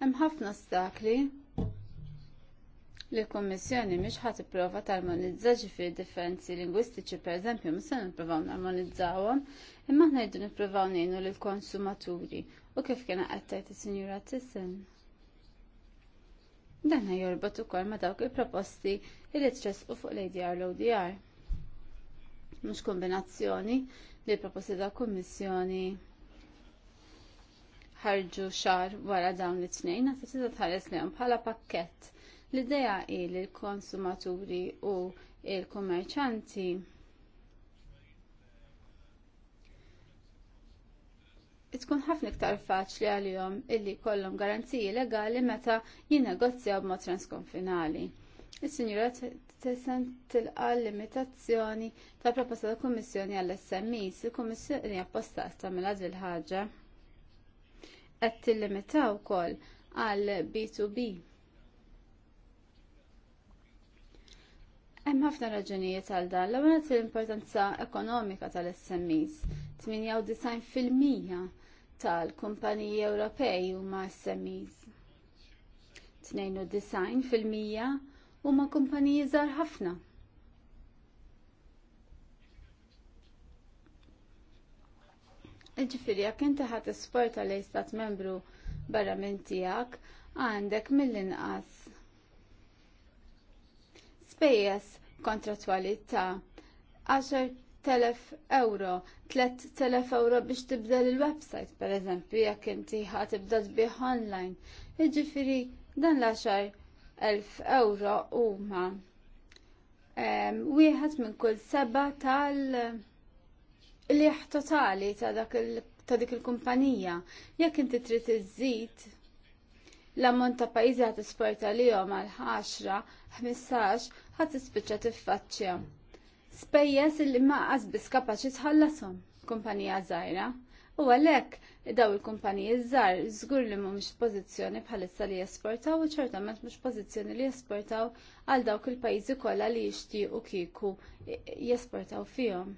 Hemm ħafna ostakli li l kummissjoni mhix ħadd ipprova tarmonizza ġifieri differenzi lingwistiċi pereżempju ma se nippruvaw narmonizzawhom, imma aħna jdu nippruvaw ngħinu lill-konsumaturi u kif kien qed tgħid is-Sinjura Tissen. Dan jorbot ukoll ma' dawk il-proposti li tresqu fuq l-ADR l-ODR. Mhux kombinazzjoni li l-proposti tal-Kummissjoni ħarġu xar wara dawn it-tnejn għat tista' tħares lehom bħala pakkett. L-idea hi li l-konsumaturi u l-kummerċanti tkun ħafna iktar faċli għalihom illi jkollhom garanziji legali meta jinnegozjaw b'mod transkonfinali. Is-sinjura tisen tilqa limitazzjoni tal proposta tal Kummissjoni għall smis il-Kummissjoni apposta tagħmilha dil ħaġa qed tillimitaw ukoll għal B2B. Hemm ħafna raġunijiet għal dan. L-ewwel l-importanza ekonomika tal-SMEs. 98% tal-kumpaniji Ewropej huma SMEs. 92% huma kumpaniji żgħar ħafna. Ġifiri, jekk inti ħat isporta lejn stat membru barra minn tiegħek, għandek mill-inqas spejjeż kontratwali ta' 10.000 euro, 3.000 euro biex tibdel il-website, per eżempju, jekk inti ħat tibda tbieħ online. Ġifiri, dan l-10.000 euro huma wieħed minn kull seba tal- liħ totali ta' dak ta' dik il-kumpanija. Jekk inti trid iżżid l-ammont ta' pajjiżi ħad tisporta lihom għal 10, 15 ħad tispiċċa tiffaċċja. Spejjeż illi maqqas biss kapaċi tħallasom kumpanija żgħira. U għalhekk daw il-kumpaniji żgħar żgur li mhumiex pożizzjoni bħalissa li jesportaw u ċertament mhux pożizzjoni li jesportaw għal dawk il-pajjiżi kollha li jixtiequ kieku jesportaw fihom.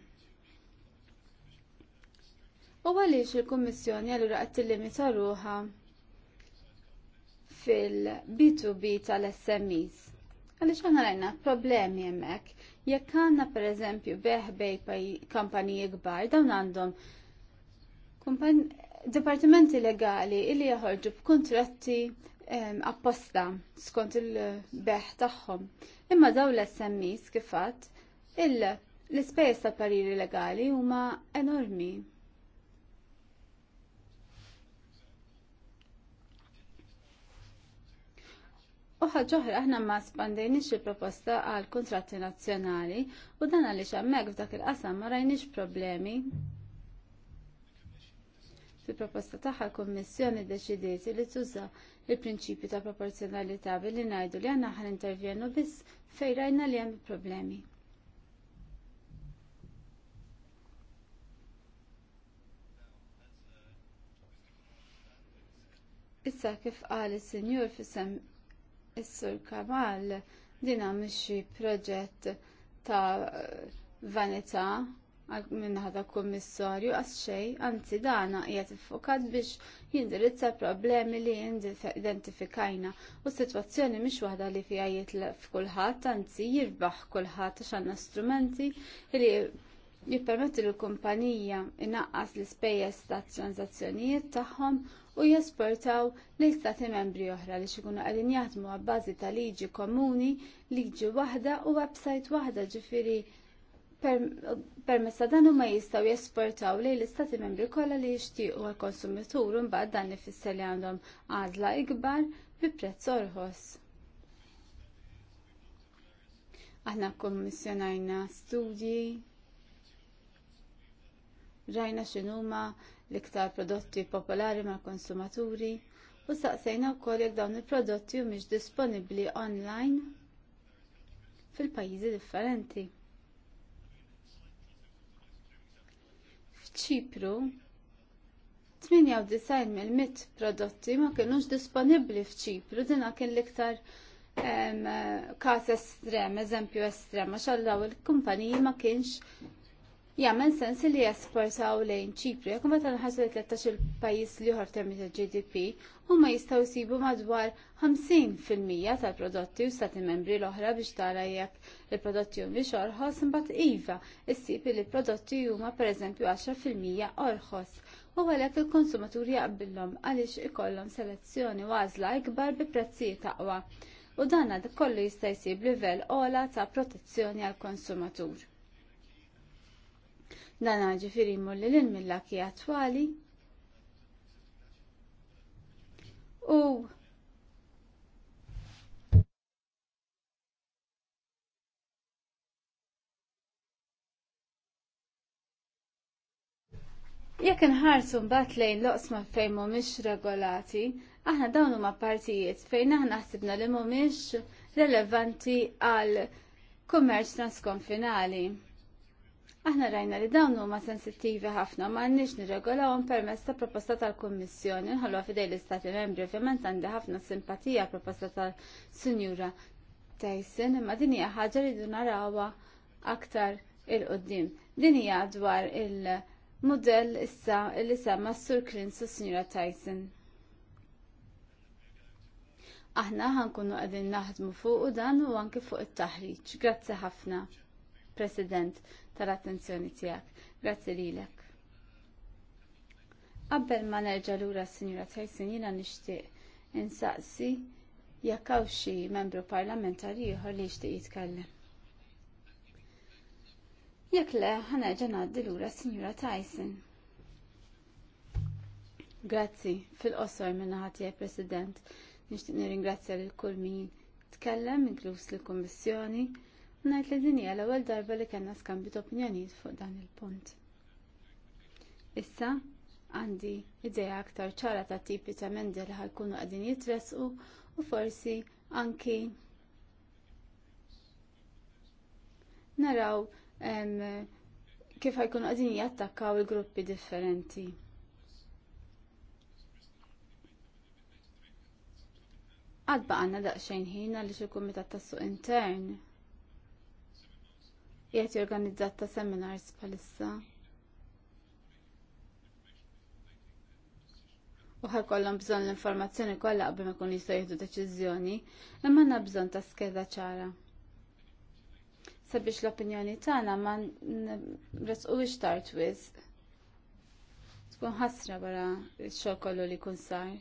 U għaliex il-Kummissjoni allura qed tillimita ruha fil-B2B tal-SMEs. Għaliex aħna rajna problemi hemmhekk. Jekk għandna pereżempju beħ bej kampaniji kbar dawn għandhom dipartimenti legali illi jaħorġu b'kuntratti apposta skont il-beħ tagħhom. Imma dawn l-SMEs kifat l-ispejjeż ta' pariri legali huma enormi. U ġoħra, aħna ma spandejniex il-proposta għal kontratti nazzjonali u dan għaliex hemmhekk f'dak il-qasam ma rajniex problemi. Fil-proposta tagħha l-Kummissjoni ddeċidiet li tuża il-prinċipju ta' proporzjonalità billi ngħidu li għanna aħna intervjenu biss fejn rajna li hemm problemi. Issa kif qal is-Sinjur fis is-Sur Kamal dina mixi proġett ta' vanità minn ta' kummissarju għas xej, anzi dana qiegħed iffokat biex jindirizza problemi li identifikajna u s-sitwazzjoni mhix waħda li fiha jitlef kulħadd, anzi jirbaħ kulħadd għax għandna strumenti li jippermettu l-kumpanija inaqqas l-ispejjeż tat tranzazzjonijiet tagħhom u jesportaw li stati membri oħra li xikunu għadin jaħdmu għabbażi ta' liġi komuni, liġi wahda u website wahda ġifiri permessa dan huma jistgħu jesportaw lejn l-istati membri kollha li jixtiequ għall-konsumitur u mbagħad dan ifisser li għandhom għadla ikbar bi prezz orħos. Aħna kommissjonajna studji, rajna x'inhuma l-iktar prodotti popolari mal konsumaturi u staqsejna wkoll jekk dawn il-prodotti miex disponibbli online fil-pajjiżi differenti. F'Ċipru 98 mill-100 prodotti ma kienux disponibbli f'Ċipru, dina kien l-iktar kas estrem, eżempju estrem, għax il-kumpaniji ma kienx jagħmel sens li u lejn ċipri, jekk meta nħarsu li 13-il pajjiż li uħar termi tal-GDP huma jistgħu jsibu madwar 50% tal-prodotti u stati membri l-oħra biex tara jekk il-prodotti biex orħos imbagħad iva s-sib li l-prodotti huma pereżempju 10% orħos u għalek il-konsumaturi jaqbillom għaliex ikollhom selezzjoni għazla ikbar bi prezzijiet taqwa. U dan għad kollu jista' jsib livell ola ta' protezzjoni għall konsumatur Dan ġifiri mulli l-inmillaki għatwali U Jekk inħarsu mbagħad lejn loqsma fejn mhumiex regolati, aħna dawn huma partijiet fejn aħna ħsibna li mhumiex relevanti għal kummerċ transkonfinali. Aħna rajna li dawn huma sensittivi ħafna ma għandniex nirregolawhom permezz ta' proposta tal-Kummissjoni nħallwa fidej l-Istati Membri ovvjament għandi ħafna simpatija proposta tal-Sinjura Tyson imma din hija ħaġa li narawha aktar il-qoddim. Din hija dwar il mudell issa li semma Sur Klins u Sinjura Tyson. Aħna ħankunu qegħdin naħdmu fuq u dan u anki fuq it-taħriġ. Grazzi ħafna, President tal-attenzjoni tiegħek. Grazzi lilek. Qabel ma nerġa' lura s-Sinjura Tyson jiena nixtieq insaqsi jekk hawn xi membru parlamentari ieħor li jixtieq jitkellem. Jekk le, ħanerġa' ngħaddi lura Sinjura Tyson. Grazzi, fil-qosor minn ħatija President, nixtieq nirringrazzja lil kull min tkellem, inkluż lill kummissjoni Najt li din hija l-ewwel darba li kellna skambju ta' opinjonijiet fuq dan il-punt. Issa għandi idea aktar ċara ta' tipi ta' mendi li ħajkunu qegħdin jitresqu u forsi anki naraw kif ħajkunu għadin jattakkaw il-gruppi differenti. Għadba għanna daqxajn ħina li xil-komitat tassu intern jgħet jorganizzata ta' seminars bħalissa. U kollom bżonn l-informazzjoni kollha għabim ikun jkun jihdu deċizjoni, deċiżjoni, imma għandna bżonn ta' skeda ċara. Sabiex l-opinjoni tagħna ma nresqux tard wisq. Tkun ħasra wara x-xogħol kollu li jkun sar.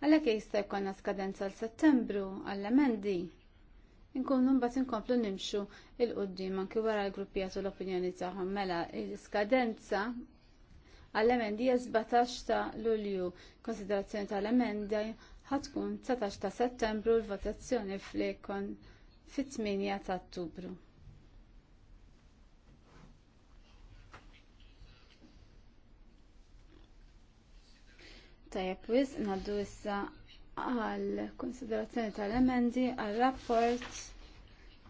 Għalhekk jista' jkollna skadenza l-Settembru għall-emendi inkunu mbagħad inkomplu nimxu il-qudiem anki wara l-gruppi jagħtu l-opinjoni tagħhom mela l-iskadenza għall-emendija 17 ta' Lulju, konsiderazzjoni tal-emenda ħatkun 19 ta' Settembru l-votazzjoni fl fit-8 ta' Ottubru. Tajab, wisq naddu issa għal konsiderazzjoni tal-emendi għal rapport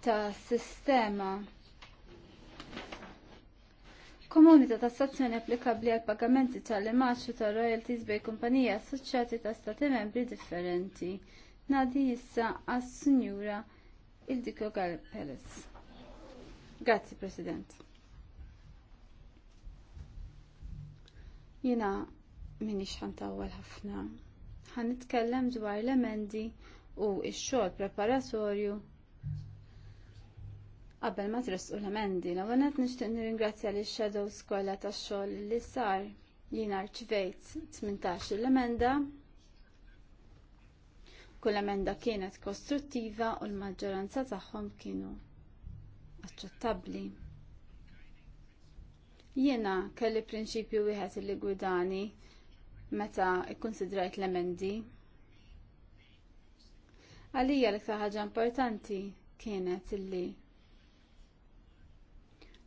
ta' sistema Komuni ta' tassazzjoni applikabli għal pagamenti tal-imaċċu ta' royalties bej kumpanija assoċjati ta' stati membri differenti. Nadi jissa għas sinjura Ildiko Gal Perez. Grazzi, President. Jena minix xħanta għal ħafna ħan nitkellem dwar l-emendi u x-xogħol preparatorju qabel ma tresqu l-emendi. L-ewwel qed nixtieq nirringrazzja lix Shadow skola tax-xogħol li sar jien rċivejt 18 l-emenda kull emenda kienet kostruttiva u l-maġġoranza tagħhom kienu aċċettabbli. Jiena kelli prinċipju wieħed li gwidani meta ikkonsidrajt l-emendi. Għalija l-iktar ħaġa importanti kienet illi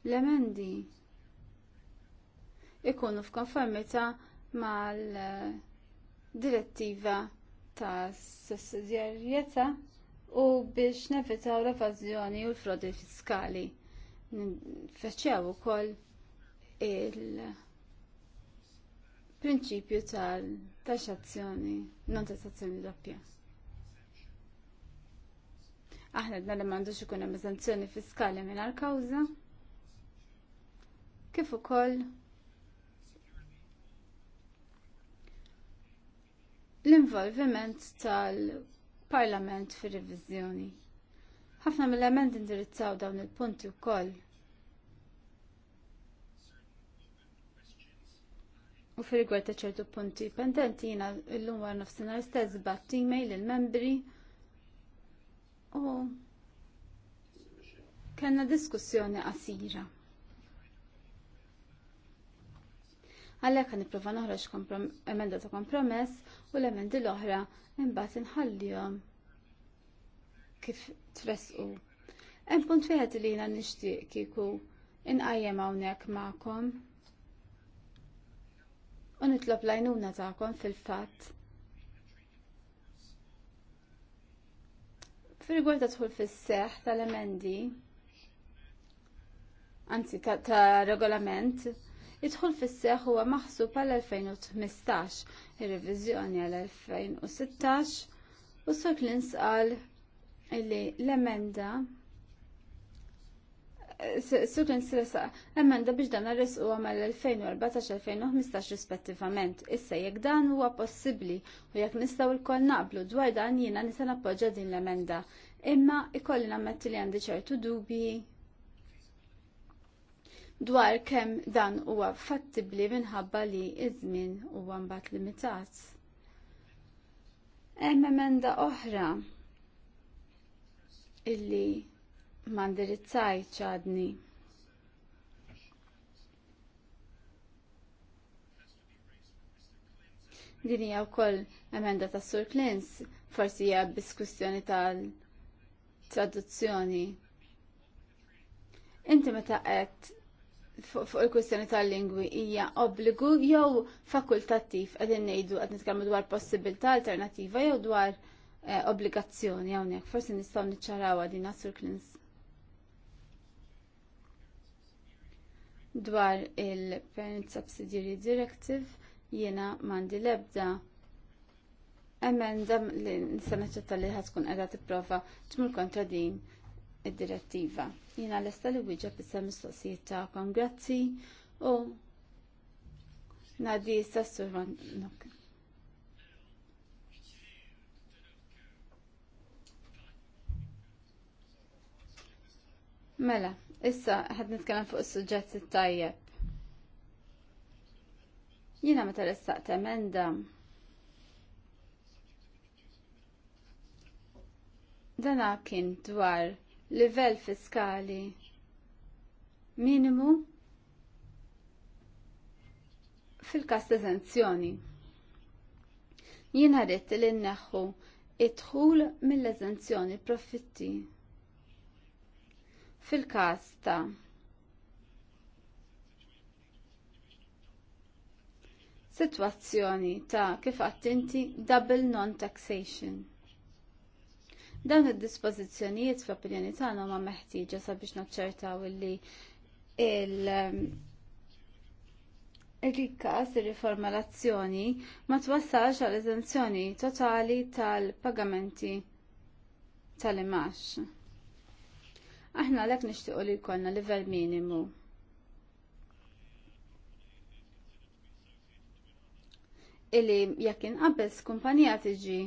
l-emendi ikunu f'konformità mal-direttiva ta' sussidjarjetà u biex nevitaw l-evażjoni u l-frodi fiskali. nfeċċew ukoll il- prinċipju tal-taxazzjoni, non tassazzjoni doppja. Aħna dna li m'għandux ikun hemm eżenzjoni fiskali mingħajr kawża. Kif ukoll l-involviment tal-Parlament fir revizjoni Ħafna mill-element indirizzaw dawn il-punti wkoll U fil rigward ta' ċertu punti pendenti jina l-lum għar nofsinar stess bat email il-membri u kena diskussjoni qasira. Għalek għan niprofa noħroġ emenda ta' kompromess u l-emendi l-oħra imbagħad inħallihom kif tresqu. Hemm punt wieħed li jiena nixtieq kieku inqajjem hawnhekk magħkom u nitlob l-għajnuna tagħkom fil-fatt. Fil-rigward tadħul fis-seħ tal-emendi, anzi ta' regolament, idħul fis-seħ huwa maħsub għal 2015, ir revizjoni għal 2016 u l-insqal il-li l-emenda Suklin emman da biex dan arres u għamal 2014-2015 rispettivament. Issa jekk dan huwa possibbli u jekk nistgħu lkoll naqblu dwar dan jiena nista' nappoġġa din l-emenda. Imma ikolli nammetti li għandi ċertu dubji dwar kemm dan huwa fattibbli minħabba li iż-żmien huwa mbagħad limitat. Hemm emenda oħra illi mandirizzaj ċadni. Din hija wkoll emenda ta' Sur Klins, forsi hija diskussjoni tal-traduzzjoni. Inti meta qed fuq il-kwistjoni tal-lingwi hija obbligu jew fakultattiv qegħdin ngħidu qed nitkellmu dwar possibilità alternattiva jew dwar eh, obbligazzjoni hawnhekk. Forsi nistgħu niċċarawha din Sur Klins. Dwar il-Parent Subsidiary Directive jiena mandi lebda emenda li nistana ċetta li ħatkun edha tipprova tmur kontra din id-direttiva. Jiena l-esta li wieġeb bissa mistoqsijiet ta' kongrazzi u nadi sassur Mela. Issa, għad nitkellem fuq is-suġġett it-tajjeb. Jiena meta l emenda. Dana kien dwar livell fiskali minimu fil kast eżenzjoni. Jiena rrid li nneħħu id-dħul mill-eżenzjoni profitti fil-każ ta' sitwazzjoni ta' kif attinti double non-taxation. Dawn id-dispożizzjonijiet f'opinjoni tagħna ma' meħtieġa sabiex naċċertaw illi il um, il-kas ir-riformalazzjoni ma twassax għal eżenzjoni totali tal-pagamenti tal-imax. Aħna għalhekk nixtiequ li jkollna livell minimu. Illi jekk inqabbes kumpanija tiġi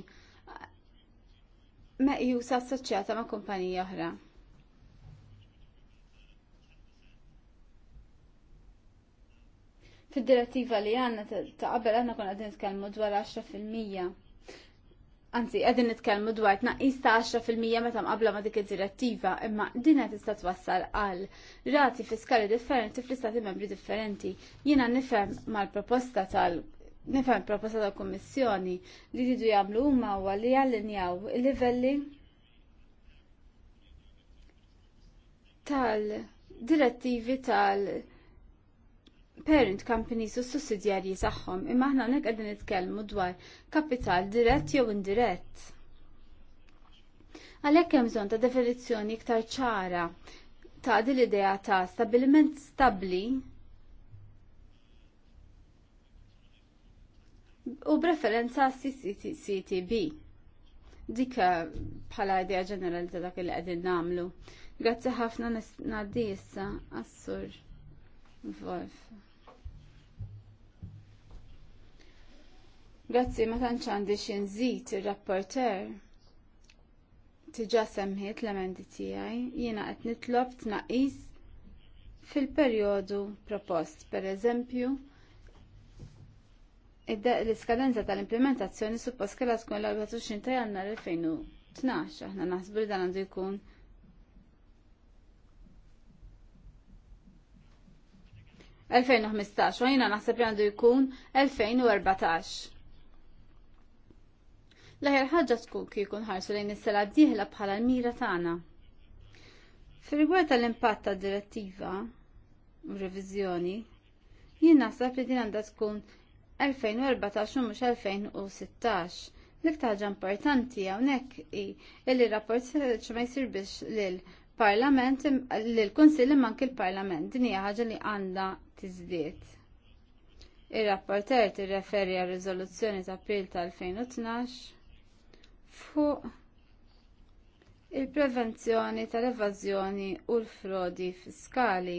meqjusa assoċjata ma' kumpanija oħra. Fid-direttiva li għanna ta' qabel għanna konna għadin tkellmu dwar 10%. Anzi, għedin nitkellmu dwar tnaqqis ta' 10% meta mqabla ma' dik id-direttiva, imma din qed tista' twassal għal rati fiskali differenti fl-istati membri differenti. Jiena nifhem mal-proposta tal nifhem proposta tal-Kummissjoni li jridu jagħmlu huma huwa li jallinjaw il-livelli tal-direttivi tal-, -direttivi tal parent companies u sussidjarji tagħhom imma aħna hawnhekk qegħdin nitkellmu dwar kapital dirett jew indirett. Għalhekk hemm bżonn ta' definizzjoni iktar ċara ta' din l-idea ta' stabiliment stabbli u preferenza CCTB. Dik bħala idea ġenerali ta' dak li qegħdin nagħmlu. Grazzi ħafna ngħaddi issa Wolf. Grazzi ma tantx għandi zit ir-rapporter. Tiġa semħiet l-emendi tiegħi jiena qed nitlob tnaqqis fil-perjodu propost, pereżempju, l-iskadenza tal-implementazzjoni suppost kella tkun l-24 ta' jannar 2012, aħna naħsbu li dan għandu jkun u jiena naħseb li għandu jkun 2014. L-aħjar ħaġa tkun kieku ħarsu lejn is-sena d-dieħla bħala l-mira tagħna. Fir-rigward tal-impatt ta' direttiva u reviżjoni, jien naħseb li din għandha tkun 2014 u mhux 2016. L-iktar ħaġa importanti hawnhekk hi li rapport xi ma biex lil parlament lill kunsill imma anke l-Parlament. Din hija ħaġa li għandha tiżdied. Ir-rapporter tirreferi għar riżoluzzjoni ta' April ta' 2012 fuq il-prevenzjoni tal-evażjoni u l-frodi fiskali.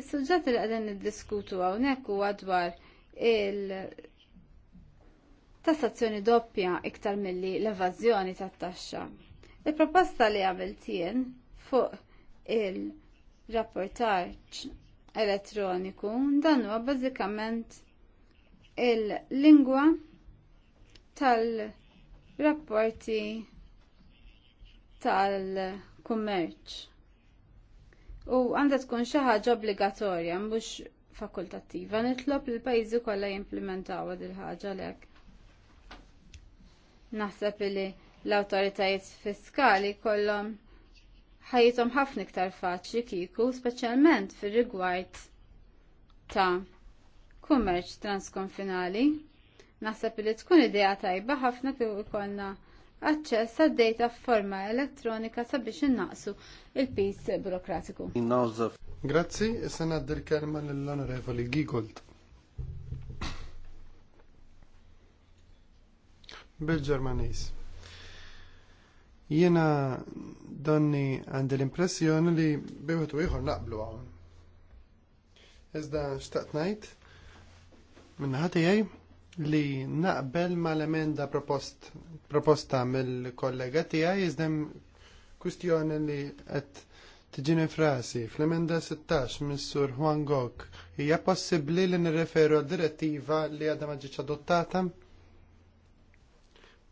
is suġġetti li qegħdin niddiskutu hawnhekk huwa dwar il-tassazzjoni doppja iktar milli l-evażjoni tat-taxxa. Il-proposta li għamilt jien fuq il-rapportaġġ elettroniku dan huwa bażikament il-lingwa tal- rapporti tal-kummerċ. U għandha tkun xi ħaġa obbligatorja mhux fakultattiva. Nitlob il l-pajjiżi kollha jimplementaw il ħaġa lek. Naħseb li l-awtoritajiet fiskali kollhom ħajjithom ħafna iktar faċli kieku, speċjalment fir-rigward ta' kummerċ transkonfinali. Naħseb li tkun idea tajba ħafna kif ikollna aċċess għad-data f'forma elettronika sabiex innaqsu il-pis burokratiku. Grazzi, issa ngħaddi l-kelma lill-Onorevoli Gigold. Bil-Ġermanis. Jiena donni għandi l-impressjoni li biħut u ieħor naqblu hawn. Iżda xtaqt ngħid minnaħa tiegħi li naqbel ma l-emenda propost, proposta mill-kollega tiegħi jizdem kwistjoni li qed tiġini frasi fl-emenda 16 mis-sur Juan Gok hija possibbli li nirreferu għal direttiva li għadha ma ġietx adottata?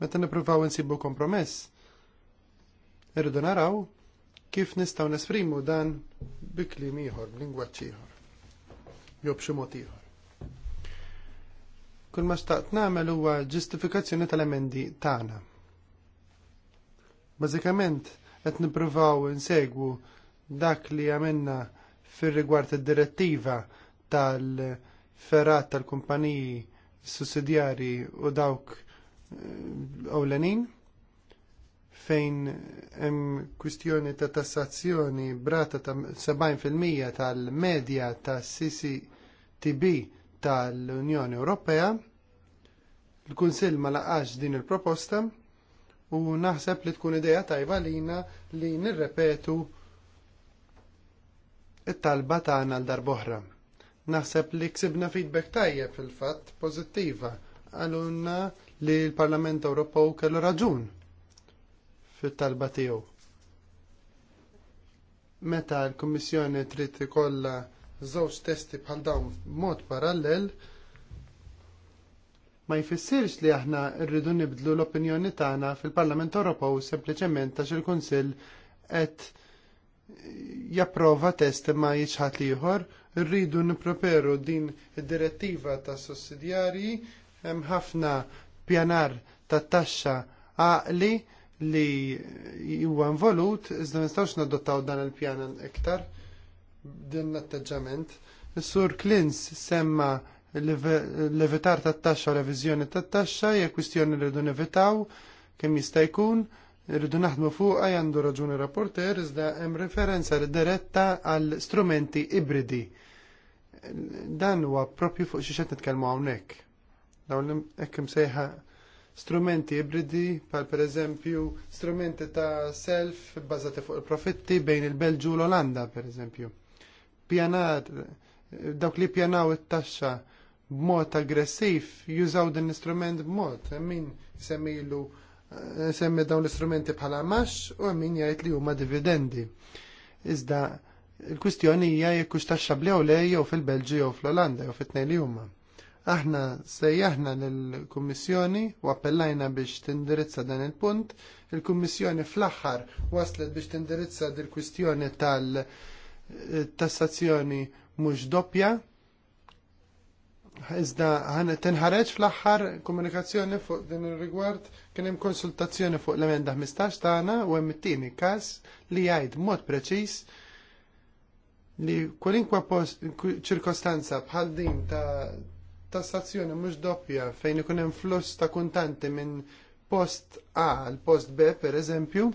Meta nippruvaw insibu kompromess, irridu naraw kif nistgħu nesprimu dan bi kliem ieħor, b'lingwaġġ ieħor, jew b'xi mod ieħor. Kull ma xtaqt nagħmel huwa ġustifikazzjoni tal-emendi tagħna. Bażikament qed nippruvaw insegwu dak li għamilna fir-rigward id-direttiva tal ferat tal-kumpaniji sussidjarji u dawk eh, ewlenin fejn hemm kwistjoni ta' tassazzjoni brata ta' 70% tal-medja ta' CCTB tal-Unjoni Ewropea. Il-Kunsill ma laqax din il-proposta u naħseb li tkun ideja tajba lina li nirrepetu it-talba tagħna l darboħra. Naħseb li ksibna feedback tajjeb fil-fatt pożittiva għalunna li l-Parlament Ewropew kellu raġun fit-talba tiegħu. Meta l-Kummissjoni trid ikollha żewġ testi bħal dawn b'mod parallel ma jfissirx li aħna rridu nibdlu l-opinjoni tagħna fil-Parlament Ewropew sempliċement għax il-Kunsill qed japprova test ma jiġħat ħadd ieħor, rridu nipproperu din id-direttiva tas sussidjarji hemm ħafna pjanar tat taxxa għaqli li huwa involut iżda ma nistgħux nadottaw dan il-pjan iktar din l-atteġġament. sur Klins semma l ta' tat taxxa u ta' tat taxxa hija kwistjoni li rridu nevitaw kemm jista' jkun, rridu naħdmu fuqha għandu raġuni rapporter iżda hemm referenza diretta għal strumenti ibridi. Dan huwa proprju fuq xi qed nitkellmu hawnhekk. Dawn hekk imsejħa strumenti ibridi, pal per eżempju strumenti ta' self bbażati fuq il-profitti bejn il-Belġu u l-Olanda per eżempju pjanar, dawk li pjanaw it-taxxa b'mod aggressiv jużaw din l-istrument b'mod. Min semmilu eh, semmi dawn l-istrumenti bħala max u min jgħid li huma dividendi. Iżda il-kwistjoni hija jekk hux taxxabli jew le jew fil-Belġi jew fl-Olanda jew fit-tnejn li huma. Aħna sejjaħna lill-Kummissjoni u appellajna biex tindirizza dan il-punt. Il-Kummissjoni fl-aħħar waslet biex tindirizza dil-kwistjoni tal- tassazzjoni mhux doppja. Iżda tenħareġ fl-aħħar komunikazzjoni fuq din ir-rigward kien hemm konsultazzjoni fuq l-emenda 15 tagħna u hemm it-tieni każ li jgħid mod preċiż li kwalinkwa ċirkostanza bħal din ta' tassazzjoni mhux doppja fejn ikun hemm fluss ta' kuntanti minn post A għal post B per eżempju,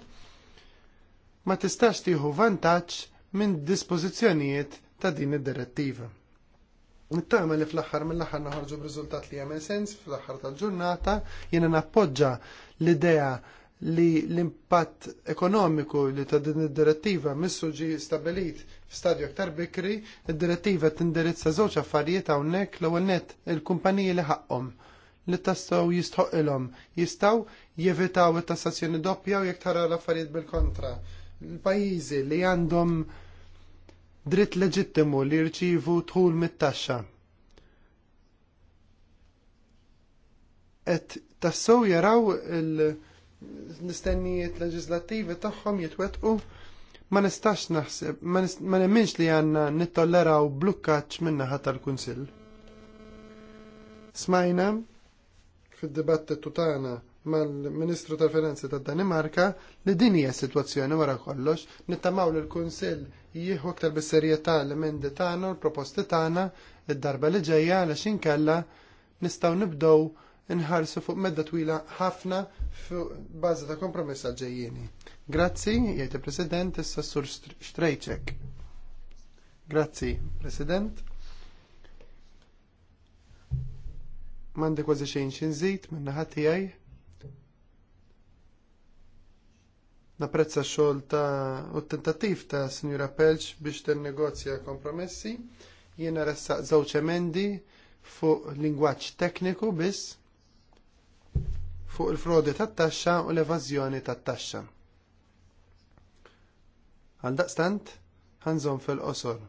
ma tistax tieħu vantaġġ minn dispożizzjonijiet ta' din id-direttiva. Nittama li fl-axħar mill-axħar naħarġu b'riżultat li jagħmel sens fl-axħar tal-ġurnata jiena nappoġġa l-idea li l-impatt ekonomiku li ta' din id-direttiva missu ġi stabilit f'stadju aktar bikri, id-direttiva tindirizza żewġ affarijiet hawnhekk l-ewwel il-kumpaniji li ħaqhom li tassaw jistħoqilhom jistgħu jevitaw it-tassazzjoni doppja u jekk tara l-affarijiet bil-kontra. Il-pajjiżi li għandhom dritt leġittimu li jirċievu tħul mit-taxxa. Et tassew jaraw il-nistennijiet leġislattivi tagħhom jitwetqu ma nistax naħseb, ma nemminx li għanna nittolleraw blukkaċ naħa tal-Kunsill. Smajna fid-dibattitu tagħna mal-Ministru tal-Finanzi tad Danimarka li din hija sitwazzjoni wara kollox nittamaw l-Kunsill jieħu aktar bis-serjetà l-emendi tagħna u l-proposti tagħna id-darba li ġejja għaliex inkella nistgħu nibdew inħarsu fuq medda twila ħafna fuq bażi ta' kompromess għal ġejjieni. Grazzi, jgħid il-President issa Sur Strejċek. Grazzi, President. Mandi kważi xejn xi nżid min-naħa tiegħi. Napprezza xogħol ta' u tentattiv ta' Sinjura Pelċ biex tinnegozja kompromessi. Jiena ressaq żewġ emendi fuq lingwaġġ tekniku biss fuq il-frodi tat-taxxa u l-evażjoni tat-taxxa. Għaldaqstant, ħanżon fil-qosor.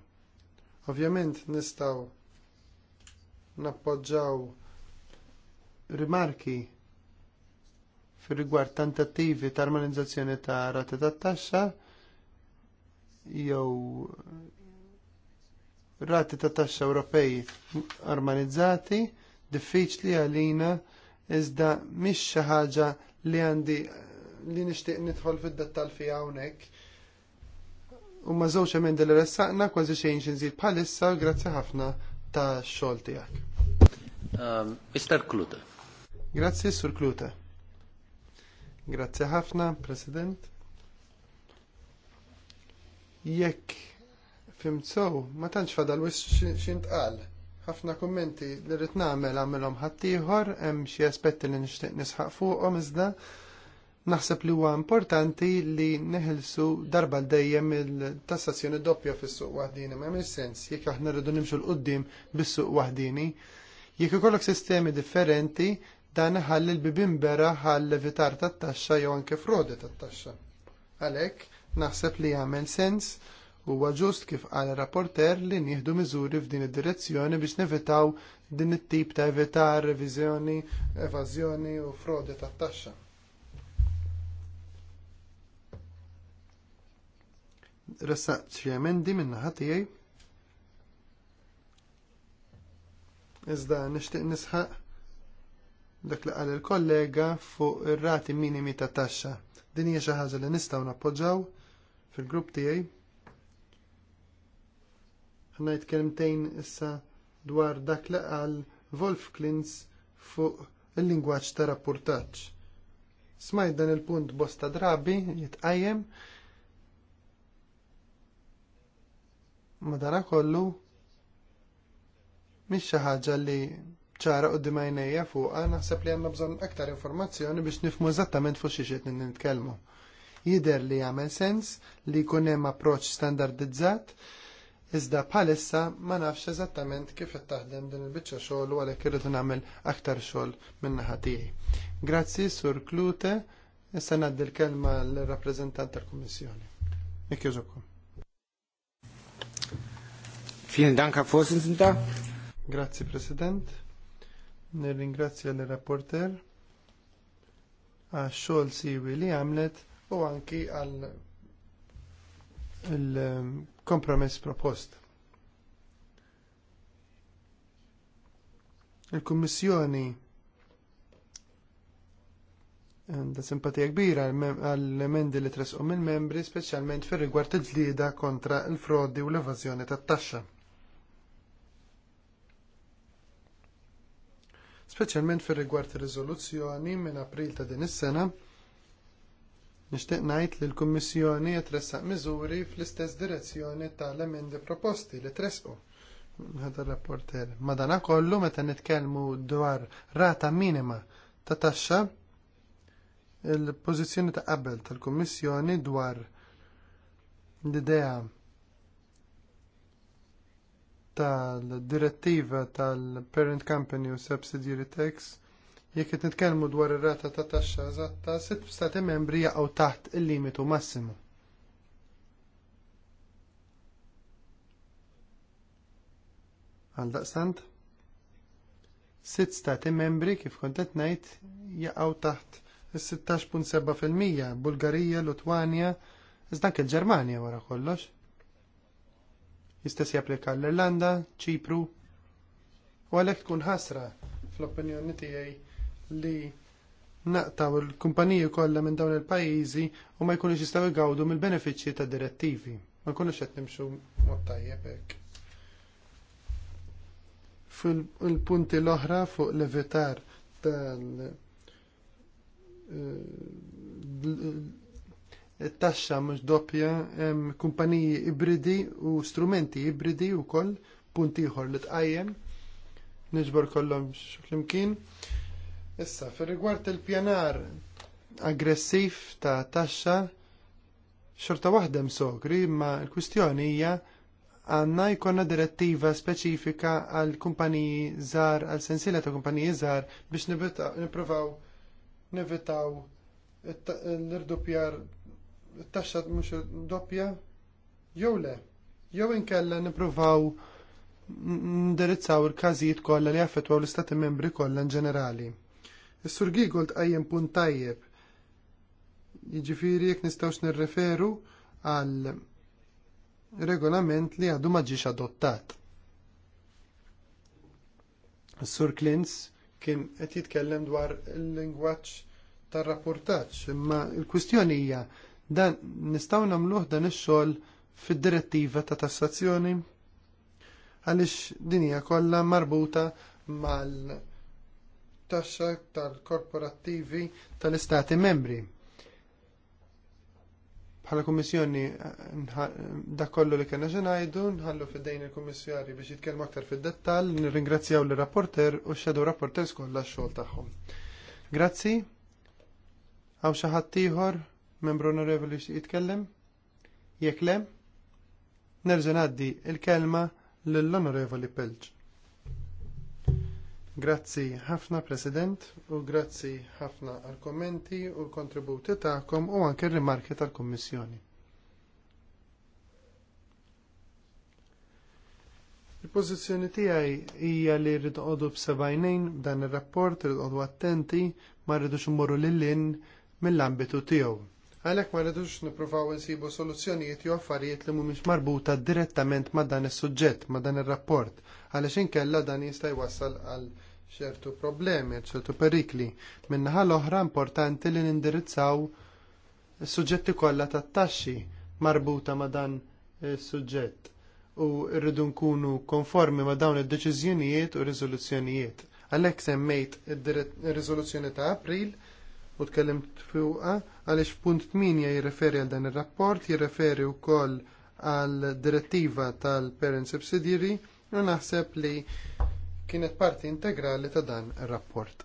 Ovvjament nistgħu nappoġġaw rimarki fil-rigward tentattivi ta' armonizzazzjoni ta' rati ta' taxxa jew rati ta' taxxa Ewropej armonizzati diffiċli għalina iżda mhix xi ħaġa li għandi li nixtieq nidħol fid-dettall fiha hawnhekk. U ma żewġ emendi li ressaqna kważi xejn xi nżid bħalissa grazzi ħafna ta' xogħol tiegħek. Mr. Um, Klute. Grazzi, Sur Klute. Grazzi ħafna, President. Jekk fimsow, ma tantx fadal wis xintqal. Ħafna kummenti li rrid nagħmel għamilhom ħaddieħor hemm xi aspetti li nixtieq nisħaq fuqhom iżda naħseb li huwa importanti li neħilsu darba dejjem il-tassazzjoni doppja fis-suq waħdini. Ma jemil sens, jekk aħna rridu nimxu l-qoddim bis-suq waħdini, jekk ikollok sistemi differenti, dan ħalli l-bibin bera ħalli vitar tat-taxxa jew anke frodi tat-taxxa. Għalhekk naħseb li jagħmel sens huwa ġust kif qal rapporter li nieħdu miżuri f'din id-direzzjoni biex nevitaw din it-tip ta' evitar reviżjoni, evażjoni u frodi tat-taxxa. Ressaqt xi emendi min-naħa tiegħi. Iżda nixtieq nisħaq dak li qal il-kollega fuq ir-rati minimi ta' taxxa. Din hija xi ħaġa li nistgħu nappoġġaw fil-grupp tiegħi. Ħnajt kelmtejn issa dwar dak li qal Wolf Klins fuq il-lingwaġġ ta' rapportaġġ. Smajt dan il-punt bosta drabi jitqajjem madara kollu mhix xi ħaġa li ċara u dimajnija fuqa naħseb li għanna bżonn aktar informazzjoni biex nifmu eżattament fuq xi n nitkellmu. Jidher li jagħmel sens li jkun hemm approċċ standardizzat iżda bħalissa ma nafx eżattament kif qed taħdem din il-biċċa xogħol u għalhekk irrid nagħmel aktar xogħol minnaħa tiegħi. Grazzi Sur Klute, issa ngħaddi l-kelma l-rappreżentant tal-Kummissjoni. Jekk jużukom. Vielen Dank, President. Nirringrazzja l-rapporter għax xogħol siwi li għamlet u anki għal il-kompromess ehm, propost. Il-Kummissjoni għandha simpatija kbira għall-emendi li tresqu mill-membri, speċjalment fir rigward il-ġlieda kontra l frodi u l-evażjoni tat-taxxa. speċjalment fir rigward ir-riżoluzzjoni minn April ta' din is-sena. Nixtieq ngħid li l-Kummissjoni qed tressaq miżuri fl-istess direzzjoni tal-emendi proposti li tresqu ħadar rapporter. Madanakollu meta nitkellmu dwar rata minima ta' taxxa il-pożizzjoni ta' qabel tal-Kummissjoni dwar l-idea tal-direttiva tal-Parent Company u Subsidiary Tax, jekk qed nitkellmu dwar ir-rata ta' taxxa eżatta, sitt stati membri jaqgħu taħt il-limitu massimu. Għaldaqstant, sitt stati membri kif kont qed ngħid jaqgħu taħt is-16.7% Bulgarija, Lutwanja, iżda anke l-Ġermanja wara kollox. Jistess japplika l-Irlanda, Ċipru. U għalhekk tkun ħasra fl-opinjoni tiegħi li naqtaw il-kumpaniji kollha minn dawn il-pajjiżi u ma jkunux jistgħu jgawdu mill-benefiċċji tad direttivi. Ma jkunux qed nimxu mod tajjeb hekk. Fil-punti l-oħra fuq l-evitar tal eh, it-taxxa mhux doppja hemm kumpaniji ibridi u strumenti ibridi wkoll punt ieħor li tqajjem niġbor kollhom flimkien. Issa, fir-rigward il-pjanar aggressiv ta' taxxa xorta waħda msokri, imma l-kwistjoni hija għanna jkonna direttiva speċifika għal kumpaniji żgħar, għal sensiela ta' kumpaniji żgħar biex niprofaw nevitaw l-irdupjar taxxa mhux doppja jew le. Jew inkella nippruvaw ndirizzaw il-każijiet kollha li jaffettwaw l-Istati membri kollha in ġenerali. Is-Sur Gigol tqajjem punt tajjeb. Jiġifieri jekk nistgħux nirreferu għal regolament li għadu ma ġiex adottat. Is-Sur Klins kien qed jitkellem dwar il-lingwaġġ tar-rapportaġġ, imma l-kwistjoni hija Dan nistgħu nagħmluh dan ix-xogħol fid-direttiva ta' tassazzjoni għaliex din hija kollha marbuta mal-taxxa tal-korporattivi tal-istati membri bħala kummissjoni dak kollu li kena ġenajdu, nħallu fid-dejn il-kummissjari biex jitkellmu aktar fid-dettal, nirringrazzjaw l-rapporter u x-shadow rapporters kollha x-xogħol tagħhom. Grazzi. Għaw xi ħadd ieħor Membru onorevoli jitkellem? Jekk le? Nerġa' ngħaddi l kelma lill-Onorevoli Pelġ. Grazzi ħafna President u grazzi ħafna għall kommenti u l-kontributi tagħkom u anke r-rimarki tal-Kummissjoni. Il-pożizzjoni tiegħi hija li rrid qogħdu b'sebajnejn b'dan ir-rapport, rrid qogħdu attenti ma rridux immorru lil-lin mill-ambitu tiegħu. Għalhekk ma rridux nippruvaw nsibu soluzzjonijiet jew affarijiet li mhumiex marbuta direttament ma' dan is-suġġett, ma' dan ir-rapport, għaliex inkella dan jista' jwassal għal ċertu problemi, ċertu perikli. Minnaħa l-oħra importanti li nindirizzaw is-suġġetti kollha tat-taxxi marbuta ma' dan is-suġġett u rridu nkunu konformi ma' dawn id-deċiżjonijiet u riżoluzzjonijiet. Għalhekk semmejt ir-riżoluzzjoni ta' April u tkellimt fuqa għaliex punt 8 jirreferi għal dan ir-rapport, jirreferi wkoll għal direttiva tal-Parent Subsidiary u naħseb li kienet parti integrali ta' dan ir-rapport.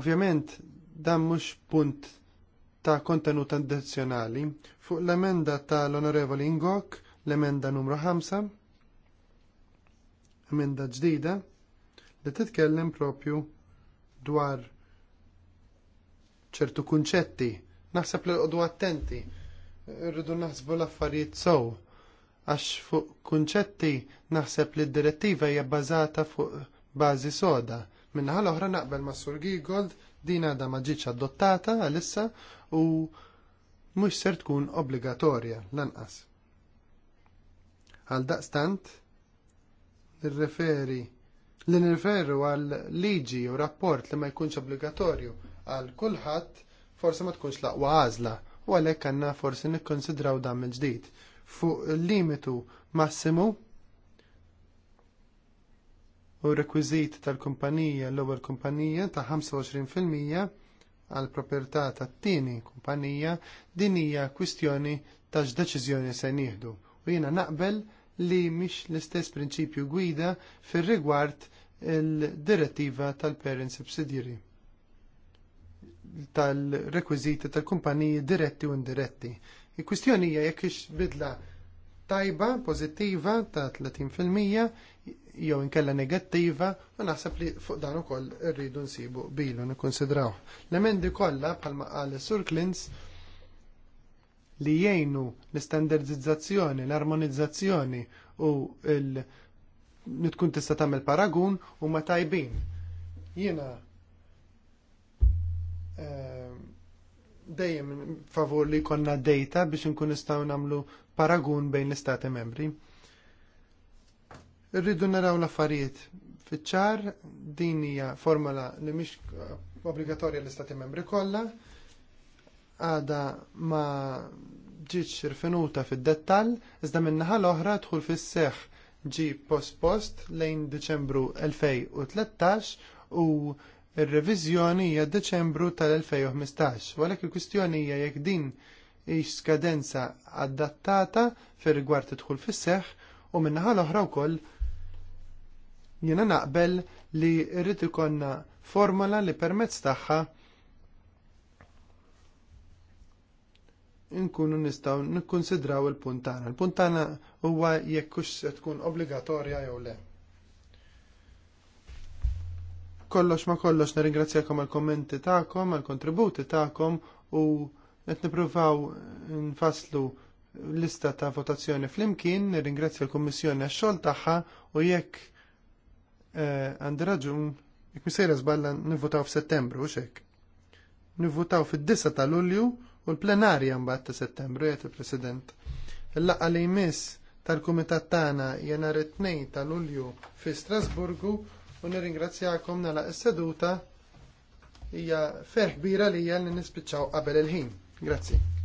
Ovvjament dan mhux punt ta' kontenut addizzjonali fuq l-emenda tal-Onorevoli Ingok, l-emenda numru 5, emenda ġdida li titkellem propju dwar ċertu kunċetti. Naħseb li għodu attenti. Rridu naħsbu l-affarijiet sow. Għax fuq kunċetti naħseb li d-direttiva hija bbażata fuq bażi soda. Minnaħa l-oħra naqbel ma' Sur Gigold din għadha ma ġietx adottata għalissa u mhux ser tkun obbligatorja lanqas. Għal daqstant, nirreferi li nirferru għal liġi u rapport li ma jkunx obbligatorju għal kulħadd forsi ma tkunx laqwa għażla u għalhekk għandna forsi nikkonsidraw dan mill-ġdid fuq il-limitu massimu u rekwiżit tal-kumpanija l-ewwel kumpanija ta' 25% għal proprjetà tat-tieni kumpanija din hija kwistjoni ta' x'deċiżjoni se nieħdu u jiena naqbel li mhix l-istess prinċipju gwida fir-rigward il-direttiva tal-parent subsidiary tal-rekwiziti tal-kumpaniji diretti u indiretti. Il-kwistjoni hija jekk bidla tajba, pożittiva ta' 30% jew inkella negattiva, u naħseb li fuq dan ukoll irridu nsibu bilu nikkonsidraw. L-emendi kollha bħalma qal Sur Klins li jgħinu l-standardizzazzjoni, l-armonizzazzjoni u l nitkun tista' tagħmel paragun huma tajbin. Jiena ehm, dejjem favur li jkollna data biex inkun nistgħu nagħmlu paragun bejn l-istati membri. Irridu naraw l-affarijiet fiċ-ċar din hija formola li mhix obbligatorja l-istati membri kollha għada ma ġiċ rfinuta fid-dettall, iżda minnaħa l-oħra tħul fis seħħ ġi post-post lejn Deċembru 2013 u r-reviżjoni hija Deċembru tal-2015. Walek il-kwistjoni hija jekk din hix skadenza adattata fir rigward tidħul fis seħħ u minnaħa l-oħra wkoll jiena naqbel li rrid ikonna formola li permezz tagħha nkunu nistgħu nikkonsidraw il-puntana. Il-puntana huwa jekk hux se tkun obbligatorja jew le. Kollox ma kollox nirringrazzjakom għall kommenti tagħkom, għall kontributi tagħkom u qed nippruvaw nfasslu lista ta' votazzjoni flimkien, nirringrazzja l-Kummissjoni għax-xogħol tagħha u jekk eh, għandi raġun jekk misejra żballa nivvutaw f'Settembru u xek. Nivvotaw fid disa ta' Lulju u l-plenarja mbagħad ta' settembru jgħid il-President. Il-laqgħa li jmiss tal-Kumitat tagħna hija nhar it-tnejn ta' Lulju fi Strasburgu u nirringrazzjakom nagħlaq is-seduta hija ferħ kbira li hija li nispiċċaw qabel il-ħin. Grazzi.